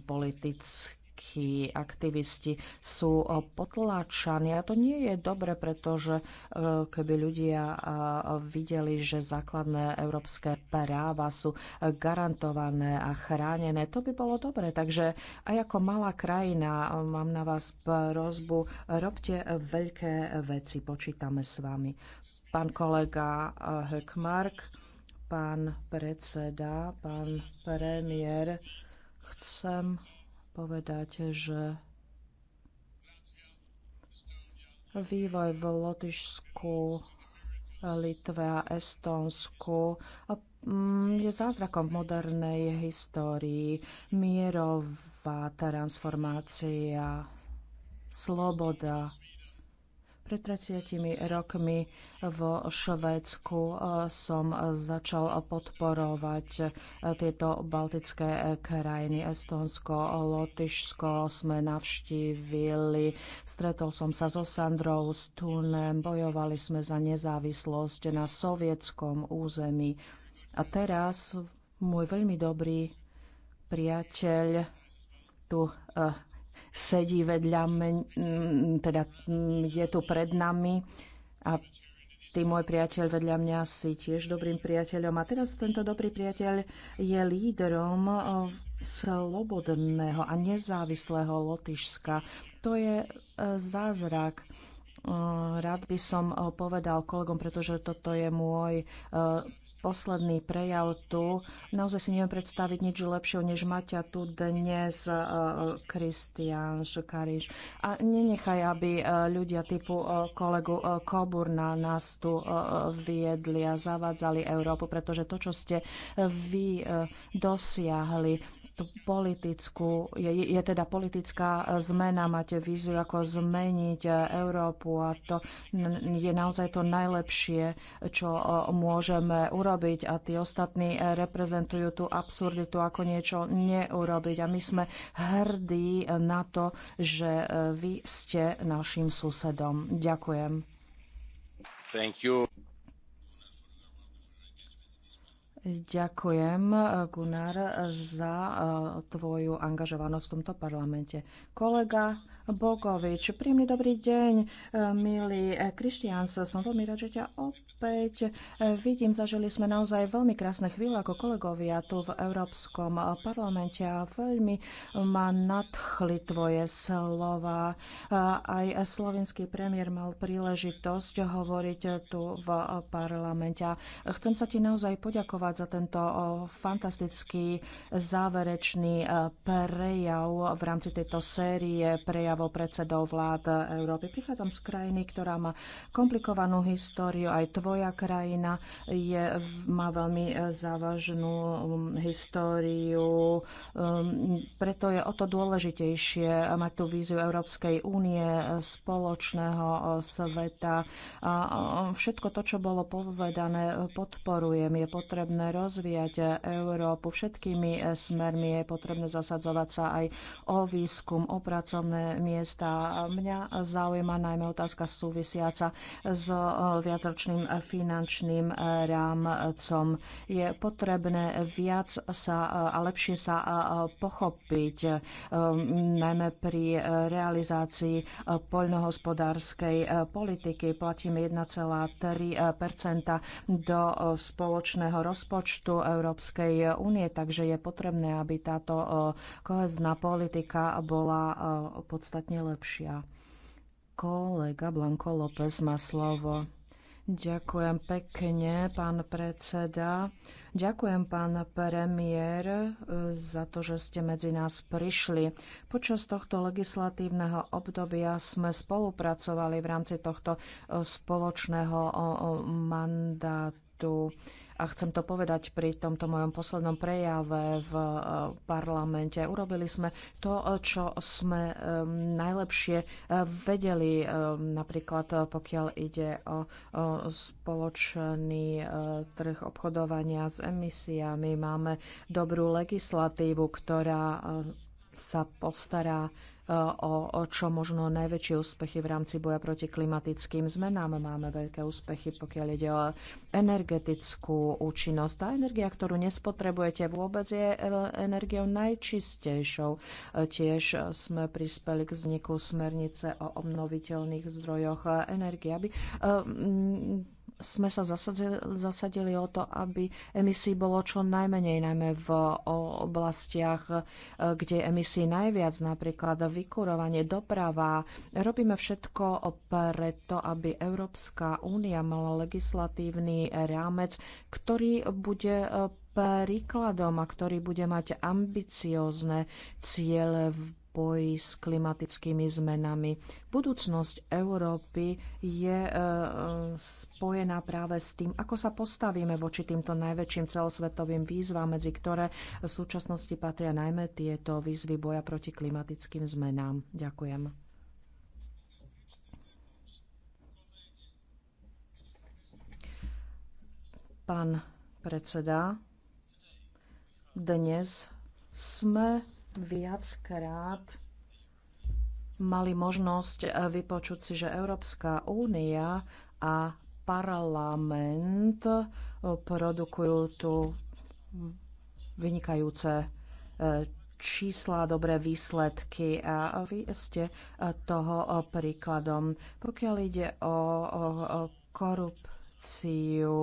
politicky aktivistky, aktivisti sú eh, potláčaní. A to nie je dobre, pretože eh, keby ľudia eh, videli, že základné európske práva sú garantované a chránené, to by bolo dobre. Takže aj ako malá krajina mám na vás prozbu, robte veľké veci, počítame s vami. Pán kolega Hökmark, pán predseda, pán premiér, chcem povedať, že vývoj v Lotyšsku, Litve a Estonsku mm, je zázrakom modernej histórii. Mierová transformácia, sloboda, pred 30 rokmi v Švédsku e, som začal podporovať e, tieto baltické e, krajiny. Estonsko, Lotyšsko sme navštívili. Stretol som sa so Sandrou Tunem. Bojovali sme za nezávislosť na sovietskom území. A teraz môj veľmi dobrý priateľ tu sedí vedľa mňa, mm, teda mm, je tu pred nami a ty môj priateľ vedľa mňa si tiež dobrým priateľom. A teraz tento dobrý priateľ je lídrom e, slobodného a nezávislého Lotyšska. To je e, zázrak. E, rád by som povedal kolegom, pretože toto je môj posledný prejav tu. Naozaj si neviem predstaviť nič lepšieho, než Maťa tu dnes Kristián eh, eh, Šukariš. A nenechaj, aby eh, ľudia typu kolegu Koburna nás tu viedli a zavádzali Európu, pretože to, čo ste vy dosiahli, tú politickú, je, je teda politická e, zmena, máte víziu, ako zmeniť e, Európu a to je naozaj to najlepšie, čo e, môžeme urobiť a tí ostatní reprezentujú tú absurditu, ako niečo neurobiť a my sme hrdí na to, že vy ste našim susedom. Ďakujem. Thank you. Ďakujem, eh, Gunnar, za eh, tvoju angažovanosť v tomto parlamente. Kolega Bogovič. Príjemný dobrý deň, e, milý e, Krištians. Som veľmi rád, že ťa opäť e, vidím. Zažili sme naozaj veľmi krásne chvíle ako kolegovia tu v Európskom parlamente a veľmi ma nadchli tvoje slova. Aj slovenský premiér mal príležitosť hovoriť tu v parlamente. Chcem sa ti naozaj poďakovať za tento fantastický záverečný prejav v rámci tejto série prejav prejavov predsedov vlád Európy. Prichádzam z krajiny, ktorá má komplikovanú históriu. Aj tvoja krajina je, má veľmi závažnú um, históriu. Um, preto je o to dôležitejšie mať tú víziu Európskej únie, spoločného sveta. A všetko to, čo bolo povedané, podporujem. Je potrebné rozvíjať Európu všetkými smermi. Je potrebné zasadzovať sa aj o výskum, o pracovné miesta. Mňa zaujíma najmä otázka súvisiaca s eh, viacročným finančným eh, rámcom. Je potrebné viac sa eh, a lepšie sa pochopiť, najmä pri realizácii poľnohospodárskej politiky. Platíme 1,3 do spoločného rozpočtu Európskej únie, takže je potrebné, aby táto kohezná politika bola v podstate podstatne lepšia. Kolega Blanko López má slovo. Ďakujem pekne, pán predseda. Ďakujem, pán premiér, za to, že ste medzi nás prišli. Počas tohto legislatívneho obdobia sme spolupracovali v rámci tohto e, spoločného mandátu a chcem to povedať pri tomto mojom poslednom prejave v e, parlamente. Urobili sme to, e, čo sme e, najlepšie vedeli, napríklad pokiaľ ide o spoločný trh obchodovania s emisiami. Máme dobrú legislatívu, ktorá sa postará o čo možno najväčšie úspechy v rámci boja proti klimatickým zmenám. Máme veľké úspechy, pokiaľ ide o energetickú účinnosť. Tá energia, ktorú nespotrebujete vôbec, je e, energiou najčistejšou. E, tiež sme prispeli k vzniku smernice o obnoviteľných zdrojoch energie, aby e, sme sa zasadili, zasadili o to, aby emisí bolo čo najmenej, najmä v oblastiach, e, kde je emisí najviac, napríklad vykurovanie, doprava. Robíme všetko preto, aby Európska únia mala legislatívny rámec, ktorý bude e, príkladom a ktorý bude mať ambiciózne ciele v boji s klimatickými zmenami. Budúcnosť Európy je e, e, spojená práve s tým, ako sa postavíme voči týmto najväčším celosvetovým výzvam, medzi ktoré v súčasnosti patria najmä tieto výzvy boja proti klimatickým zmenám. Ďakujem. Pán predseda, dnes sme viackrát mali možnosť eh, vypočuť si, že Európska únia a parlament eh, produkujú tu vynikajúce eh, čísla, dobré výsledky a vy ste toho príkladom. Pokiaľ ide o korupciu,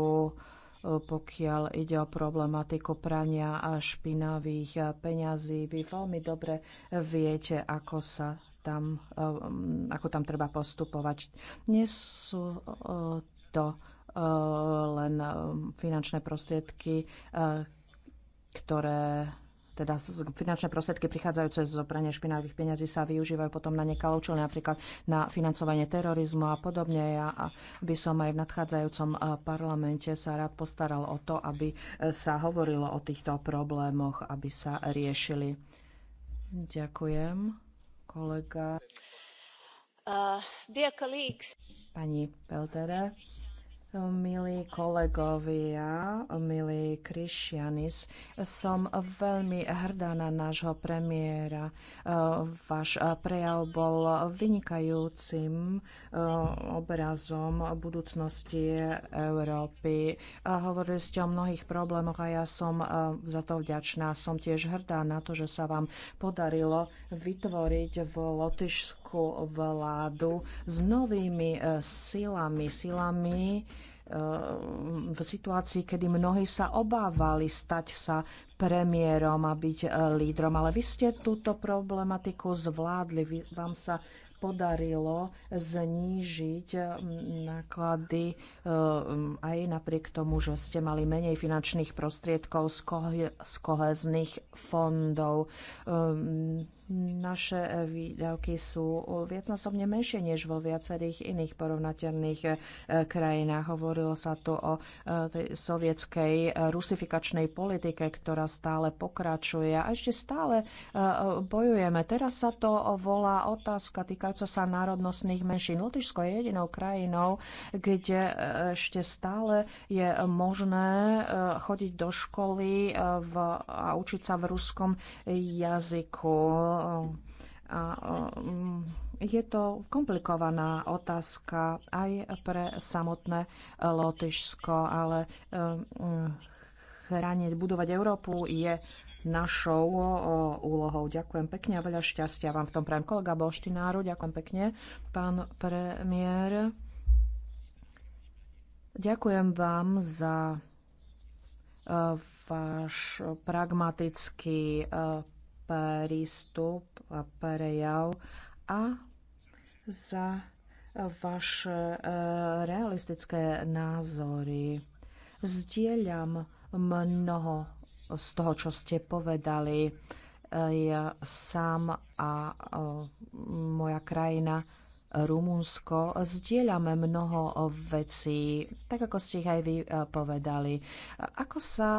pokiaľ ide o problematiku prania a špinavých peňazí. Vy veľmi dobre viete, ako sa tam, eh, ako tam treba postupovať. Nie sú eh, to eh, len finančné prostriedky, ktoré teda finančné prostriedky prichádzajúce z prania špinavých peňazí sa využívajú potom na nekalé účely, napríklad na financovanie terorizmu a podobne. Ja by som aj v nadchádzajúcom parlamente sa rád postaral o to, aby e, sa hovorilo o týchto problémoch, aby sa riešili. Ďakujem, kolega. Uh, dear colleagues. Pani Peltere Milí kolegovia, milí Krišianis, som veľmi hrdá na nášho premiéra. E, váš prejav bol vynikajúcim e, obrazom budúcnosti Európy. Hovorili ste o mnohých problémoch a ja som e, za to vďačná. Som tiež hrdá na to, že sa vám podarilo vytvoriť v Lotyšsku takú vládu s novými e, silami, silami e, v situácii, kedy mnohí sa obávali stať sa premiérom a byť e, lídrom. Ale vy ste túto problematiku zvládli, vám sa podarilo znížiť náklady e, aj napriek tomu, že ste mali menej finančných prostriedkov z kohezných fondov. E, naše výdavky sú viacnásobne menšie než vo viacerých iných porovnateľných e, krajinách. Hovorilo sa tu o tej sovietskej rusifikačnej politike, ktorá stále pokračuje a ešte stále bojujeme. Teraz sa to volá otázka týka týkajúca sa národnostných menšín. Lotyšsko je jedinou krajinou, kde e, ešte stále je možné e, chodiť do školy e, v, a učiť sa v ruskom jazyku. A, je to komplikovaná otázka aj pre samotné Lotyšsko, ale chrániť, budovať Európu je našou úlohou. Ďakujem pekne a veľa šťastia vám v tom prajem. Kolega Boštináru, ďakujem pekne, pán premiér. Ďakujem vám za e, váš pragmatický e, prístup a prejav a za vaše e, realistické názory. Zdieľam mnoho z toho, čo ste povedali. E, ja sám a e, moja krajina Rumunsko zdieľame mnoho vecí, tak ako ste ich aj vy e, povedali. Ako sa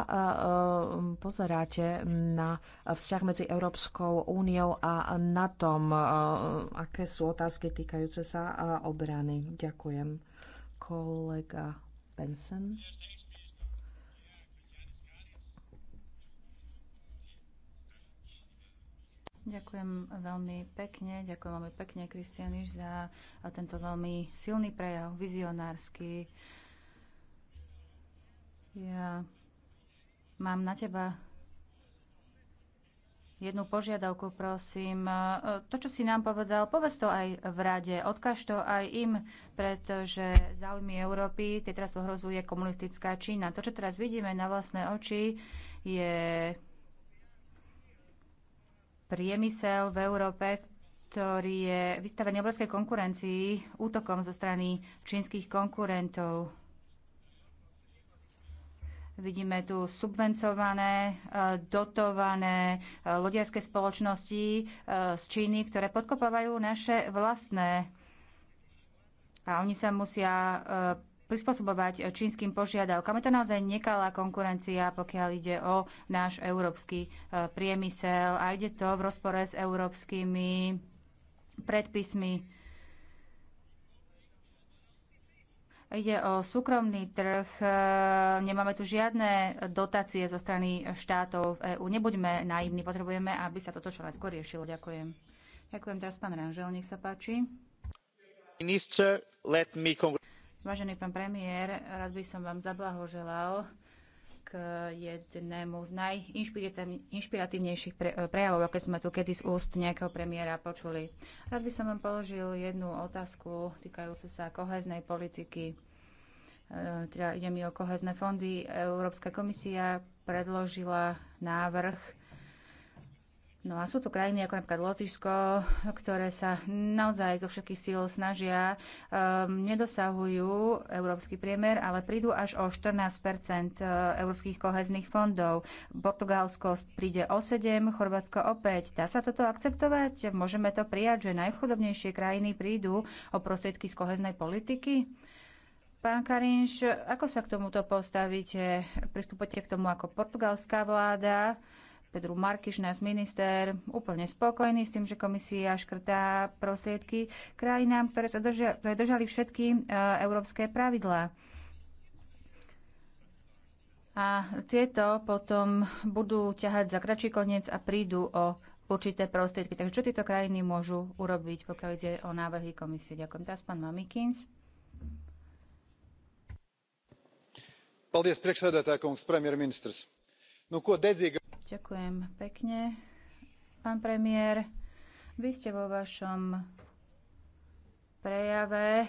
pozeráte na vzťah medzi Európskou úniou a NATO? Aké sú otázky týkajúce sa obrany? Ďakujem. Kolega Benson. Ďakujem veľmi pekne, ďakujem veľmi pekne Kristianiš za tento veľmi silný prejav, vizionársky. Ja mám na teba jednu požiadavku, prosím. To, čo si nám povedal, povedz to aj v rade, odkáž to aj im, pretože záujmy Európy tie teraz ohrozuje komunistická Čína. To, čo teraz vidíme na vlastné oči, je priemysel v Európe, ktorý je vystavený obrovskej konkurencii útokom zo strany čínskych konkurentov. Vidíme tu subvencované, e, dotované e, lodiarské spoločnosti e, z Číny, ktoré podkopávajú naše vlastné. A oni sa musia prispôsobovať čínskym požiadavkám. Je to naozaj nekalá konkurencia, pokiaľ ide o náš európsky e, priemysel a ide to v rozpore s európskymi predpismi. Ide o súkromný trh, e, nemáme tu žiadne dotácie zo strany štátov v EÚ. Nebuďme naivní, potrebujeme, aby sa toto čo najskôr riešilo. Ďakujem. Ďakujem teraz pán Ranžel, nech sa páči. Minister, let me Vážený pán premiér, rád by som vám zablahoželal k jednému z najinšpiratívnejších pre, prejavov, aké sme tu kedy z úst nejakého premiéra počuli. Rád by som vám položil jednu otázku týkajúcu sa koheznej politiky. E, teda ide mi o kohezné fondy. Európska komisia predložila návrh No a sú to krajiny ako napríklad Lotyšsko, ktoré sa naozaj zo všetkých síl snažia, um, nedosahujú európsky priemer, ale prídu až o 14 e, európskych kohezných fondov. Portugalsko príde o 7, Chorvátsko o 5. Dá sa toto akceptovať? Môžeme to prijať, že najchudobnejšie krajiny prídu o prostriedky z koheznej politiky? Pán Karinš, ako sa k tomuto postavíte? Pristúpite k tomu ako portugalská vláda? Pedro Markiš, nás minister, úplne spokojný s tým, že komisia škrtá prostriedky krajinám, ktoré, držia, ktoré držali všetky e, európske pravidlá. A tieto potom budú ťahať za kračí koniec a prídu o určité prostriedky. Takže čo tieto krajiny môžu urobiť, pokiaľ ide o návrhy komisie? Ďakujem. Teraz pán Mamikins. Paldies, kongs, kungs, ministers. No, ko dedzīga... Ďakujem pekne. Pán premiér, vy ste vo vašom prejave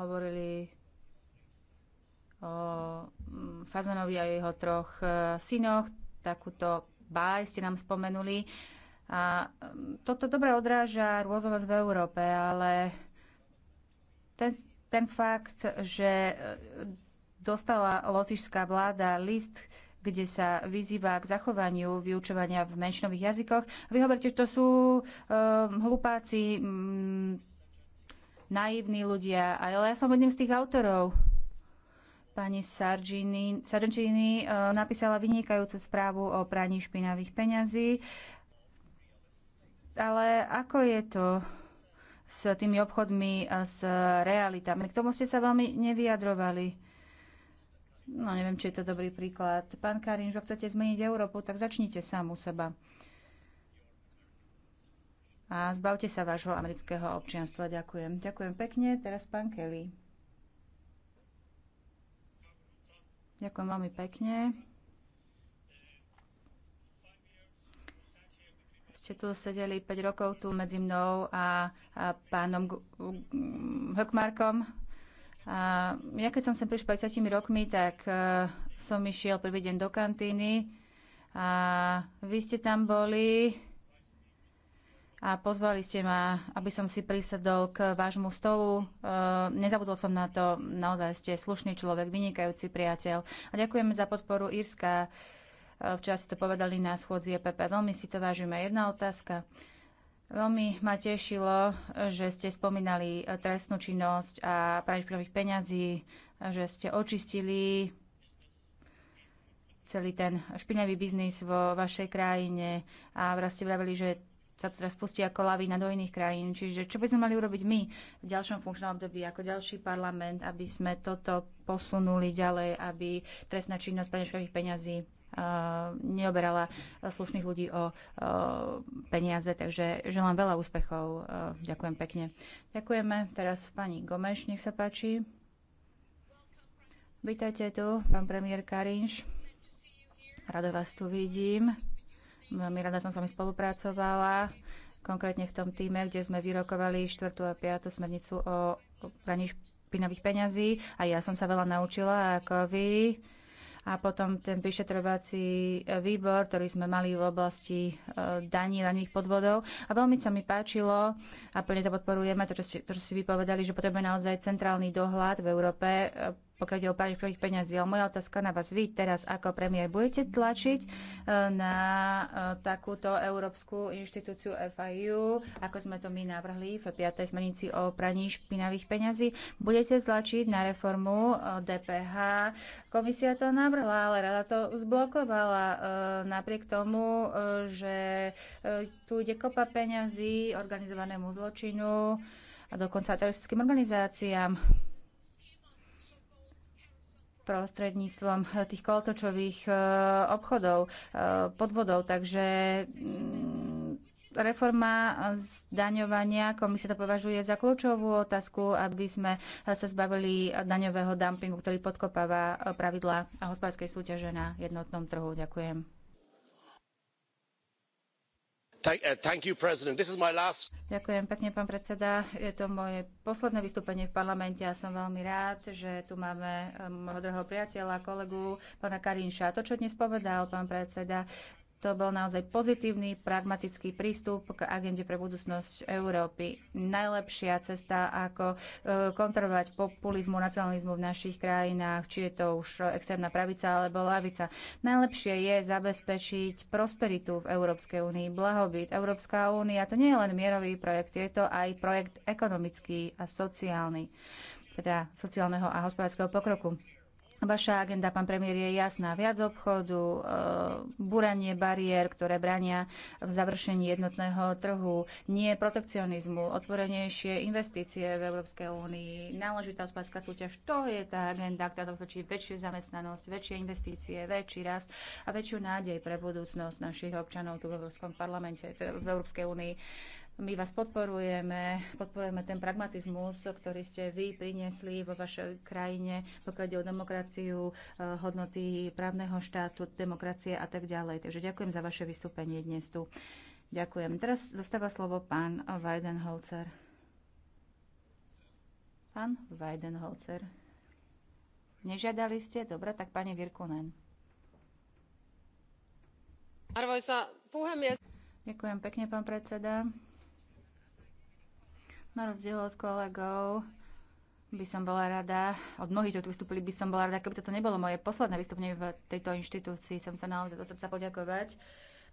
hovorili o mm, Fazanovi a jeho troch e, synoch. Takúto báj ste nám spomenuli. A mm, toto dobre odráža rôznosť v Európe, ale ten, ten fakt, že e, dostala lotišská vláda list, kde sa vyzýva k zachovaniu vyučovania v menšinových jazykoch. Vy hovoríte, že to sú um, hlupáci, um, naivní ľudia, ale ja som jedným z tých autorov. Pani Sargini, uh, napísala vynikajúcu správu o praní špinavých peňazí. Ale ako je to s tými obchodmi a eh, s realitami? K tomu ste sa veľmi nevyjadrovali. No neviem, či je to dobrý príklad. Pán karin, že chcete zmeniť Európu, tak začnite sám u seba. A zbavte sa vášho amerického občianstva. Ďakujem. Ďakujem pekne. Teraz pán Kelly. Ďakujem veľmi pekne. Ste tu sedeli 5 rokov tu medzi mnou a, a pánom Hökmarkom a ja keď som sem prišiel 50 rokmi, tak uh, som išiel prvý deň do kantíny a vy ste tam boli a pozvali ste ma, aby som si prisadol k vášmu stolu. E, nezabudol som na to, naozaj ste slušný človek, vynikajúci priateľ. A ďakujeme za podporu Írska. E, včera ste to povedali na schôdzi EPP. Veľmi si to vážime. Jedna otázka. E, Veľmi ma tešilo, že ste spomínali eh, trestnú činnosť a pravdepodobných peňazí, eh, že ste očistili celý ten špinavý biznis vo vašej krajine a vraz ste vravili, že sa to teraz pustí ako lavína do iných krajín. Čiže čo by sme mali urobiť my v ďalšom funkčnom období ako ďalší parlament, aby sme toto posunuli ďalej, aby trestná činnosť preneškových peňazí neoberala slušných ľudí o peniaze, takže želám veľa úspechov. E, ďakujem pekne. Ďakujeme. Teraz pani Gomeš, nech sa páči. Vítajte tu, pán premiér Karinš. Rada vás tu vidím. Veľmi rada som s vami spolupracovala, konkrétne v tom týme, kde sme vyrokovali 4. a 5. smernicu o praní špinavých peňazí a ja som sa veľa naučila ako vy. A potom ten vyšetrovací e, výbor, ktorý sme mali v oblasti e, daní, nich podvodov. A veľmi sa mi páčilo, a plne to podporujeme, to, čo si, to, čo si vypovedali, že potrebujeme naozaj centrálny dohľad v Európe e, pokiaľ ide o pár prvých peňazí. Ale moja otázka na vás, vy teraz ako premiér budete tlačiť e, na e, takúto európsku inštitúciu FIU, ako sme to my navrhli v 5. smernici o praní špinavých peňazí. Budete tlačiť na reformu e, DPH. Komisia to navrhla, ale rada to zblokovala napriek tomu, že tu ide kopa peňazí organizovanému zločinu a dokonca teroristickým organizáciám prostredníctvom tých koltočových e, obchodov, e, podvodov. Takže mm, reforma zdaňovania, komisia to považuje za kľúčovú otázku, aby sme sa zbavili daňového dumpingu, ktorý podkopáva e, pravidla hospodárskej súťaže na jednotnom trhu. Ďakujem. Uh, Ďakujem pekne, pán predseda. Je to moje posledné vystúpenie v parlamente a som veľmi rád, že tu máme um, môjho drahého priateľa, kolegu, pána Karinša. To, čo dnes povedal pán predseda, to bol naozaj pozitívny, pragmatický prístup k agende pre budúcnosť Európy. Najlepšia cesta, ako e, kontrolovať populizmu, nacionalizmu v našich krajinách, či je to už extrémna pravica alebo lavica. Najlepšie je zabezpečiť prosperitu v Európskej únii, blahobyt. Európska únia to nie je len mierový projekt, je to aj projekt ekonomický a sociálny, teda sociálneho a hospodárskeho pokroku. Vaša agenda, pán premiér, je jasná. Viac obchodu, e, buranie bariér, ktoré brania v završení jednotného trhu, nie protekcionizmu, otvorenejšie investície v Európskej únii, náležitá hospodárska súťaž. To je tá agenda, ktorá točí väčšiu zamestnanosť, väčšie investície, väčší rast a väčšiu nádej pre budúcnosť našich občanov tu v Európskom parlamente, v Európskej únii. My vás podporujeme, podporujeme ten pragmatizmus, ktorý ste vy priniesli vo vašej krajine, pokiaľ ide o demokraciu, eh, hodnoty právneho štátu, demokracie a tak ďalej. Takže ďakujem za vaše vystúpenie dnes tu. Ďakujem. Teraz dostáva slovo pán Weidenholzer. Pán Weidenholzer. Nežiadali ste? Dobre, tak pani Virkunen. Arvoisa puhemies. Ďakujem pekne, pán predseda. Na rozdiel od kolegov by som bola rada, od mnohých, čo tu vystúpili, by som bola rada, keby toto nebolo moje posledné vystúpenie v tejto inštitúcii. Som sa naozaj do srdca poďakovať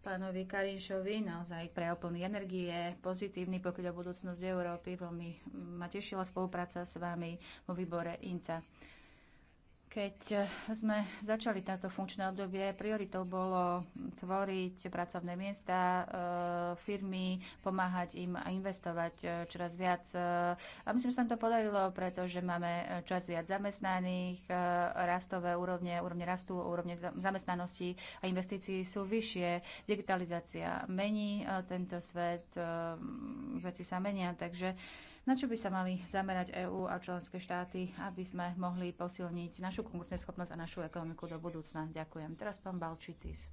pánovi Karinšovi, naozaj pre plný energie, pozitívny pokiaľ o budúcnosť Európy. Veľmi ma tešila spolupráca s vami vo výbore INCA. Keď eh, sme začali táto funkčné obdobie, prioritou bolo tvoriť pracovné miesta, eh, firmy, pomáhať im a investovať eh, čoraz viac. A myslím, že sa nám to podarilo, pretože máme čoraz viac zamestnaných, rastové úrovne, úrovne rastu, úrovne zamestnanosti a investícií sú vyššie. Digitalizácia mení tento svet, veci sa menia, takže na čo by sa mali zamerať EÚ a členské štáty, aby sme mohli posilniť našu konkurenceschopnosť a našu ekonomiku do budúcna? Ďakujem. Teraz pán Balčitis.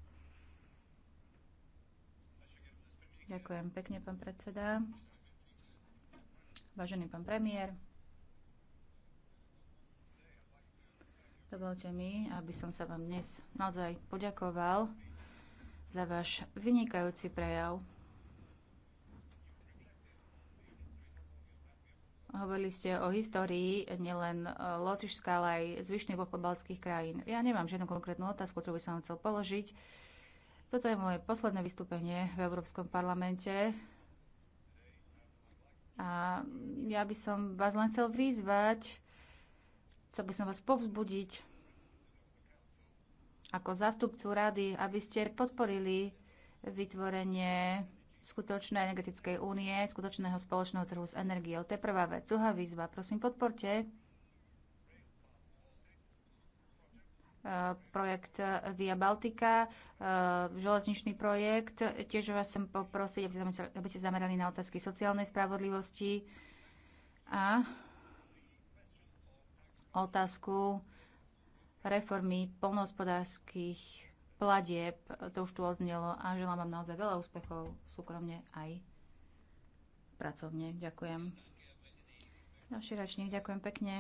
Ďakujem pekne, pán predseda. Vážený pán premiér, dovolte mi, aby som sa vám dnes naozaj poďakoval za váš vynikajúci prejav Hovorili ste o histórii nielen e, Lotyšska, ale aj zvyšných pobaltských krajín. Ja nemám žiadnu konkrétnu otázku, ktorú by som chcel položiť. Toto je moje posledné vystúpenie v Európskom parlamente. A ja by som vás len chcel vyzvať, chcel by som vás povzbudiť ako zástupcu rady, aby ste podporili vytvorenie skutočnej energetickej únie, skutočného spoločného trhu s energiou. To je prvá vec. Druhá výzva. Prosím, podporte e, projekt e, Via Baltica, e, železničný projekt. Tiež vás chcem poprosiť, aby ste zamerali na otázky sociálnej spravodlivosti a otázku reformy polnohospodárských pladieb, to už tu odznelo a želám vám naozaj veľa úspechov súkromne aj pracovne. Ďakujem. Ďalší račník, ďakujem pekne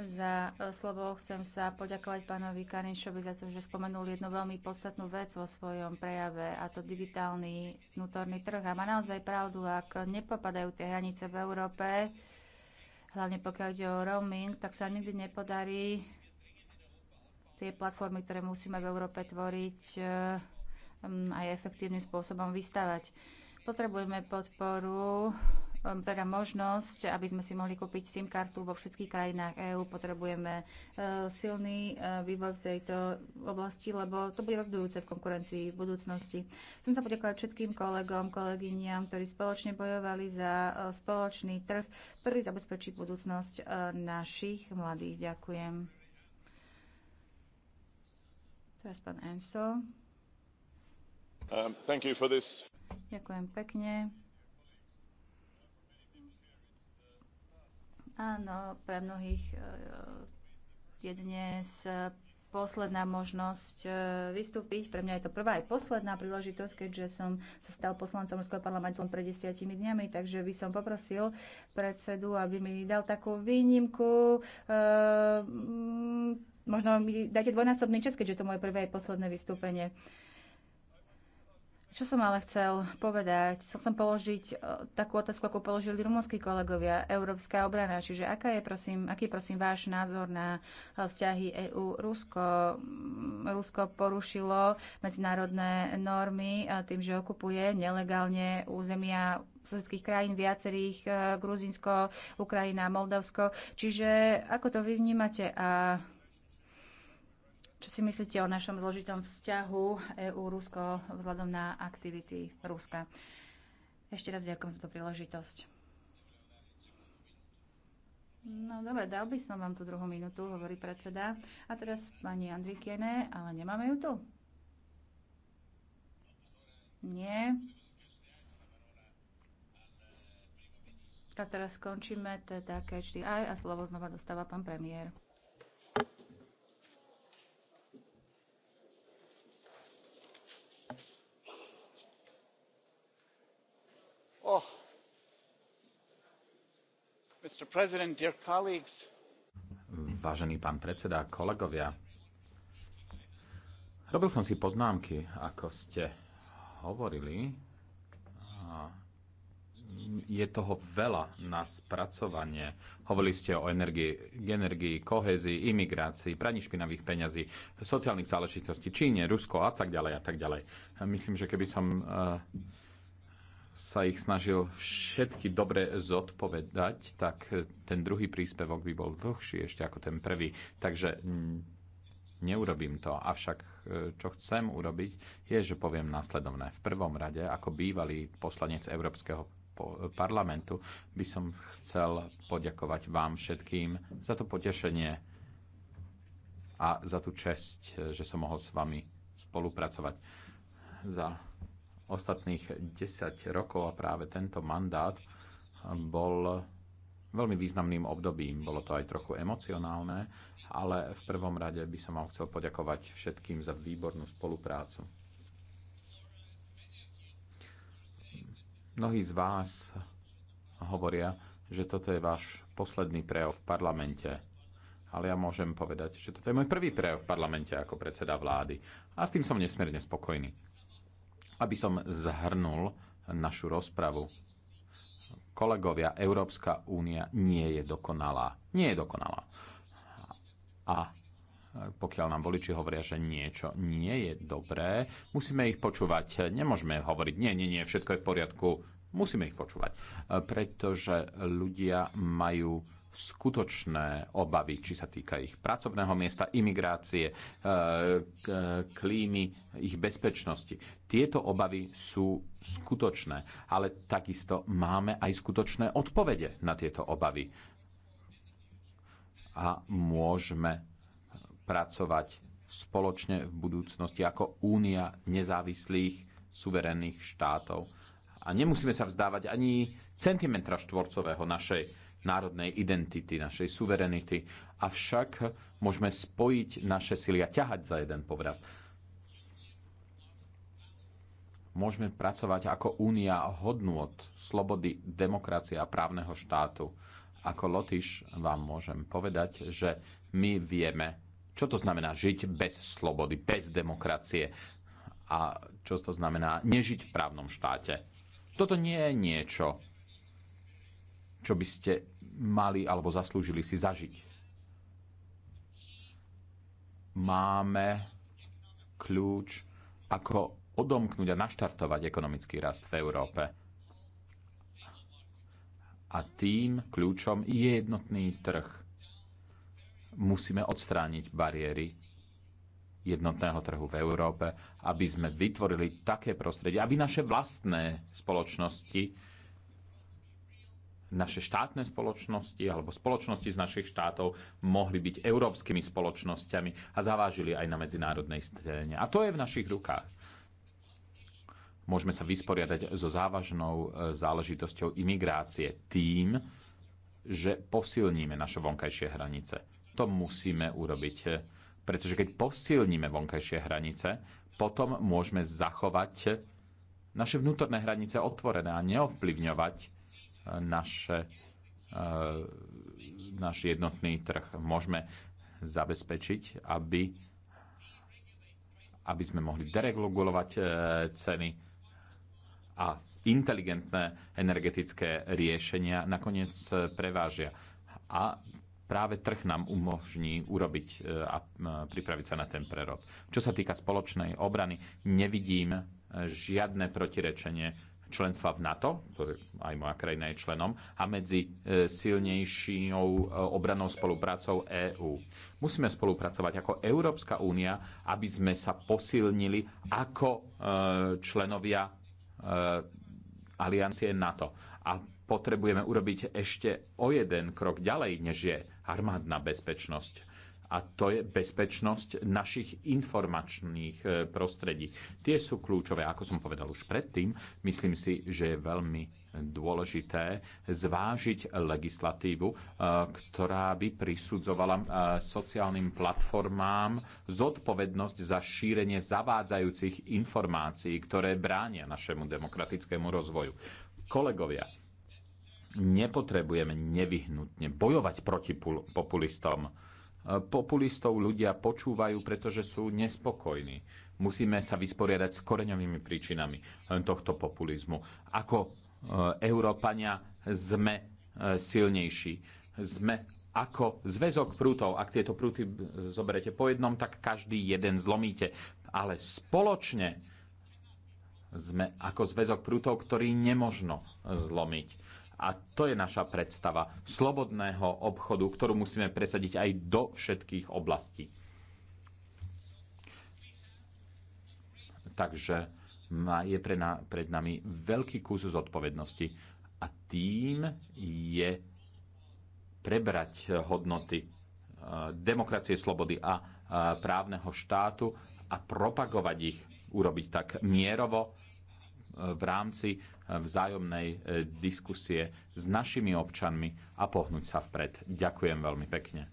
za e, slovo. Chcem sa poďakovať pánovi Karinšovi za to, že spomenul jednu veľmi podstatnú vec vo svojom prejave, a to digitálny vnútorný trh. A má naozaj pravdu, ak nepopadajú tie hranice v Európe, hlavne pokiaľ ide o roaming, tak sa nikdy nepodarí tie platformy, ktoré musíme v Európe tvoriť, e, aj efektívnym spôsobom vystavať. Potrebujeme podporu e, teda možnosť, aby sme si mohli kúpiť SIM kartu vo všetkých krajinách EÚ. Potrebujeme e, silný vývoj v tejto oblasti, lebo to bude rozdujúce v konkurencii v budúcnosti. Chcem sa poďakovať všetkým kolegom, kolegyniam, ktorí spoločne bojovali za spoločný trh, ktorý zabezpečí budúcnosť našich mladých. Ďakujem. Teraz pán Enso. Um, thank you for this. Ďakujem pekne. Áno, pre mnohých e, je dnes posledná možnosť e, vystúpiť. Pre mňa je to prvá aj posledná príležitosť, keďže som sa stal poslancom Ruského parlamentu pred desiatimi dňami, takže by som poprosil predsedu, aby mi dal takú výnimku. E, Možno mi dáte dvojnásobný čas, keďže to moje prvé a posledné vystúpenie. Čo som ale chcel povedať? Chcel som položiť e, takú otázku, ako položili rumúnsky kolegovia, Európska obrana. Čiže aká je, prosím, aký je, prosím, váš názor na e, vzťahy EU-Rusko? Mm, Rusko porušilo medzinárodné normy e, tým, že okupuje nelegálne územia susedských krajín, viacerých, Gruzinsko, Ukrajina, Moldavsko. Čiže ako to vy vnímate a čo si myslíte o našom zložitom vzťahu EU-Rusko vzhľadom na aktivity Ruska? Ešte raz ďakujem za tú príležitosť. No dobre, dal by som vám tú druhú minútu, hovorí predseda. A teraz pani Andrikiene, ale nemáme ju tu? Nie. A teraz skončíme teda aj a slovo znova dostáva pán premiér. Vážený pán predseda, kolegovia, robil som si poznámky, ako ste hovorili. Je toho veľa na spracovanie. Hovorili ste o energii, energii kohézii, imigrácii, praní špinavých peňazí, sociálnych záležitostí, Číne, Rusko a tak ďalej a tak ďalej. Myslím, že keby som uh, sa ich snažil všetky dobre zodpovedať, tak ten druhý príspevok by bol dlhší ešte ako ten prvý. Takže neurobím to. Avšak e, čo chcem urobiť, je, že poviem následovné. V prvom rade, ako bývalý poslanec Európskeho parlamentu, by som chcel poďakovať vám všetkým za to potešenie a za tú čest, e, že som mohol s vami spolupracovať. Za ostatných 10 rokov a práve tento mandát bol veľmi významným obdobím. Bolo to aj trochu emocionálne, ale v prvom rade by som vám chcel poďakovať všetkým za výbornú spoluprácu. Mnohí z vás hovoria, že toto je váš posledný prejav v parlamente. Ale ja môžem povedať, že toto je môj prvý prejav v parlamente ako predseda vlády. A s tým som nesmierne spokojný. Aby som zhrnul našu rozpravu, kolegovia, Európska únia nie je dokonalá. Nie je dokonalá. A pokiaľ nám voliči hovoria, že niečo nie je dobré, musíme ich počúvať. Nemôžeme hovoriť, nie, nie, nie, všetko je v poriadku. Musíme ich počúvať, pretože ľudia majú skutočné obavy, či sa týka ich pracovného miesta, imigrácie, e, e, klímy, ich bezpečnosti. Tieto obavy sú skutočné, ale takisto máme aj skutočné odpovede na tieto obavy. A môžeme pracovať spoločne v budúcnosti ako únia nezávislých suverénnych štátov. A nemusíme sa vzdávať ani centimetra štvorcového našej národnej identity, našej suverenity. Avšak môžeme spojiť naše sily a ťahať za jeden povraz. Môžeme pracovať ako únia hodnôt, slobody, demokracie a právneho štátu. Ako Lotyš vám môžem povedať, že my vieme, čo to znamená žiť bez slobody, bez demokracie a čo to znamená nežiť v právnom štáte. Toto nie je niečo, čo by ste mali alebo zaslúžili si zažiť. Máme kľúč, ako odomknúť a naštartovať ekonomický rast v Európe. A tým kľúčom je jednotný trh. Musíme odstrániť bariéry jednotného trhu v Európe, aby sme vytvorili také prostredie, aby naše vlastné spoločnosti naše štátne spoločnosti alebo spoločnosti z našich štátov mohli byť európskymi spoločnosťami a zavážili aj na medzinárodnej scéne. A to je v našich rukách. Môžeme sa vysporiadať so závažnou e, záležitosťou imigrácie tým, že posilníme naše vonkajšie hranice. To musíme urobiť, e, pretože keď posilníme vonkajšie hranice, potom môžeme zachovať naše vnútorné hranice otvorené a neovplyvňovať naše, e, náš jednotný trh. Môžeme zabezpečiť, aby, aby sme mohli deregulovať e, ceny a inteligentné energetické riešenia nakoniec e, prevážia. A práve trh nám umožní urobiť a pripraviť sa na ten prerod. Čo sa týka spoločnej obrany, nevidím žiadne protirečenie členstva v NATO, aj moja krajina je členom, a medzi e, silnejšou e, obranou spoluprácou EÚ. Musíme spolupracovať ako Európska únia, aby sme sa posilnili ako e, členovia aliancie NATO. A potrebujeme urobiť ešte o jeden krok ďalej, než je armádna bezpečnosť a to je bezpečnosť našich informačných e, prostredí. Tie sú kľúčové, ako som povedal už predtým. Myslím si, že je veľmi dôležité zvážiť legislatívu, e, ktorá by prisudzovala e, sociálnym platformám zodpovednosť za šírenie zavádzajúcich informácií, ktoré bránia našemu demokratickému rozvoju. Kolegovia, nepotrebujeme nevyhnutne bojovať proti populistom E, populistov ľudia počúvajú, pretože sú nespokojní. Musíme sa vysporiadať s koreňovými príčinami e, tohto populizmu. Ako e, Európania sme silnejší. Sme ako zväzok prútov. Ak tieto prúty zoberete po jednom, tak každý jeden zlomíte. Ale spoločne sme ako zväzok prútov, ktorý nemožno zlomiť. A to je naša predstava slobodného obchodu, ktorú musíme presadiť aj do všetkých oblastí. Takže je pre pred nami veľký kus zodpovednosti a tým je prebrať hodnoty eh, demokracie, slobody a eh, právneho štátu a propagovať ich, urobiť tak mierovo v rámci e, vzájomnej e, diskusie s našimi občanmi a pohnúť sa vpred. Ďakujem veľmi pekne.